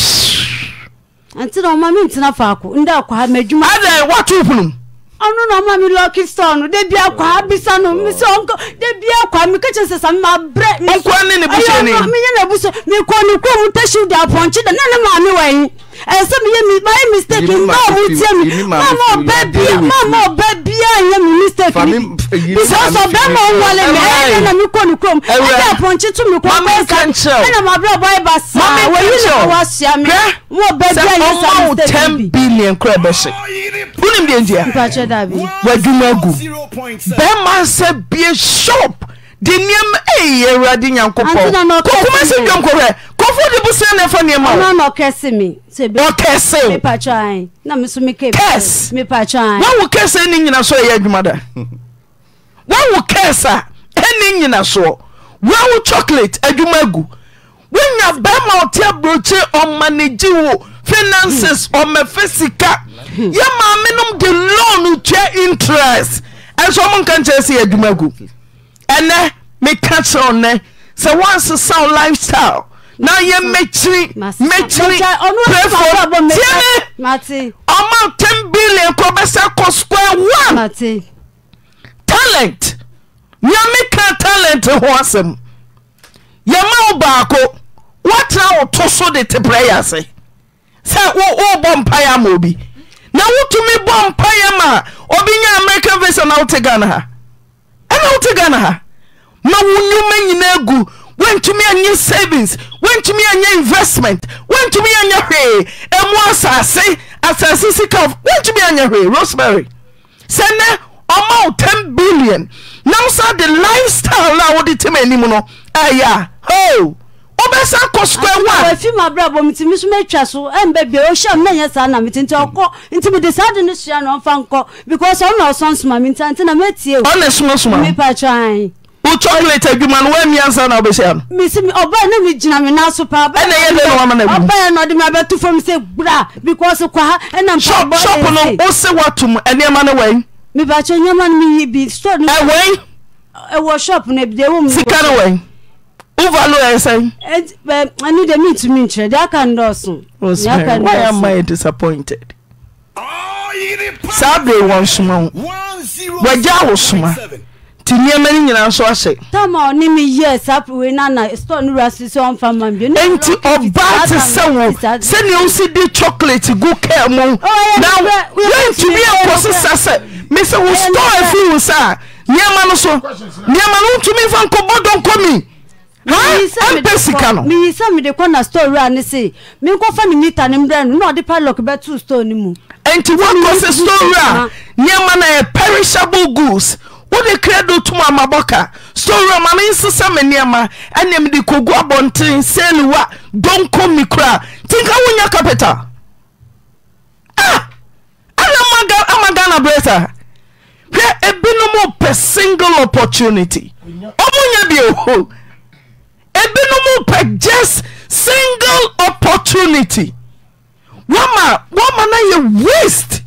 nti na ɔma mentena faako ndɛ akwaha madwuma adɛ woato punum ɔno na ɔma me lucky store no dabi akwaha bisa no mesɛ ɔnkɔ dabi akwaha meka kyɛ sɛ sa mabrɛ ɔnkɔ ne ne busuani menyɛ ne busu mekɔ ne kurom tahyiw de apɔnkye da na ne maame wɔ yi ɛsɛ meyɛ mayɛ mistake mma mo tie me mama ɔbɛ bia mama ɔbɛ bia nyɛ me mistake ni because ɔbɛma ɔwale me ɛyɛ na mekɔ ne kurom ɛde apɔnkye to me kɔkɔsa ɛna mabrɛ ɔbɔyɛ ba saa wɔyi na wɔahyia me wo ɔbɛ bia nyɛ saa mistake bi billion kora bɛhye wonim deɛ ntia wadwuma agu bɛrima sɛ bie shop de nneɛma ɛyɛ awurade nyankopɔn kɔkoma sɛ dwam kɔhwɛ kɔfo de busua na ɛfa nneɛma wo ɔno ɔkɛse me ɔkɛse wo mepatwa na me so mekɛ kɛs mepatwa wawo kɛs ɛne nyina so ɛyɛ adwuma da wawo kɛs a ɛne nyina soɔ wawo chocolate adwuma agu wonya bɛrima ɔte aburokye ɔmanegye wo finances ɔmɛfɛ sika yɛ maamenom de loan tua interest ɛnso ɔmo nka nkyɛn sɛ yɛ adwuma agu ɛnɛ meka kyerɛ ɔnɛ sɛ wɔn asesa lifestyle yɛmi10 billin kɛsɛ ksa talent yame ka talent ho asɛm yɛma wo baako woatera woto so de te prɛ yɛ ase sɛ woobɔ mpaɛ amaobi na wotumi bɔ mpaɛmaa ob ya amerika fsnawote an h ɛn wote gan ha na wo woma nyina gu wentumi anya savings wentumi anya investment wentumi anya hwee emu asase asase sika wentumi anya hwee rosemary sɛ nɛ ɔma wo ten billion nam sa de lifestyle a wode tem anim no ɛyɛ ho wobɛsa kɔ square one. afi ma abira bɔ mi ti mi sún mi twa so ɛ n bɛ bia o ṣe mi n'yɛ saa na mi ti n ti ɔkɔ n ti mi de saa de ne sua na ɔfa nkɔ because ɔna ɔsɔn suma mi n ta n ti na mi tie o. ɔna esumasuma. mi pa atwa chocolate adwuma no woamiansa na wobɛhyia no mesi ɔbaa ne megyina me na so paa ɛna yɛ dɛ na wama no abuɔbaa na ɔde me abɛto fam sɛ bra because kwa ɛna mpabɔshop no wo se woatom ɛnneɛma no wai mebakyɛ nneɛma no meyi bi store no ɛwai ɛwɔ shop no bi de sika no wai wo value ɛsɛn ɛne de mentumi nkyerɛ deɛ aka ndɔɔso why am i disappointed saa bere wɔ nsoma wo wɔagya wo soma nti nneɛma no nyinaa nso asɛ enti ɔbaa te sɛ wo sɛnea wosi de chocolate gu kaa mu oh, na woantumi akɔ sesa sɛ me sɛ wo store afi uh, wo sa nneɛma no so nneɛma no wontumi mfa nkɔbɔ dɔnkɔ mi ɛmpɛ sika no meyi sɛ mede kɔ na store wura ne se menkɔfa ne mita ne mbrɛ no na ɔde padlock bɛtoo store ni mu enti woakɔ sɛ store wura nneɛma no yɛ perishable goods wodekrado tum amabɔka so wroma mesesɛ menneɛma ɛne mede kogu abɔntere selwa donkɔ mi koraa timka wonya capitalama ghanaberɛt hwɛ binomu pɛ single opportunity ɔmya bih binomu pɛ jus single opportunity wwoma na yɛ waste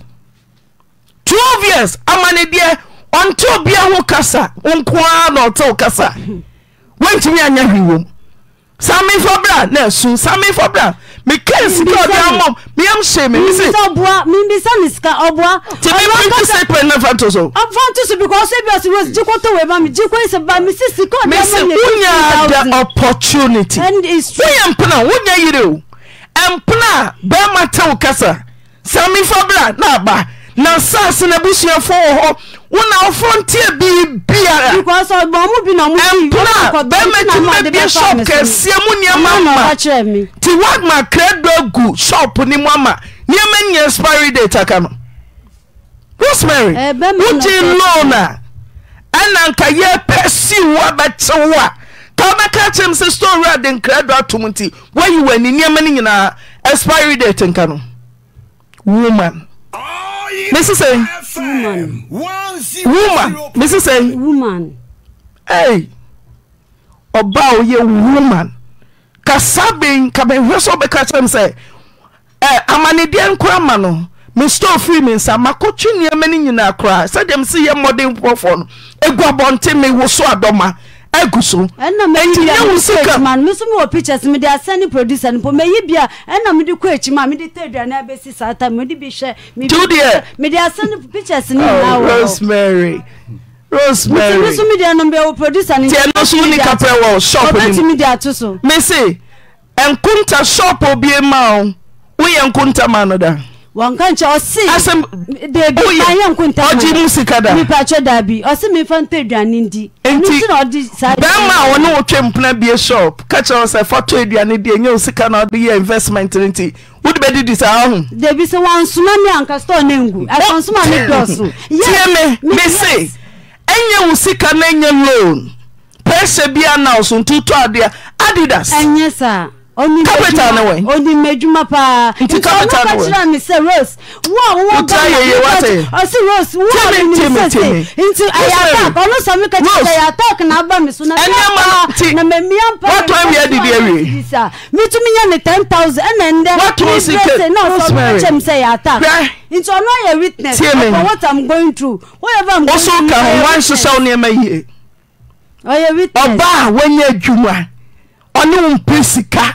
twv years amanedeɛ onto obia ho kasa okoa nateo kasa watiyi yae wo sa mifobr nssamf smo potnita kas samfbr nab nasasena bosuafo ho wonawofrontee bi biarampna bɛmama bishopkesiɛmu nneɔma mma nti woma krado gu shopne mu ama nneɔma no nya spireday taka no rosmary wogye non a ɛnankayɛ pɛsi wo abɛkye ho a ka wobɛka kyerɛm sɛ stowrade nkradoa ato m nti woayiw anennoɔma no nyinaa aspireday tenka noman ah! mesi sɛ woman mesi sɛ woman ei ɔba a ɔyɛ woman kasa ben ka bɛhwɛ sɛ ɔbɛka kyerɛ m sɛ eh, ɛ amanedeɛ nkora ma no me store firi me nsa makɔtwe nneɛma no nyinaa koraa sɛdeɛ m se yɛ mmɔden pɔfoɔ no ɛgu abɔnte me woso so adɔma agu so ɛnti nyɛ wo sika meso mewɔ pictures mede asɛne producer no mpo mayi bia ɛna mede kɔ akyi ma mede tɛ aduane abɛsi saa ta mede bi hwɛ mede asɛne pictures no oh, nyinaa wɔ rosemary rosemary meso mede no bɛwɔ producer no tiɛ no so woni kaprɛ wɔ shop no mu mede ato so mese nkonta shop obie ma wo woyɛ nkonta ma no da wɔnka nkyɛ ɔse dabiayɛ nkontamgye m sika da mepatwɛ daabi ɔse mefa nta aduane ndi ntina ɔde saa bɛrima a wɔne wotwa mpena bie shop ka kyerɛ wɔ sɛ fɔtɔ aduane di ɛnyɛ wo sika na ɔde yɛ investment no nti wode bɛde di saa ho dabi sɛ wɔnsoma me anka stɔɔ no ngu akɔnsoma me dɔso tiɛ me me se ɛnyɛ wo sika na ɛnyɛ loan pɛsɛ bia na ɔso ntotɔ adeɛ adidas ɛnyɛ saa n dum asosɛ oneɛma yieɔba wanya adunua ɔne wo mpɛ sika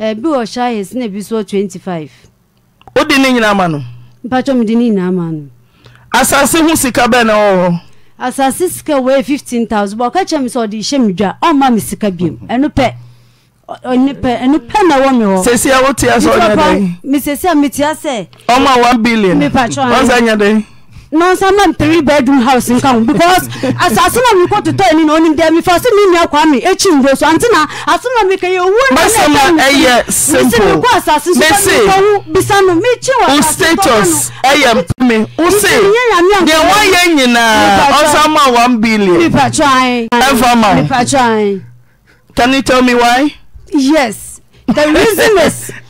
ebi eh, wɔ shires na ebi so twenty five. o di ne nyinaa ma no. mpatwa mu di ne nyinaa ma no. asase ho sika bɛɛ na ɔwɔ asase sika wɔyɛ fifteen thousand bɔ ɔka kyerɛ mi sɛ ɔde ihyɛ mi dwa ɔmma mi sika biem ɛnu pɛ ɛnu pɛ ɛnu pɛ na ɛwɔ mi hɔ. sisi a wotia sɛ ɔnyɛ dɛ. mi sisi a mi tia sɛ. ɔmma one billion. mi patwa ɔnsa nyɛ dɛ nonsenman three bedroom house nka ho because asase na mekɔ totɔ ani na ɔnim deɛ mefa se me nua kwa me ɛkyi nduro so ante na asɛm na meka yɛ ɔwu masɛma ɛyɛ simplemekɔ asase so bisa no mekyi wɔ status ɛyɛ mpeme wo se deɛ woayɛ nyinaa ɔsa ma 1 billion ɛmfa ma can you tell me why yes the reason is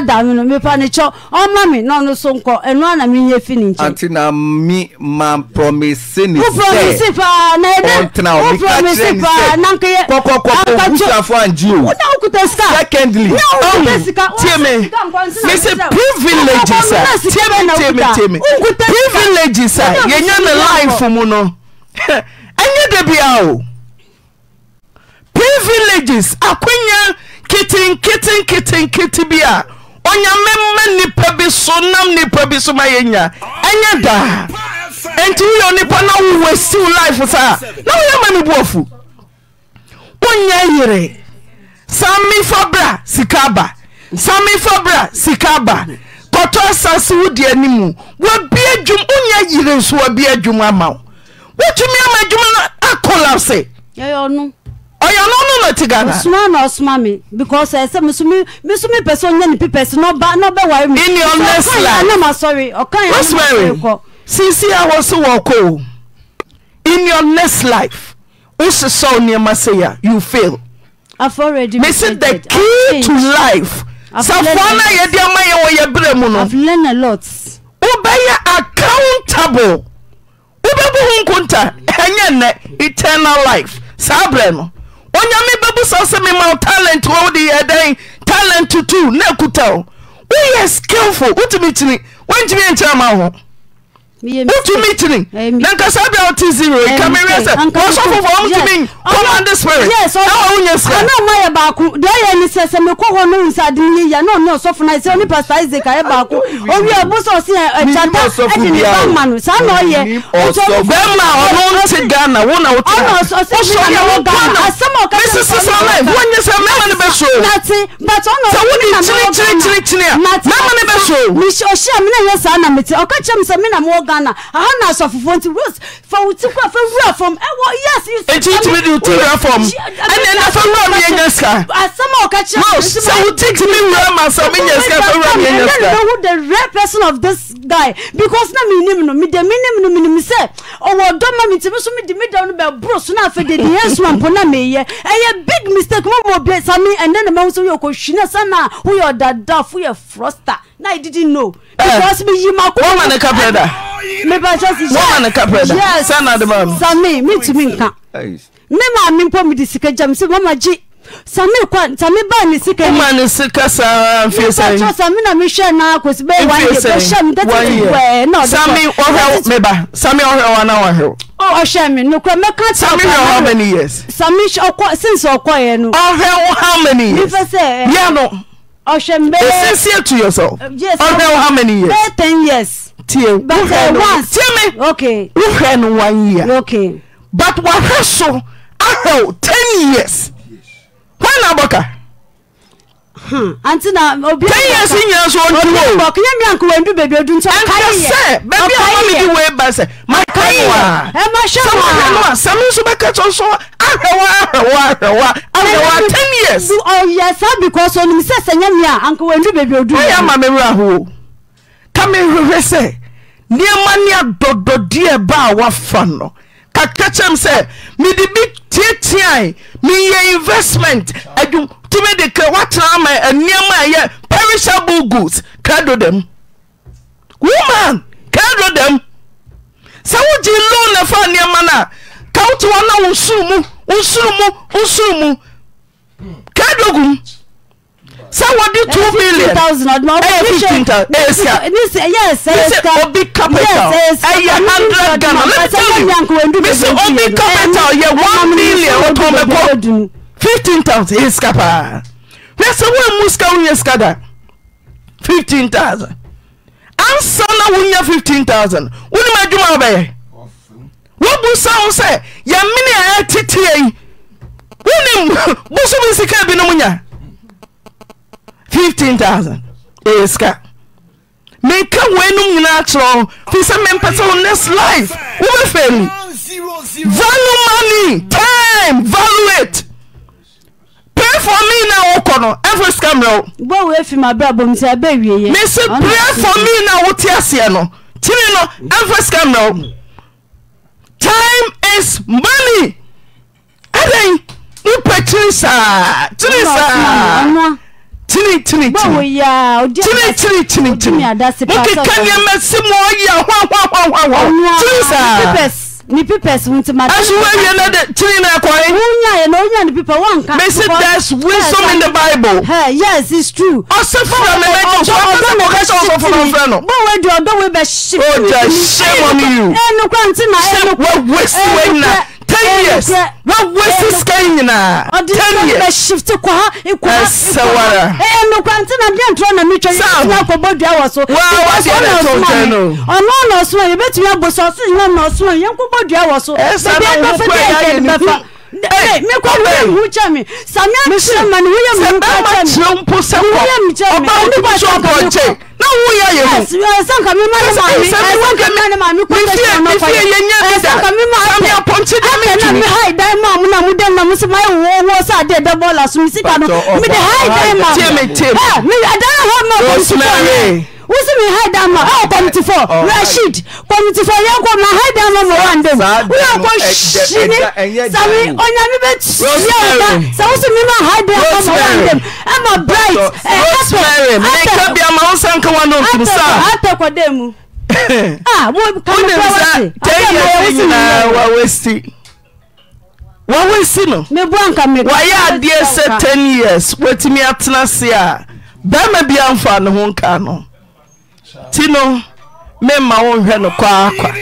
dame no mepa ne kyɛ ɔma me na ɔno so nkɔ ɛno ana menyɛ fi ne nkyɛn anti na mi ma promise ne sɛ paa na ɛdɛ ɔntena uh, ah, o mika kyerɛ ne sɛ na nkɛyɛ kɔkɔkɔkɔ owusafo angye o wona okuta sika secondly na okuta um, sika tie me me sɛ privileges a tie me tie me tie me privileges a yɛnya ne life mu no ɛnyɛ da bia o privileges akonya keten keten keten kiti bi a onyamema nnipa bi so nam nnipa bi so mayɛnya ɛnyɛ daa nti woyɛ onipɔ na wowɔ asiwo life saa na woyɛma meboɔfo wonya yere sa mifɔ bera sikaba sa mif bera sikaba kɔtɔ sa se wode animu wɔbi adwum wonya yere nsowabi adwum ama wo wotumi ama adwuma no akola se n sensie a hɔ sɛ wɔ kɔ in your nest life wosesɛ nneɔma sɛ ye you feimisɛ the key to life sa foa no a yɛdeɛma yɛ wɔ ya berɛ mu no wobɛyɛ accountable wobɛbu honku ta anyɛ nɛ eternal life saa berɛ no ɔnyame bɛbusɛ sɛmemma wo talent wɔ wode yɛ dan talent too ne akutaw woyɛ skillful wotumi kyini wontumiɛnkyerɛ ma w ho wotumi tini eh, na nka saa bia wote zero ka mewiɛ sɛ wɔsɔ fofoɔ wotumi command the spirit na wɔwonya sika na ɔma yɛ baako deɛ ɔyɛ ne sɛ sɛ mekɔ hɔ no ni ade no yɛyɛ na ɔne ɔsɔfo no sɛ ɔne pastor isaac ayɛ baako owie ɔbo sɛ ɔse ɛkyata e ade ne ba ma no saa na ɔyɛ bɛma ɔno nte ghana wo na woteɔsɛmesese sa life wonyɛ sɛ mɛma no bɛsoo sɛ wode kyerɛkyerɛkyerɛkyere a mɛma no bɛsoo ɔhyɛ me na yɛ saa na mete ɔka kyerɛ m sɛ me na mewɔ banner aha na asɔfofoɔ nti rose fa wo ti kora fa wura fam ɛwɔ yes ɛkyi tumi de ti wura fam ɛne ɛna fa wura mi yɛnya sika asɛm a ɔka kyerɛ rose sɛ wo ti tumi wura ma sɛ mi nya sika fa wura mi yɛnya sika ɛna ɛna the real person of this guy because na mi nim no mi de mi nim no mi nim sɛ ɔwɔ dɔm ma mi ti mi so mi di mi dɛm no bɛ buro so na afɛ de de yɛn so ampo na mi yɛ ɛyɛ big mistake mo mo bie sami ɛnɛ na ma ho sɛ woyɛ okɔ hwi na sɛ na woyɛ ɔdadafo yɛ froster na i didn't know. because mi yi ma ko. wọ́n ma ne ka pẹ́ da. mi ba ṣe si. wọ́n ma ne ka da. yes sanni adama mi. sami mi tun mi nkan. ne maa mi pọ mi di sika jam si mama, ma ji sami kwan sami ba, ni sika yi. wọ́n ma ni sika saa nfiye sẹ́yìn. nípa tí sami na mi ṣe na kò sí bẹ́ẹ̀ wáyé bẹ́ẹ̀ ṣe mi tẹ́tí mi wẹ̀ náà. sami ọhẹ mi ba sami ọhẹ wa náà wà hẹ o. ọhẹ mi nukura mẹka tí ọkọ sami hẹ oh, how many years. sami ọkọ oh, since ọkọ oh, yẹn no. ọhẹ how many years. nípa sẹ ẹ. yẹn no ọ̀sẹ̀mbẹ́. be sincere to yourself. Um, yes ọ̀dẹ̀ how many years. bẹ́ẹ̀ ten years. tie wuhẹ no tie mi. okay wuhẹ no one year. okay but wahẹ so ahẹw ten years. wọn na bọka. 0snyasɛbiaa med b sɛ ana sɛmi nso bɛka kɛ so 0sɛyɛ ama mewerɛ hoo ka mehwehwɛ sɛ nneɔma ne adɔdɔdeɛ baa woafa no kaka kyɛm sɛ mede bi teateaae meyɛ investment adwum mi woterama aneɔmayɛ perishable goos ka moman adam sɛ wogye lone fo anneɔma noa kawote ano osmunnmu kad g m sɛ wode 2 il capital yɛ l 0ɛɛsk eh, paa sɛ womu ska woyɛ ska da5000 ansa na wonya5000 wonem adwuma wobɛyɛ wobu sawo sɛ ya mene aa teteei on boso misika binomnya 5000 ɛɛ eh, ska meka wɔ anm nyinaa kyerɛ fri sɛ mempɛ sɛwo nes lif wobɛfni n for me na wokɔ no every scammerɛ wo mese pray for me na wote aseɛ no kyiri no every scammerɛ wo time is money ɛdɛn nipa kyiri saa kyiri saa kyini kyini kyini kyini kyini kyini mokeka nneɛma si mu ɔyɛ hwaahwaahwaahwa kyiri saa ne pipɛs wo nti ɛso woawie no de kyiri no ɛkɔe wonyaɛ na wonya ne pipɛ wɔnka mesi there's wisdom in the bible hey, yes it's true ɔse foforo me mɛɔka sɛ ɔsɔforo mfrɛ no bɔ wadi ɔdɔ wei bɛhye oja shame on you ɛnokora nti na ɛnokora wawasi wanyina ten years na wosi sika yi nyinaa ten years ɛsɛwara ɛnukwante na bia ntura na mi twɛ yi ɛna akɔbɔ dua wɔ so ɔno na ɔsoma mi ɔno na ɔsoma yɛ bɛtumi abɔ so ɔsi nyina na ɔsoma yɛn kɔbɔ dua wɔ so ɛbi ɛbɛfɛ bi ɛkɛ ɛbɛfa. m mle ka ama osanka wtm sawoema0aoynaa wwsi wwɔsi no wayɛ adeɛ sɛ 10 years wɔatumi atena ase a barima bia mfa ne ho nka no nti no mema wo nhwɛ no kɔ akwa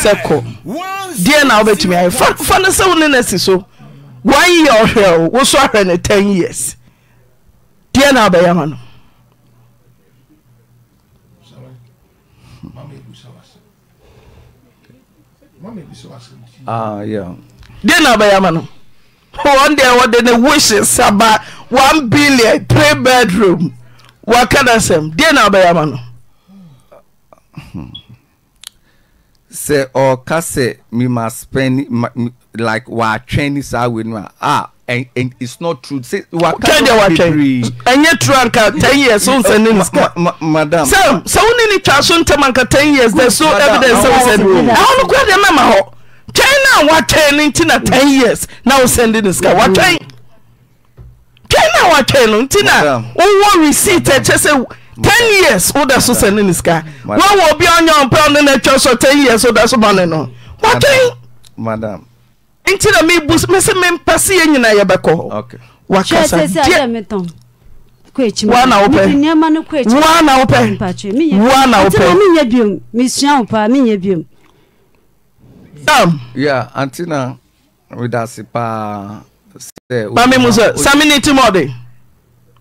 sɛ kɔ deɛ na wobɛtumi ayɛ fa no sɛ wo ne no asi so one year ɔhwɛ o wo so ahwɛ no ten years deɛ na wobɛyɛ ma no ah, deɛ na wobɛyɛ ma no wɔn deɛ wɔde ne wish. aba one billion three bedroom wɔaka no asɛm deɛ na wobɛyɛ ma no sɛ ɔka sɛ mi ma spend like watwɛn ni saa wei no ah and, and it's not true say waka no bebree. ɛnyɛ true anka ten years o nsɛn ne no. madam sɛ sɛ wo ne ne twa so ntɛm anka ten years dɛ so evidence sɛ wo sɛn ne ɛhɔ no kura deɛ mɛma hɔ twɛn na watwɛn ne nti na ten years na wo sɛn de ne sika watwɛn twɛn na watwɛn no nti na wo wɔ receipt ɛkyɛ sɛ ten years woda so sɛne ne sika woawɔ obi ɔnyɛ ɔmpɛ ne na atwa so ten years woda so ma ne no wɔtwen nti na mebu me se mempɛ sɛ yɛ nyina yɛbɛkɔ hɔ woana wopɛ Yeah, antina, we that's it. Pamemu sɛ, sami ni ti mɔden.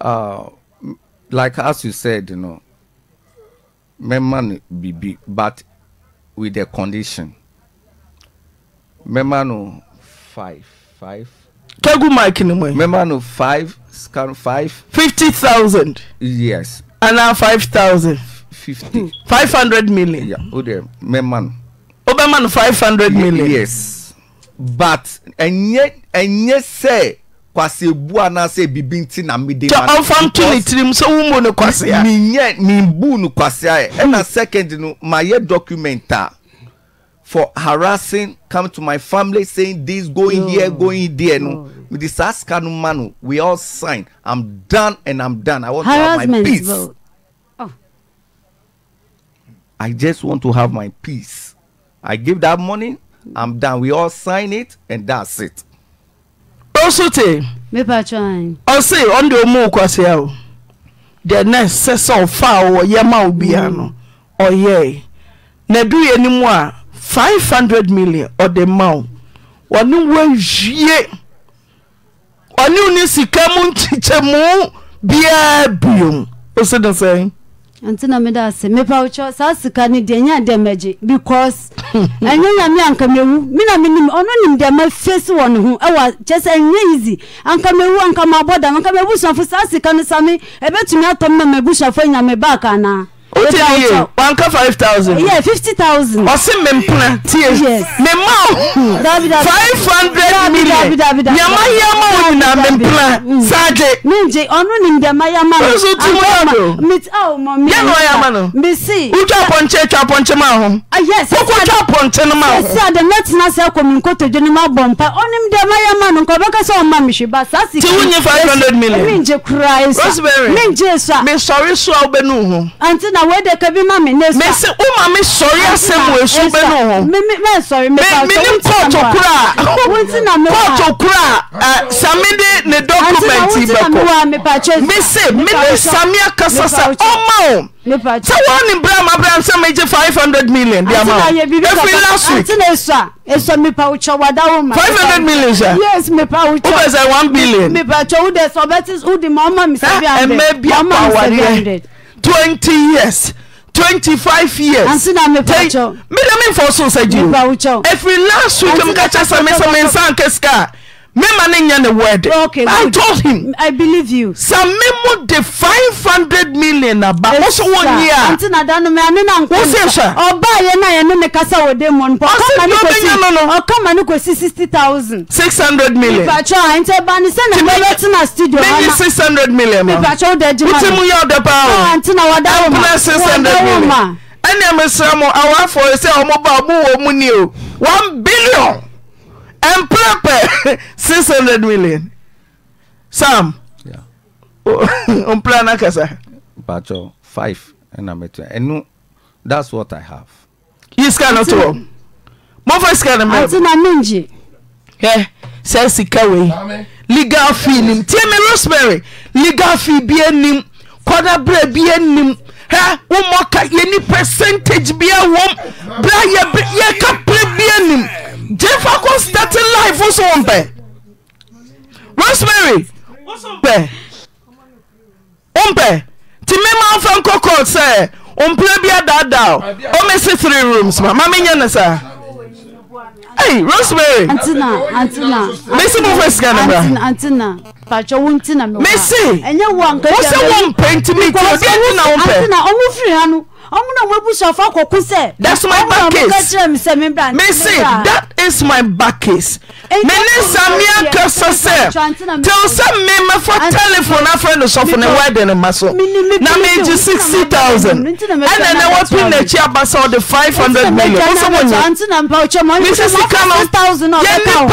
Uh, like as you said, you know, Memman Bibi, but with a condition. Memano five, five. Kegu Mike in the way. Memano five, scan five. Fifty thousand. Yes. And now five thousand. Fifty. Hmm. Five hundred million. Yeah. Oh there, Memman. Oberman five hundred million. Yes. But and yet and yet say kwasi ebu anaasɛ bibi nti na mi de ma no. ɔnfa ntu ne tirim sɛ wɔn mu ne kwasi a. mi nyɛ mi bu ne kwasi a yɛ hmm. ɛna second no ma yɛ document a for harassing come to my family saying this going here going there no mi de saa sika no ma no we all sign i'm done and i'm done i want Harassment to have my peace. Oh. I just want to have my peace. I give that money, I'm done. We all sign it, and that's it do so te ɔse ɔn de ɔmu kwasea o deɛ nɛ sɛ sɛ ɔfaa wɔ yɛma wo bia no ɔyɛe na duruiɛ no mu a 500 million ɔde ma wo ɔne woawie ɔne wo ne sika mu nkyikyɛmu biaa biom ɔsi ne sɛn nti na meda ase mepa wotwɛ saa sika no deɛ ɛnyɛ dɛ magye because ɛnyɛ nyame anka mewu me na menim ɔno nim deɛ mafie se wɔ ne ho ɛwɔ kyɛ sɛ ɛnyɛ easy anka mewu anka mabɔ dam anka mabusuafo saa sika no sa me ɛbɛtumi atɔm na mabusuafo anya me baak anaa ka 00s mep mema00yama yama ina mepena saep tapcmoap n500esre sbnho wede ka bi ma me ne sa. Mese wo ma me sori asem wo esu be no mi. Me me me sori me pa. Me ni kɔɔtɔ kura. Wunti na me wa. Kɔɔtɔ kura eh, samide ne document bɛkɔ. Me se me ni samia kasa sɛ ɔma oh, o. Sɛ wɔn ni bra ma sɛ me gye five hundred million di ama o. Efi last week. Ati na esu a esu mepa utwa wada wo ma. Five hundred million sɛ. Yes mepa utwa. Wo bɛ sɛ one billion. Mepa utwa wo de sɛ ɔbɛ ti wo de ma ɔma mi ah, sɛ bi hundred. Ɛmɛ bi akɔ awari yɛ. 20 years 25 years medɛ mimfo so sa yi ɛfri last week mika kya samesamensan kɛsikaa mema ne nya ne word okay, i told him i believe you sa memo five hundred million aba wo so wo nyi a nti na danu me ane na nko wo se sha oba ye na ye ne ne kasa wo de mon po ka ni ko si o ka ma ni sixty thousand. Six hundred million pa cho nti ba ni se na me yo tina studio ama six hundred million ma pa cho de jima nti mu yo de pa o nti na wa da wo ma 600 million ɛne mesrɛ mo awafoɔ sɛ ɔmo ba ɔmo wɔ mu ni o 1 billion ɛmprɛ pɛ 600 million sam Yeah. ɔmpra no kasa bakyɛ 5 ɛna mɛtua ɛno that's what i have You sika no to hɔ mofa sika no mɛna mengye hɛ sɛ sika wei legal fee nim tie rosemary legal fee bi anim kɔda berɛ bi anim hɛ womɔka yɛni percentage bia wom bra yɛka perɛ bi anim jefa kò starting life wosò wọn pẹ rosemary wosò pẹ wọn pẹ tí mi máa ń fẹ́ nkọ́ court sẹ́ òmpire bi adaadaa o mi si three rooms ma maami nyẹ ne sa. Hey, Rosemary. Antina, Antina. Messi mo fẹ́ sika nabra. Antina, Antina. Pàtó wo ntina mi wá. Messi. Ẹ̀yẹ́ wo ànkẹ́ jẹ́ mi. tí o bí ẹ̀ ntina wọ́n pẹ̀. Antina, ọmọ ɔmno mbsfa mese tat is my back case mene samea ka so sɛtel sɛ memɛfɔ telefone afrɛ no sɔfo ne wade ne ma sona megye 60000ɛnɛnɛ wapi naki aba sa ɔde 500 milmsskantne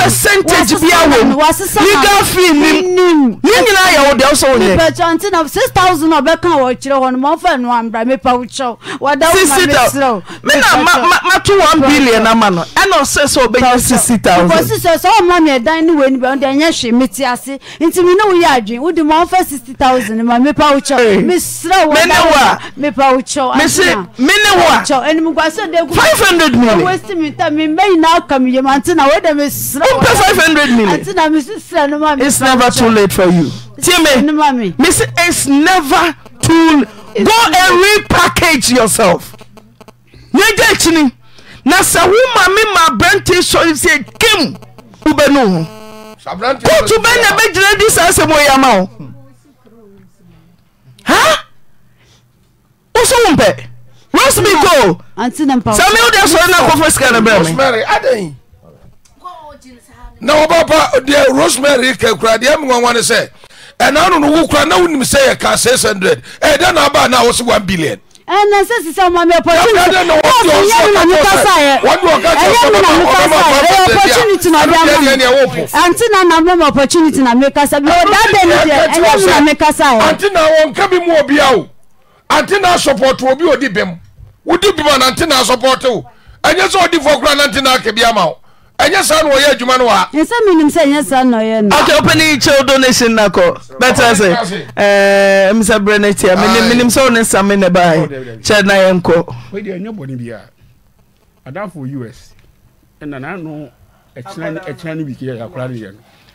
percentage biawom ligal feenim menyina yɛwode woso na ma ma mato one billion ama no ɛna ɔsɛ sɛ thousand. 60000sɛ sɛ ɔma me ɛdan ne wei ni bɛ ɔde ɛnyɛ hwe mete ase nti me ne woyɛ adwen wode ma ɔmfa thousand. ma mepa wo kyɛw meserɛ wɔ mepa wo kyɛw mese mene wo a animguasɛ de 500 milliwasti me nta memma nyinaa ka meyam ante na wode meserɛ wompɛ 500 million ante na meseserɛ no ma it's never too late for you tie me mese it's never g are package yourself negya kini na sɛ woma mema brantesons kem wobno hokotu bɛ na bɛgyina di sae sɛ mɛɔyɛma ho wo sowompɛ roseme same wode sɔre no akɔfo sia nebɛmeɛrosemaryaawasɛ ɛna nono wo kora na wonim sɛ yɛka s00 dɛ na aba na wose 1 billionntna wɔnka bi mu obiao ante na asu pɔte obi ode be m wode bima no nte na su pɔt o ɛnyasɛ odifo kora ne nte na ake biamao ɛnyɛ saa eh, na wɔyɛ adwuma no wa. nsa mi nim sɛ ɛnyɛ saa na ɔyɛ no. ɔkè ɔpɛni kyew donation na kɔ bɛtɛ sɛ ɛɛ misa brɛ ne tia mi nim nim sɛ ɔne sami ne ba yi kyɛ na yɛ nkɔ. o de ɛnyɛ bɔnni bi a adafo us ɛna n'ano ɛkyina ɛkyina ni bi kiyɛ akora de yɛ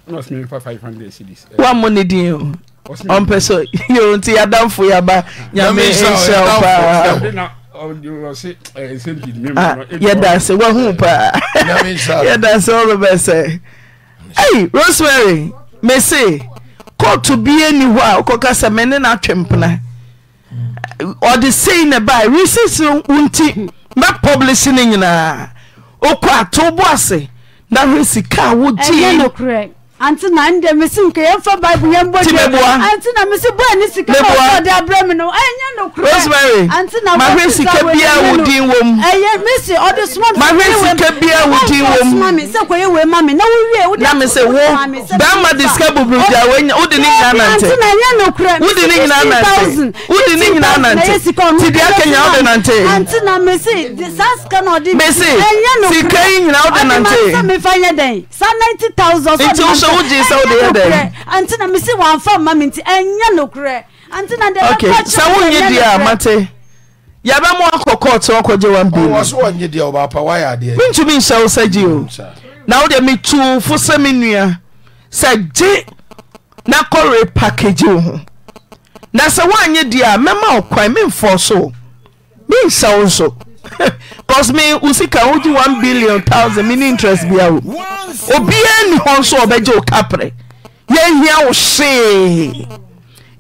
no ɛna ɔsɛn mi five hundred cedis. wa mo ne din o ɔmpɛ so yorùn ti yadamfo yaba nyame nhyɛ ɔpaa. hpsɛrosemery mɛse kɔɔto bia ni hɔ a wokɔkasa mene no atwe mpena ɔde sei ne ba reses wonti mɛ pobles no nyinaaa okɔ atow boase nahesika wog anti na ndɛ mesi nka yɛmfa bible yɛn bɔ dua anti na mesi bɔ ani sika eh, ma ɔfɔ de abrɛ mi no ɛnyɛ oh, no kura rosemary mahwɛ sika bia wo din wɔ mu ɛyɛ mesi ɔde suma mi mahwɛ sika bia wo din wɔ mu mami sɛ kɔyɛ wɔ mami na wowie wode na mesi wo bɛrima de sika buburu bia wɔnyɛ wode ne nyinaa nante anti na ɛnyɛ no kura wode ne nyinaa nante wode ne nyinaa nante ti di akenya ɔde nante anti na mesi saa sika na ɔde mesi sika yi nyinaa ɔde nante ɔde ma sɛ mefa nyɛ dɛ saa ninety thousand ɔde ma sɛ wogye sɛ wode yɛ dɛn anti na mesi wamfa mma me nti ɛnyɛ nokorɛ anti dɛ sɛ wonye deɛ a mate yɛbɛmo akɔ kɔɔte wakɔgye wa mpii nhyɛ wo sɛ gye o mm, na wode metuu fo sɛ me nua sɛ gye na kɔre pakagye wo ho na sɛ woanyɛ deɛ a mɛma wo kwan memfɔ so menhyɛ wo cause me usika wogye one billion thousand mini interest bia o obiaa nni hɔ nso ɔbɛgye wo kaprɛ yɛnhia wo hyee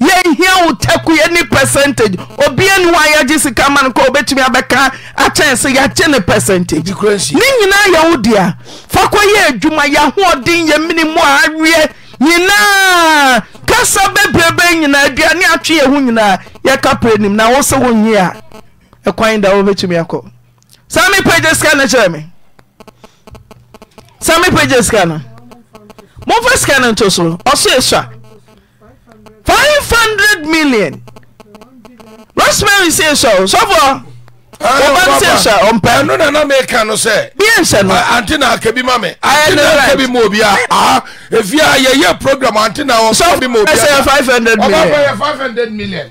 yɛnhia wo takuɛ ne percentage obia ni hɔ a yɛagye sika ma no kɔ wobɛtumi abɛka akyɛn sɛ yɛagye ne percentage ne nyinaa yɛwo de a fa kɔ yɛ adwuma yɛahoɔden yɛ mene mu a aweɛ nyinaa kasa bɛbrɛbɛ nyinaa aduane atwe yɛ ho nyinaa yɛka prɛ nim na wo sɛ wonyi a ɛkwan da wobɛtumi akɔ Sami me pagya sika no kyerɛ me saa me pagya sika no momfa sika no nto so ɔso ɛsua 500 million rosemary sɛ ɛsua o sɔfoɔ wɔba sɛ ɛsua ɔmpɛ ɛno na na meka no sɛ biɛnhyɛ no ante na aka bi ma me ante na aka bi ma obi a aa ɛfie a yɛyɛ program ante na ɔka bi ma obi a sɛ 500 million ɔbɛbɛyɛ 500 million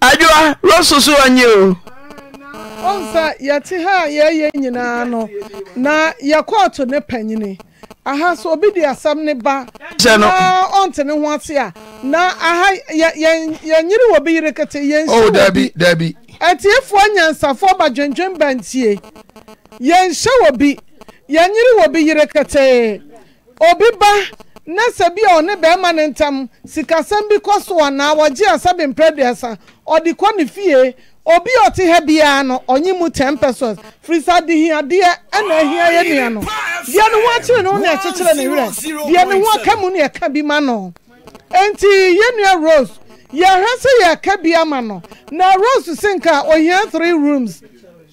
adwoa rɔso so ɔnyɛ o ɔnsa yɛte ha a yɛyɛ nyinaa no na yɛkɔɔto ne panyini aha so obi di asam ne ba na ɔnte ne ho ase a na aha yɛnyere wɔ bi yere kete yɛnhyɛ atiefoɔ nyansafoɔ ba dwendwen ya yɛnhyɛ wɔ bi yɛnyere wɔ bi yere obi ba na sɛ bi a ɔne bɛrima ne ntam sikasɛm bi kɔ so ɔnaa wɔgye asabi mpɛduasa ɔde kɔ ne fie obi a ɔte ha biara no ɔnye mu ten pesos firisa de hia deɛ ɛna ahia yɛ nua no deɛ ne ho akyere ne ho ne ɛkyekyere ne werɛ deɛ ne ho aka mu ne ɛka bi ma no nti yɛ nua rose yɛhwɛ sɛ yɛka bi ama no na rose sinka ohia three rooms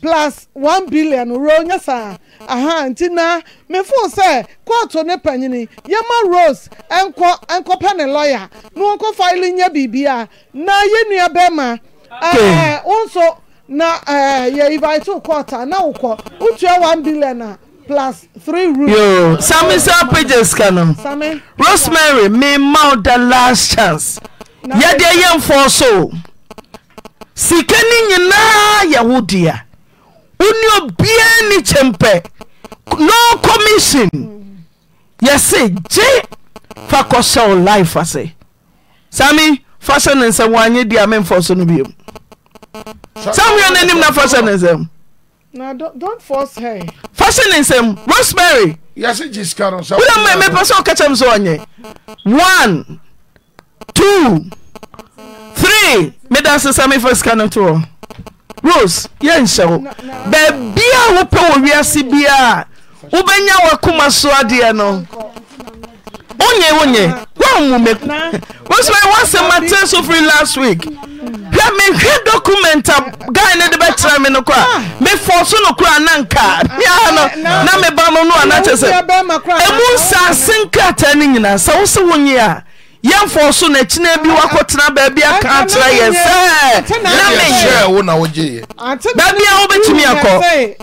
plus one billion ronye saa aha nti na mefun sɛ kóòtù ne panyini yɛma rose nkɔ nkɔpɛ ne lɔya na wɔn kɔ faili nye biribia na yɛ nua bɛrima ɛɛ nso na ɛɛ yɛ invite kóòtù a na wokɔ wotua one billion a ah, plus three rooms. yoo sami sá pages kanam rosemary mi ma o da last chance yɛ de yɛn fɔ so sika ni nyinaa yɛ wo dea. wonibia nikyɛmpɛ nɔ comison yɛse gye fa kɔsɛo lifasɛ sa me fa sɛno nsɛm wanyɛ diamef se no bim sameɛne nim na fa sɛ no nsɛm fa sone nsm rsrmɛpɛ sɛwka kɛmsonyɛ o t medasɛ sa me fa sika no to rose yɛnhyɛ wo baabi a wopɛ wɔ wiase biaa wobɛnya w'akoma so adeɛ no wonyɛ wonyɛ woanwume wosoma woasɛm ate so firi last week hwɛ mehwɛ document a guy no de bɛkyerɛ me no kɔ a ah. mefɔɔ so no koraa nanka. nkaa ah, mea no na meba no no anakyɛ sɛ ɛmu nsaase nkrataa no nyinaa sɛ wo sɛ wonyɛ a yɛmfo so na kyina bi wakɔtena baabi aka akyerɛ yɛ sɛ na meyɛ baabi a wobɛtumi akɔ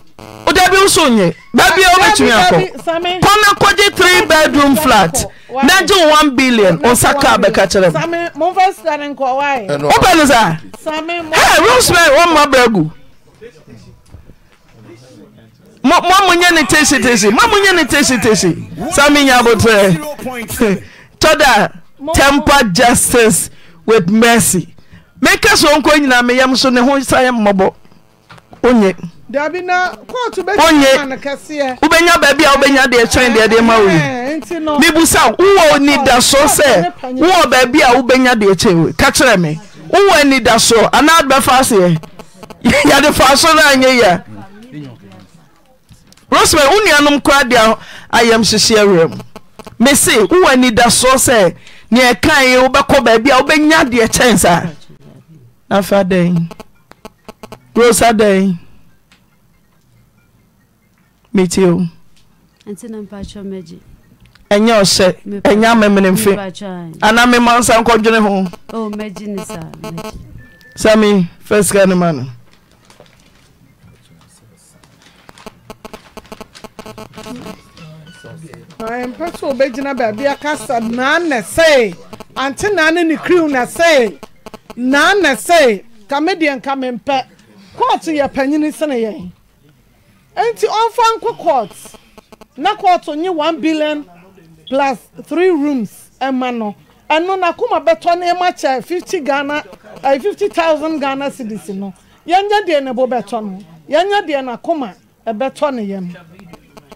woda bi nso nye baabi a wobɛtumi akɔ kɔna kɔgye three bedroom flat na gye wo one billion wo nsa kaa bɛka kyerɛ m wopɛ no saa hɛ rosemary wɔmma brɛgu mo mo nye ne tesi tesi mo mo nye ne tesi tesi sami nya abotire tɔda. temper justice with mercy meka so nkɔ nyinaa meyam so ne ho sayɛ mmɔbɔ onye onye wobɛnya baabi a wobɛnya deɛ kyɛn deɛ deɛ ma wei mibusa wowɔ anidasoɔ sɛ wowɔ baabi a wobɛnya deɛ kyɛn wei ka kyerɛ me wowɔ anidasoɔ anaa bɛfa aseɛ yɛde fa so no anyɛ yia rosemary wo nuanom koraa deɛ ayɛmhyehyeɛ werɛ m mese wowɔ anidasoɔ sɛ nea ɛka yi wobɛkɔ baabi a wobɛnya deɛ kyɛn saa afa dɛn rosa dɛn meti o ɛnyɛ ɔhyɛ ɛnyɛ amemmenemfe anaa mema nsa nkɔdwene ho sami fɛ sika no ma no Thank you. mpɛ sɛ wɔbɛgyina baabi akasa naa na sɛe ante naa ne ne kriw na sɛe naa na sɛe kame deɛ nka me mpɛ kɔɔto yɛ panyini sene yɛn enti ɔmfa nkɔ court na kɔɔto nye one billion plus three rooms ɛma no ɛno na kuma bɛtɔ ne ɛma kyɛ fifty ghana ɛɛ fifty thousand ghana cedis no yɛnyɛ deɛ ne bo bɛtɔ no yɛnyɛ deɛ na kuma ɛbɛtɔ ne yɛn.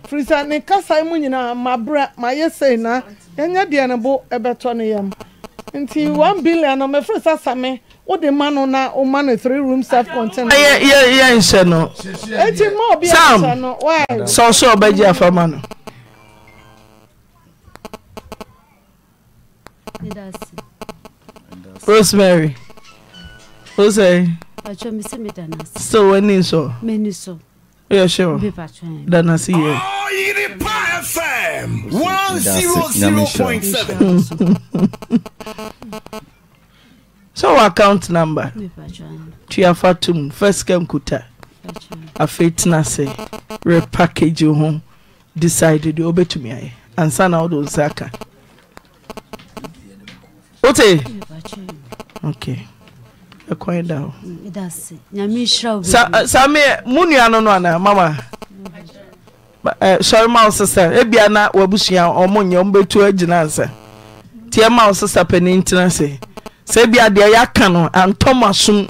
firi sɛ ne kasa mu nyinaa mabrɛ mayɛ sei na yɛnyɛ deɛ ne bo ɛbɛtɔ ne yam nti one billion no me sɛ same o wode ma no na woma no three room self container. yɛ yɛ yɛ nhyɛ no. eti mu obi ahyɛ no why. sọ sọ ọbẹ jí afama no. rosemary o sẹ. ọjọ́ mi sí mi dáná sí. sọ wọ́n ní sọ. mi Yeah, sure. Dana see you. Oh, Yiri Pa FM 100.7. So account number. Tiafatum first came kuta. Afet na se repackage you home. Decided you obey to me. And son out of Zaka. Ote. Okay ɛkwan da hɔ saa me mu nua no no anaa mama eh, sɔre ma wo sesa ebia na wabusua ɔmo nyɛ ɔmo bɛtu agyina nsa tiɛ ma wo sesa panin tena se sɛ ebia deɛ yɛaka no antɔm asom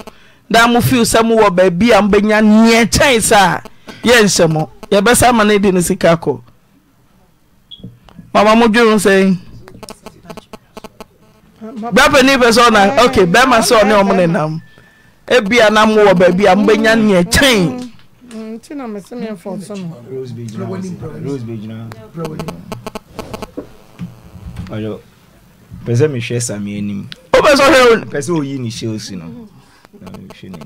da mo fiw sɛ mo wɔ baabi a mo bɛnya neɛ kyɛn saa yɛ nhyɛ mo yɛbɛsa ma no edi ne sika kɔ mama mo dwere sɛn bapani pɛ sɛ ɔna ok bɛrima sɛ ɔne ɔmo nenam ebia na mo e wɔ baabi a mobɛnya neɛ kyɛn nti mm, na mese memfɔ so no pɛ sɛ mehwɛ same anim wopɛ sɛ ɔhwɛ pɛ sɛ ɔyi ne hyɛl si no na ɔyi kyɛ ne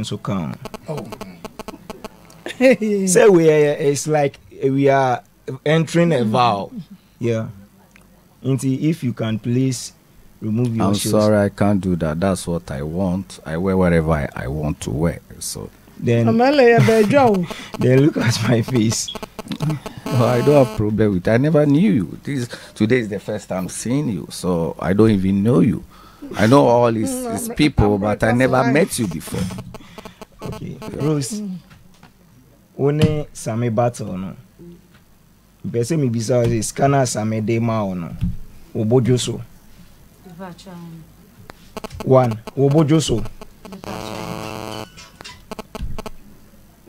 nso ka sɛ we is like we are entering a vow yeah Nti if you can please remove your I'm shoes. I'm sorry, I can't do that. That's what I want. I wear whatever I, I want to wear. So then they look at my face. oh, I don't have problem with. It. I never knew you. This today is the first time seeing you, so I don't even know you. I know all these, mm, these people, but I never met you before. Okay, Rose. Mm. One eh, same battle no bɛɛ sɛ mebisa wo sɛ sika no de ma wo no wo bodwo so one wo bodwo so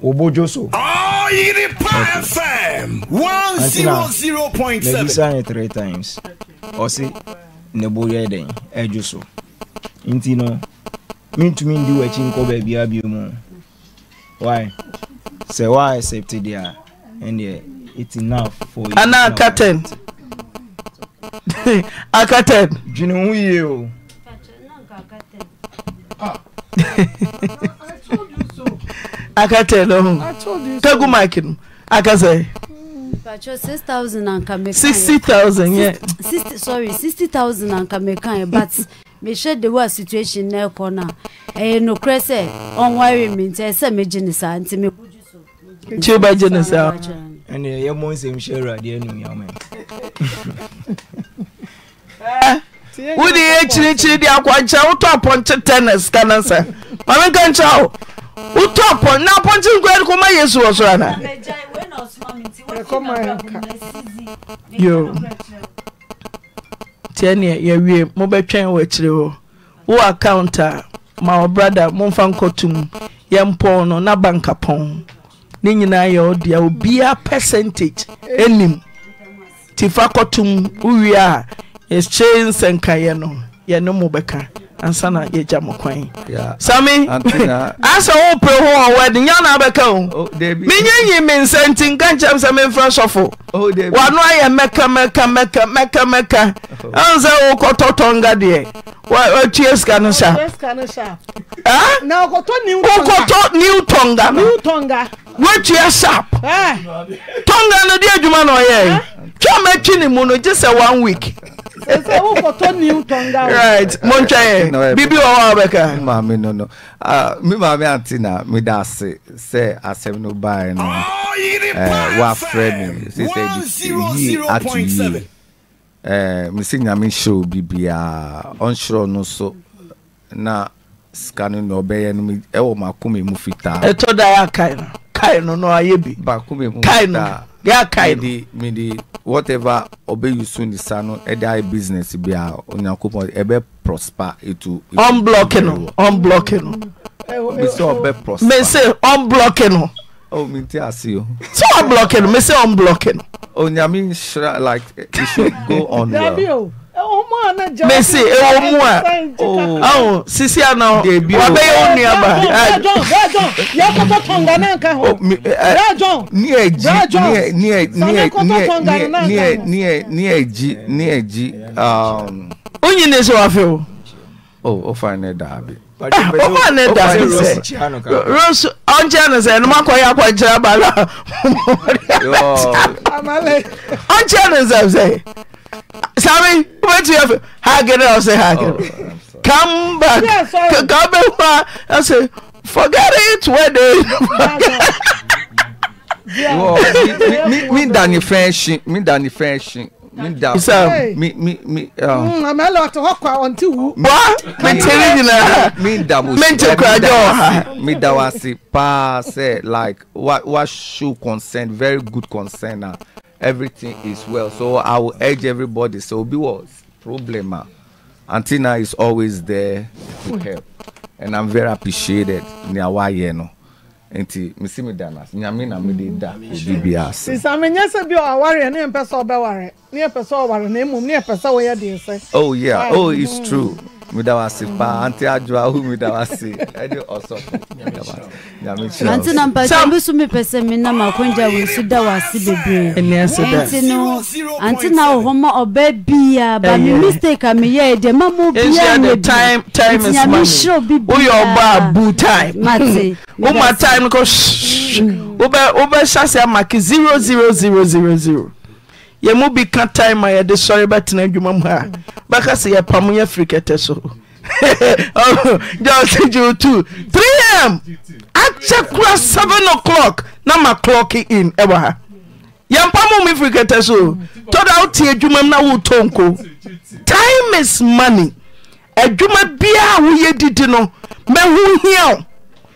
wo bodwo so Oyiripa FM one zero zero point seven. mebisa ne three times ɔse ne bo yɛ dɛn e so nti no mentumi ndi w'akyi nkɔ baabia bio mu wae sɛ woa accept deɛ a ɛndeɛ it's enough for you. ana aka ten aka ten. jìnnì ń yé o. aka ten ọhún kẹ́gùn máàkì nù aka sẹ́yìn. Pacho, 6,000 anka mekan. 60,000, yeah. 60, sorry, and anka mekan, but me share the worst situation na ẹkọ na ẹyẹ nukurẹ sẹ ọnwari mi nti ẹsẹ mi jẹ nisá nti mi. tí o bá jẹ nisá. ywode yɛ kyirikyiri de akwankyeɛ wotɔ apɔn kye tɛn s kanansa mamenka kyɛo wotɔ apɔn na apɔke nkora oma yesu wɔ soro nontine yɛwie mobɛtwan wɔ akyiri hɔ wo account a ma bratda mo mfa nkɔtu m yɛmpɔn no na banka pɔn ne nyinaa yɛ ɔdea obiaa percentage anim tifa kɔtom wowie a yɛhyɛ nsɛnkaeɛ no yɛne mo bɛka ansa na yɛgya mo kwan sami asɛ wopere ho ɔwɛde nya na abɛka o oh, menyanyi me nsa nti nka nkyɛm sɛ memfra sɔfo oh, wano ayɛ mɛka mɛka mɛka mɛka mɛka ɛn oh. sɛ wokɔtɔtɔnga deɛ watua sika no sharpwokɔtɔ new tonga no woatua sharp tonga no deɛ adwuma na ɔyɛe twa makyi ne mu no gye sɛ one week sɛ wokɔtɔ new tonga right montwa yɛ eh, eh, biribi wɔ hɔ a wobɛka maame no no me maame ante na meda ase sɛ asɛm no bae no woafrɛ me sɛ sɛ yi ato yie mesɛ nyame hyɛ obi biaa ɔnhyerɛ no so na sika no na ɔbɛyɛ no ɛwɔ eh, makoma mu fitaa ɛtɔ da yɛakae no kae no no ayɛ bi bakoma mu kae no yɛakae no mede whatever ọbẹ̀yusu ni sa no ẹ̀dá ayé business bi a onyankopɔn ẹ̀bẹ̀ prosper etu. unblocking no unblocking no. mbese ọbẹ̀ prosper. mbese unblocking no. o oh, mi ti ase o. so unblocking no mbese unblocking no. onyame nsira like it should go on well mesi ewo mu a ahun sisi ana wabɛyɛ wo nuaba niɛgyi niɛgyi wonyine sɛ wafe o ɔfa ne daabi ɔfa ne daabi sɛ rose ɔnkyɛ no sɛ ɛnum akɔyɛ akɔnkyerɛ bala ɔnkyɛ no sɛ sɛ Sammy, what you have? Hagen, I'll say Hagen. Oh, Come back. Yeah, sorry. Come back. I'll say, forget it when they. Me Danny French, me Danny French, me Danny. Me me me. I'm a lot of hawk on two. What? Me telling you now. Me Danny. Me Danny. Me Danny. Pass eh, like what what should concern very good concern now. Uh. Ah. everything is well so i will urge everybody so be was problem antina is always there to hmm. help and i'm very appreciated ní àwa no nti misi mi da nase nyame na mi de da obi bi ase. sisamenye se bi ni yɛ ne mpɛ sɛ ɔbɛware ne yɛ pɛ sɛ ɔware na emom ne yɛ pɛ sɛ ɔyɛ deɛ sɛ. oh yeah oh it's true meda wase paa ante adwoa wo meda wase ɛne ɔsɔfo nti na mpatwa bi so mepɛ sɛ menam akongya wei so da wase bebreenti no anti na wo hɔ ma ɔbɛ bia ba me mistake a meyɛɛ deɛ ma mo bi nti nyame hyerɛ obi biawoyɛ ɔba bu time mate woma time no zero zero zero zero zero. ym bi ka time ayɛde sɔre bɛtena adwuma muh mm. ɛkasɛ yɛpamyɛfiriktɛ sseot 3m akyɛ kora 7 0clok na ma clkinmmfiriktɛ sa wote adwuma mnawor timis money adwuma biaawoyɛ didi no mɛ ho hia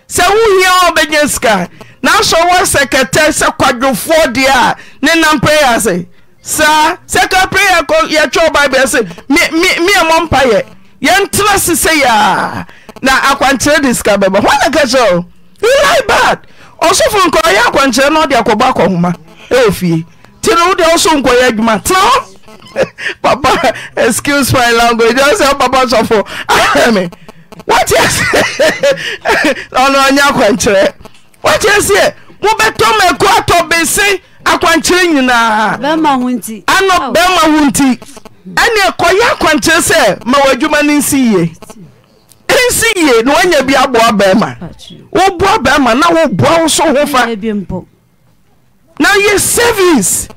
sɛ wohia bɛgya sika naswɔ sɛ kɛtɛ sɛ kwadwofoɔ deɛ a ne namprɛyɛ se saa secretary yɛtwɛw bible se miɛmɔ mpa yɛ yɛntera se sɛ ya na akwankyerɛ de sika bɛba ho na ka kyerɛ o li bad ɔsofo nka ɔyɛ akwankyerɛ na ɔde akɔbɔ akɔhoma ɛfie nti no wode ɔso nkɔyɛ adwuma tena hɔ papa excuse my language ɔsɛ papa sɔfo me wɔteɛ ɔno ɔnyɛ akwankyerɛ wɔteɛ seɛ mobɛtɔ ma ɛko atɔ bese akwankyerɛ nyinaa ano bɛrima ho nti hmm. ɛneɛ kɔyɛ akwankyerɛ sɛ ma w'adwuma no nsi yie nsi yie na woanya bi aboa barima woboa barima na woboa wo so ho fa na yɛ service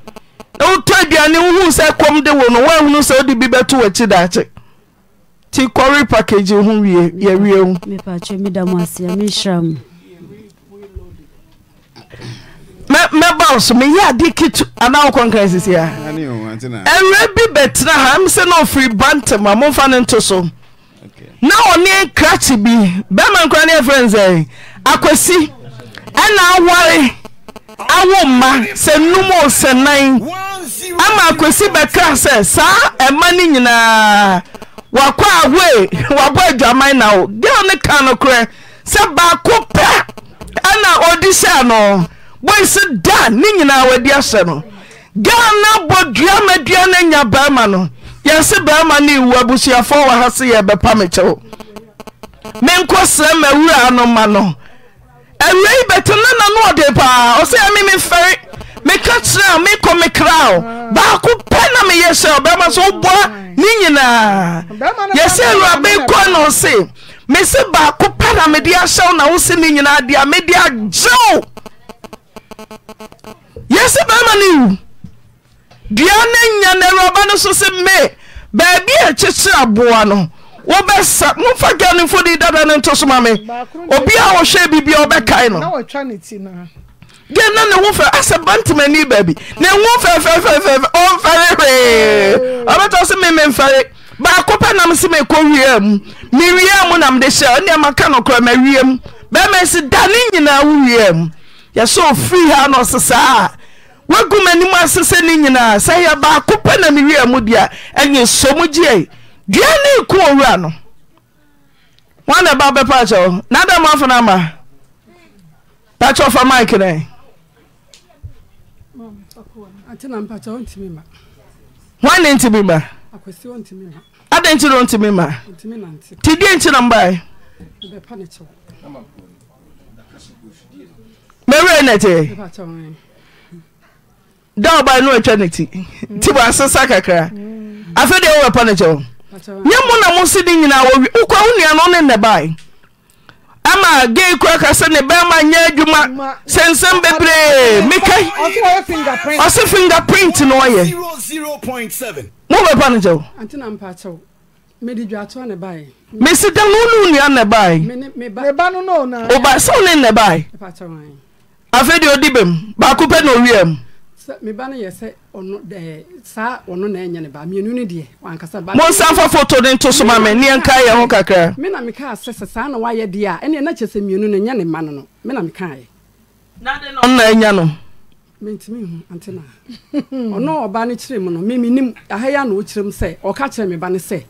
na wotɔ aduane wohuu sɛ kɔm de wo no woahunu sɛ wode bi bɛto w'akyi daakye kɔre ho wie yɛwie mɛba so meyɛ ade ketu anaa wokɔnkra sisia ɛwerɛ bi bɛtena ha m sɛ ne ɔfiri bantam a momfa no so na ɔne krakye bi bɛima nkora ne ɛfrɛ n e, sɛ akwasi ɛna aware awo mma sɛ num o sɛnan ama akwasi bɛkra sɛ saa ɛma no nyinaa wakɔ ahoe wabɔ adwaman na wo deɛ ne ka nokorɛ sɛ baako pɛ ɛna ɔde hyɛa no bɔnsi da ne nyinaa wɔadi ahyɛ no ghana bɔ dua madua no anya barima no yɛse barima no ewu abusuafoɔ wɔ ha si se yɛbɛpa me kyɛw menkɔ srɛ ma awuraa no ma no awura yi bɛte na na no ɔde paa ɔsɛ ɛme mefɛre meka kyerɛ a mekɔ me kra o baako pɛ na meyɛ hyɛ ɔbɛrima so woboa ne nyinaa yɛsɛ awuraba kɔ na ɔse mese baako pɛ na mede ahyɛw na wo se ne nyinaa deɛ a mede agyew yɛsɛ bɛrima no wu dua no nya no awuraba no so se me baabi a kyekyere aboa no wobɛsa momfa ga ne mfoni dada no nto soma me obiaa wɔhwɛ biribia wɔbɛkae no gɛ na ne ho fɛ asɛ bantemani baabi ne ho fɛfɛfɛfɛ ɔmfɛre hwee ɔbɛtɔ sɛ mememfɛre baako pɛ nam sɛ mekɔwiea mu mewiea mu na mede hyɛ nneɛma ka nokora mawie mu bɛrima si da ne nyinaa wo wiea mu yɛsɛ ofiri ha na ɔsesaa a woguma anim asesɛ ne nyinaa sɛ yɛ baako pɛ namewia mu bi a ɛnyɛ somgyee dua ne ku ɔwura no an babɛpaakɛ nada mafno ma bakɛfa makna nenti ma adɛnkyimi mɛkina bɛwerɛ nɛ tɛ da ɔba no ne ti nti wɔasesa kakra afei deɛ wowɛ nye no na wo na mo se ne nyinaa wɔwi wokɔ wo nua no ne nnɛ bae ama gei kora ka ne bɛrima nyɛ adwuma sɛnsɛm bebree fingerprint pa mesi no nua bae wo ne nnɛ bae afei deɛ ɔdi bɛm baako pɛ na ɔwia mu. meba no yɛ sɛ saa ɔno na ɛnyɛ ne ba mmienu ne deɛ wankasa ba. mo nsa foto ne nto so ma mi ne nka yɛ ho kakra. mi na mi ka sɛ sɛ saa na wayɛ deɛ a ɛnna ɛna kyerɛ sɛ mmienu no nyɛ ne ma no no mi na mi ka yɛ. n'ade na ɔno na ɛnya no. mentumi hu ante ɔno ɔbaa no kyerɛ mu no mi mi nim ahaya na ɔkyerɛ mu sɛ ɔka kyerɛ mi ba no sɛ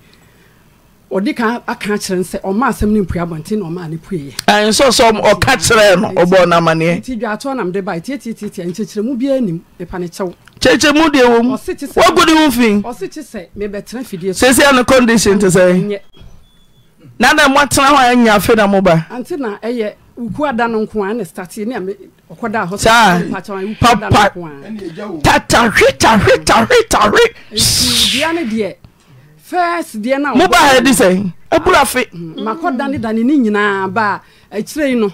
ɔde ka aka kyerɛ nsɛ ɔma asɛm no mpue abɔnten na ɔma ne pueɛ ɛnsɛ sɛ ɔka kyerɛ no ɔbɔ no amanneɛ nti dwaatoɔ nam de ba ɛtiɛtiɛtiɛtiɛ nkyɛkyerɛmu biara nim nipa ne kyɛw kyɛkyɛ mu deɛ wɔ mu wagu ne ho fi ɔse kye sɛ mebɛtena fidie sɛsi a no condition te sɛ na na moatena hɔ a nya afe na moba ante na ɛyɛ wuku ada no nko a ne starte ne a ɔkɔda hɔ saapapa tatahwe tahwe tahwe tahwe dua no deɛ first deɛ na mo baa yɛde sɛ ɛbura fe makɔ dane dani ne nyinaa baa akyirɛ eh, yi no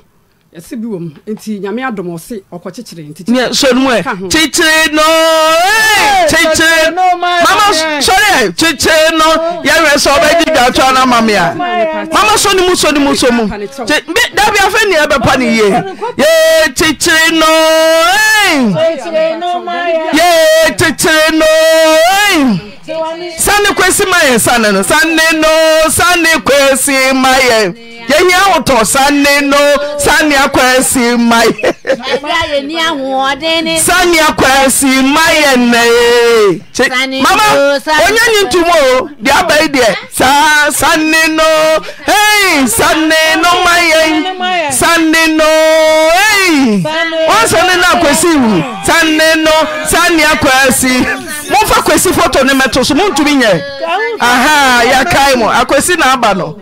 yɛsɛ bi wɔ mu nti nyame adom ɔse ɔkɔkyekyere ntiɛ sɔre mu ɛ kyekyere no kyekyere mama sɔre ɛ kyekyere no yɛwerɛ sɛ di dwatwa no ama me a mama sɔ ne mu sɔ ne mu sɔ mu dabi afɛ ne ɛbɛpa ne yie yɛ kyekyere no oh, yɛ oh, kyekyere no sani kuesi maye saneno sane no sani kuesi maye yɛhia wotɔ sane no sanea kwaasi ma sanea kwaasi ma yɛ nɛe mama onye ne ntom o aba abai deɛ saa sane no hei sane no ma yɛn sane no ei wɔnsane no akwasi wu sane no sanea kwaasi momfa kwasi foto ne mɛto so montumi nyɛ aha yɛkae mo akwasi na aba no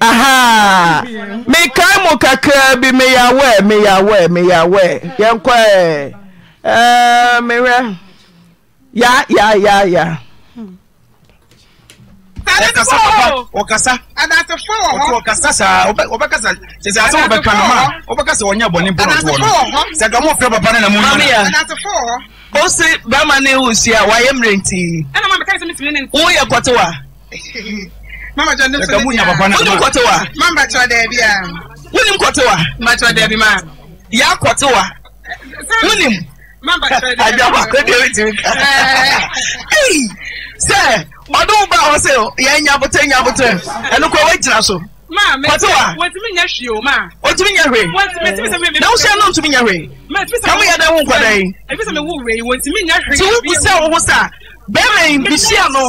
aha mekae mu kakraa bi meyɛ awɛ meyɛ awɛ meyɛ awɛ yɛnkɔ ɛɛ mewɛ ya ya ya ya. ɔkasa papa ɔkasa ɔtɔ ɔkasa saa ɔbɛkasa sɛsɛ asɛm ɔbɛka no ma ɔbɛkasa ɔnyɛ abɔne bɔn ɔtoɔ no sɛ gamu ɔfrɛ papa no na mu nyina. o se bama ne wusi a wayɛ mmerɛ ntii. ɛna maa mi ka ɛsɛ mi tiri ne nti. wo yɛ kɔtewa. mama jọ ne sọ ne bia wọnú kọtí wa. mama bàtọ dẹbi a. wọnú kọtí wa. bàtọ dẹbi ma. yà á kọtí wa. wọnú. mama bàtọ dẹbi ma. àjọ àkọ́kọ́ dẹbi tì mí ká. ẹyì sẹ ọdún bá wọn sẹ yẹn nyabutẹ nyabutẹ ẹnu kọ wọ́n gyina so. maa mẹ sẹ wọtumi nyẹ hwi o maa. wọtumi nyẹ hwi. wọtumi timi sẹ mi mi. n'ahosuo náà ntumi nyẹ hwi. maa ebi sẹ mi wù rẹ. kàmú yẹ dẹ wù nkọ dẹ yìí. ebi sẹ mi wù rẹ yìí wọtumi nyẹ hwi. tí wọ́n kú sẹ́ wọ́n sá bẹẹma yin bi si ano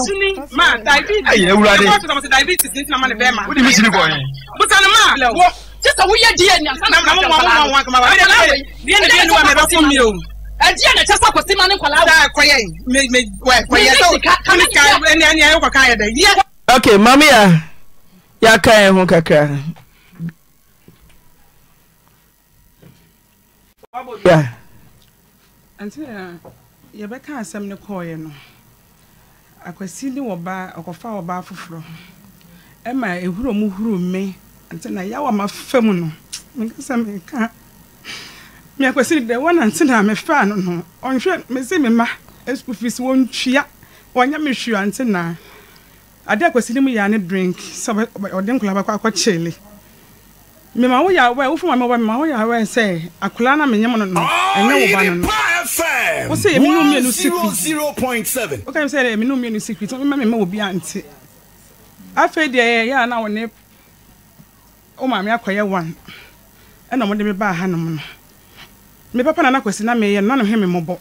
ma diabetes ayi ewura de ẹgbẹ ọtọ diabetes ní sinamani bẹẹma wọ́n di mi sini bọ̀ yẹn. bùtàni ma wọ sísè wúyẹ díẹ̀ ní asánà mi sọ̀tà la wọ́n kama wà wọ́n yẹn díẹ̀ ní díẹ̀ ní wà mẹ bá fún mi o. ẹdíyẹ nà kyesa kò sí ma ní nkọlá wò. taa kọyẹ yi mi wẹ kọyẹ tó mi ka ẹni ẹni ayé kọ káyẹ dẹ yíyẹ. ok maami ya yà ká yẹn ho kakra. yà. yẹ bẹ ká asẹm ni kọọ yẹ no akwasi ne wɔba ɔkɔfa ɔba foforɔ ɛma ehuro mu huro me nti na yawa fam no nkasa meka me akwasi ne dɛ wɔna nti na mefa no no ɔnhwɛ mesi me ma school fees wɔntua wɔnyɛ me hwia nti ade akwasi ne mu yɛ ne drink sɛ ɔde nkola bakɔ akɔkyele mema wo yɛ awɛ wofoma mɛwɔ mema wo yɛ awɛ sɛ akola na menyɛ mo no ɛnyɛ wo ba no e wo sɛ yɛ mmienu secret woka sɛ yɛ menu mmienu secret mema mema obi ante afei deɛ yɛyɛ a na wo ne wo maame akɔyɛ one ɛna mode me baa hanom no me papa na nakwasi na meyɛ no na ne hwɛ me mmɔbɔ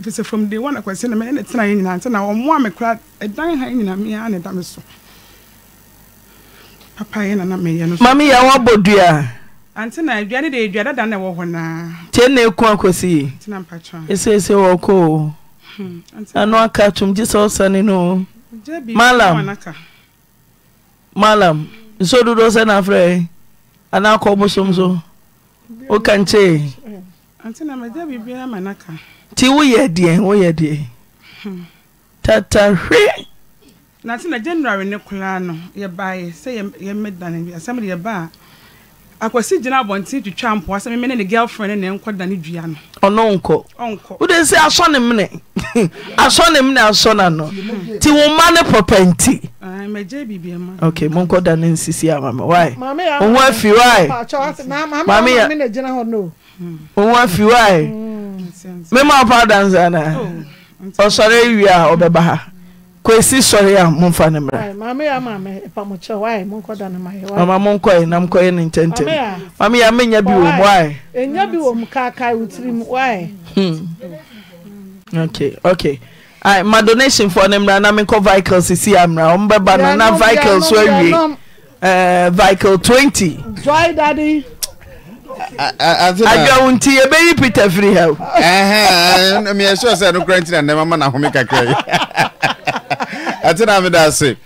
ɛfiri from day one akwasi no mɛyɛ ne tena yɛ nyinaa nti na ɔmmoa me kora ɛdan ha nyinaa mea ne da me so mame ya wo abɔ dua keinɛ aku akosisɛsɛ wɔ kɔo hmm, ano aka tomgye sɛ osane no malam nso dodo sɛ na afrɛ ana akɔ bosom sowoka nkye nti woyɛ adiɛ woyɛ de hmm. tatahɛ na na january ne koraa no yɛbaeɛ sɛ yɛmɛdane bi asɛm de yɛba akwasi gyina abɔnten twitwa mpoa sɛ memene ne girlfriend ne nkɔ dane dua no ɔno nkɔ wode sɛ asɔ ne mene asɔ ne mene asɔ na ano nti wo ma ne pɔpa nti magya biribia ma ok monkɔ why ne nsisi a mame wae wo ho afi wae mame wo ho afi wae hmm. mema ɔpa dansa na oh, ɔsɔre awie a ɔbɛba ha ksi sɔre a mo mfane mraamonkɔ nɔne ntɛtɛmmya bi hmm. ma donationf ne mra na mekɔ vicle sesi ammra ɔmbɛba no na vicle so we vicale 20awao nti ybɛyi pitafri h ɛte na meda ase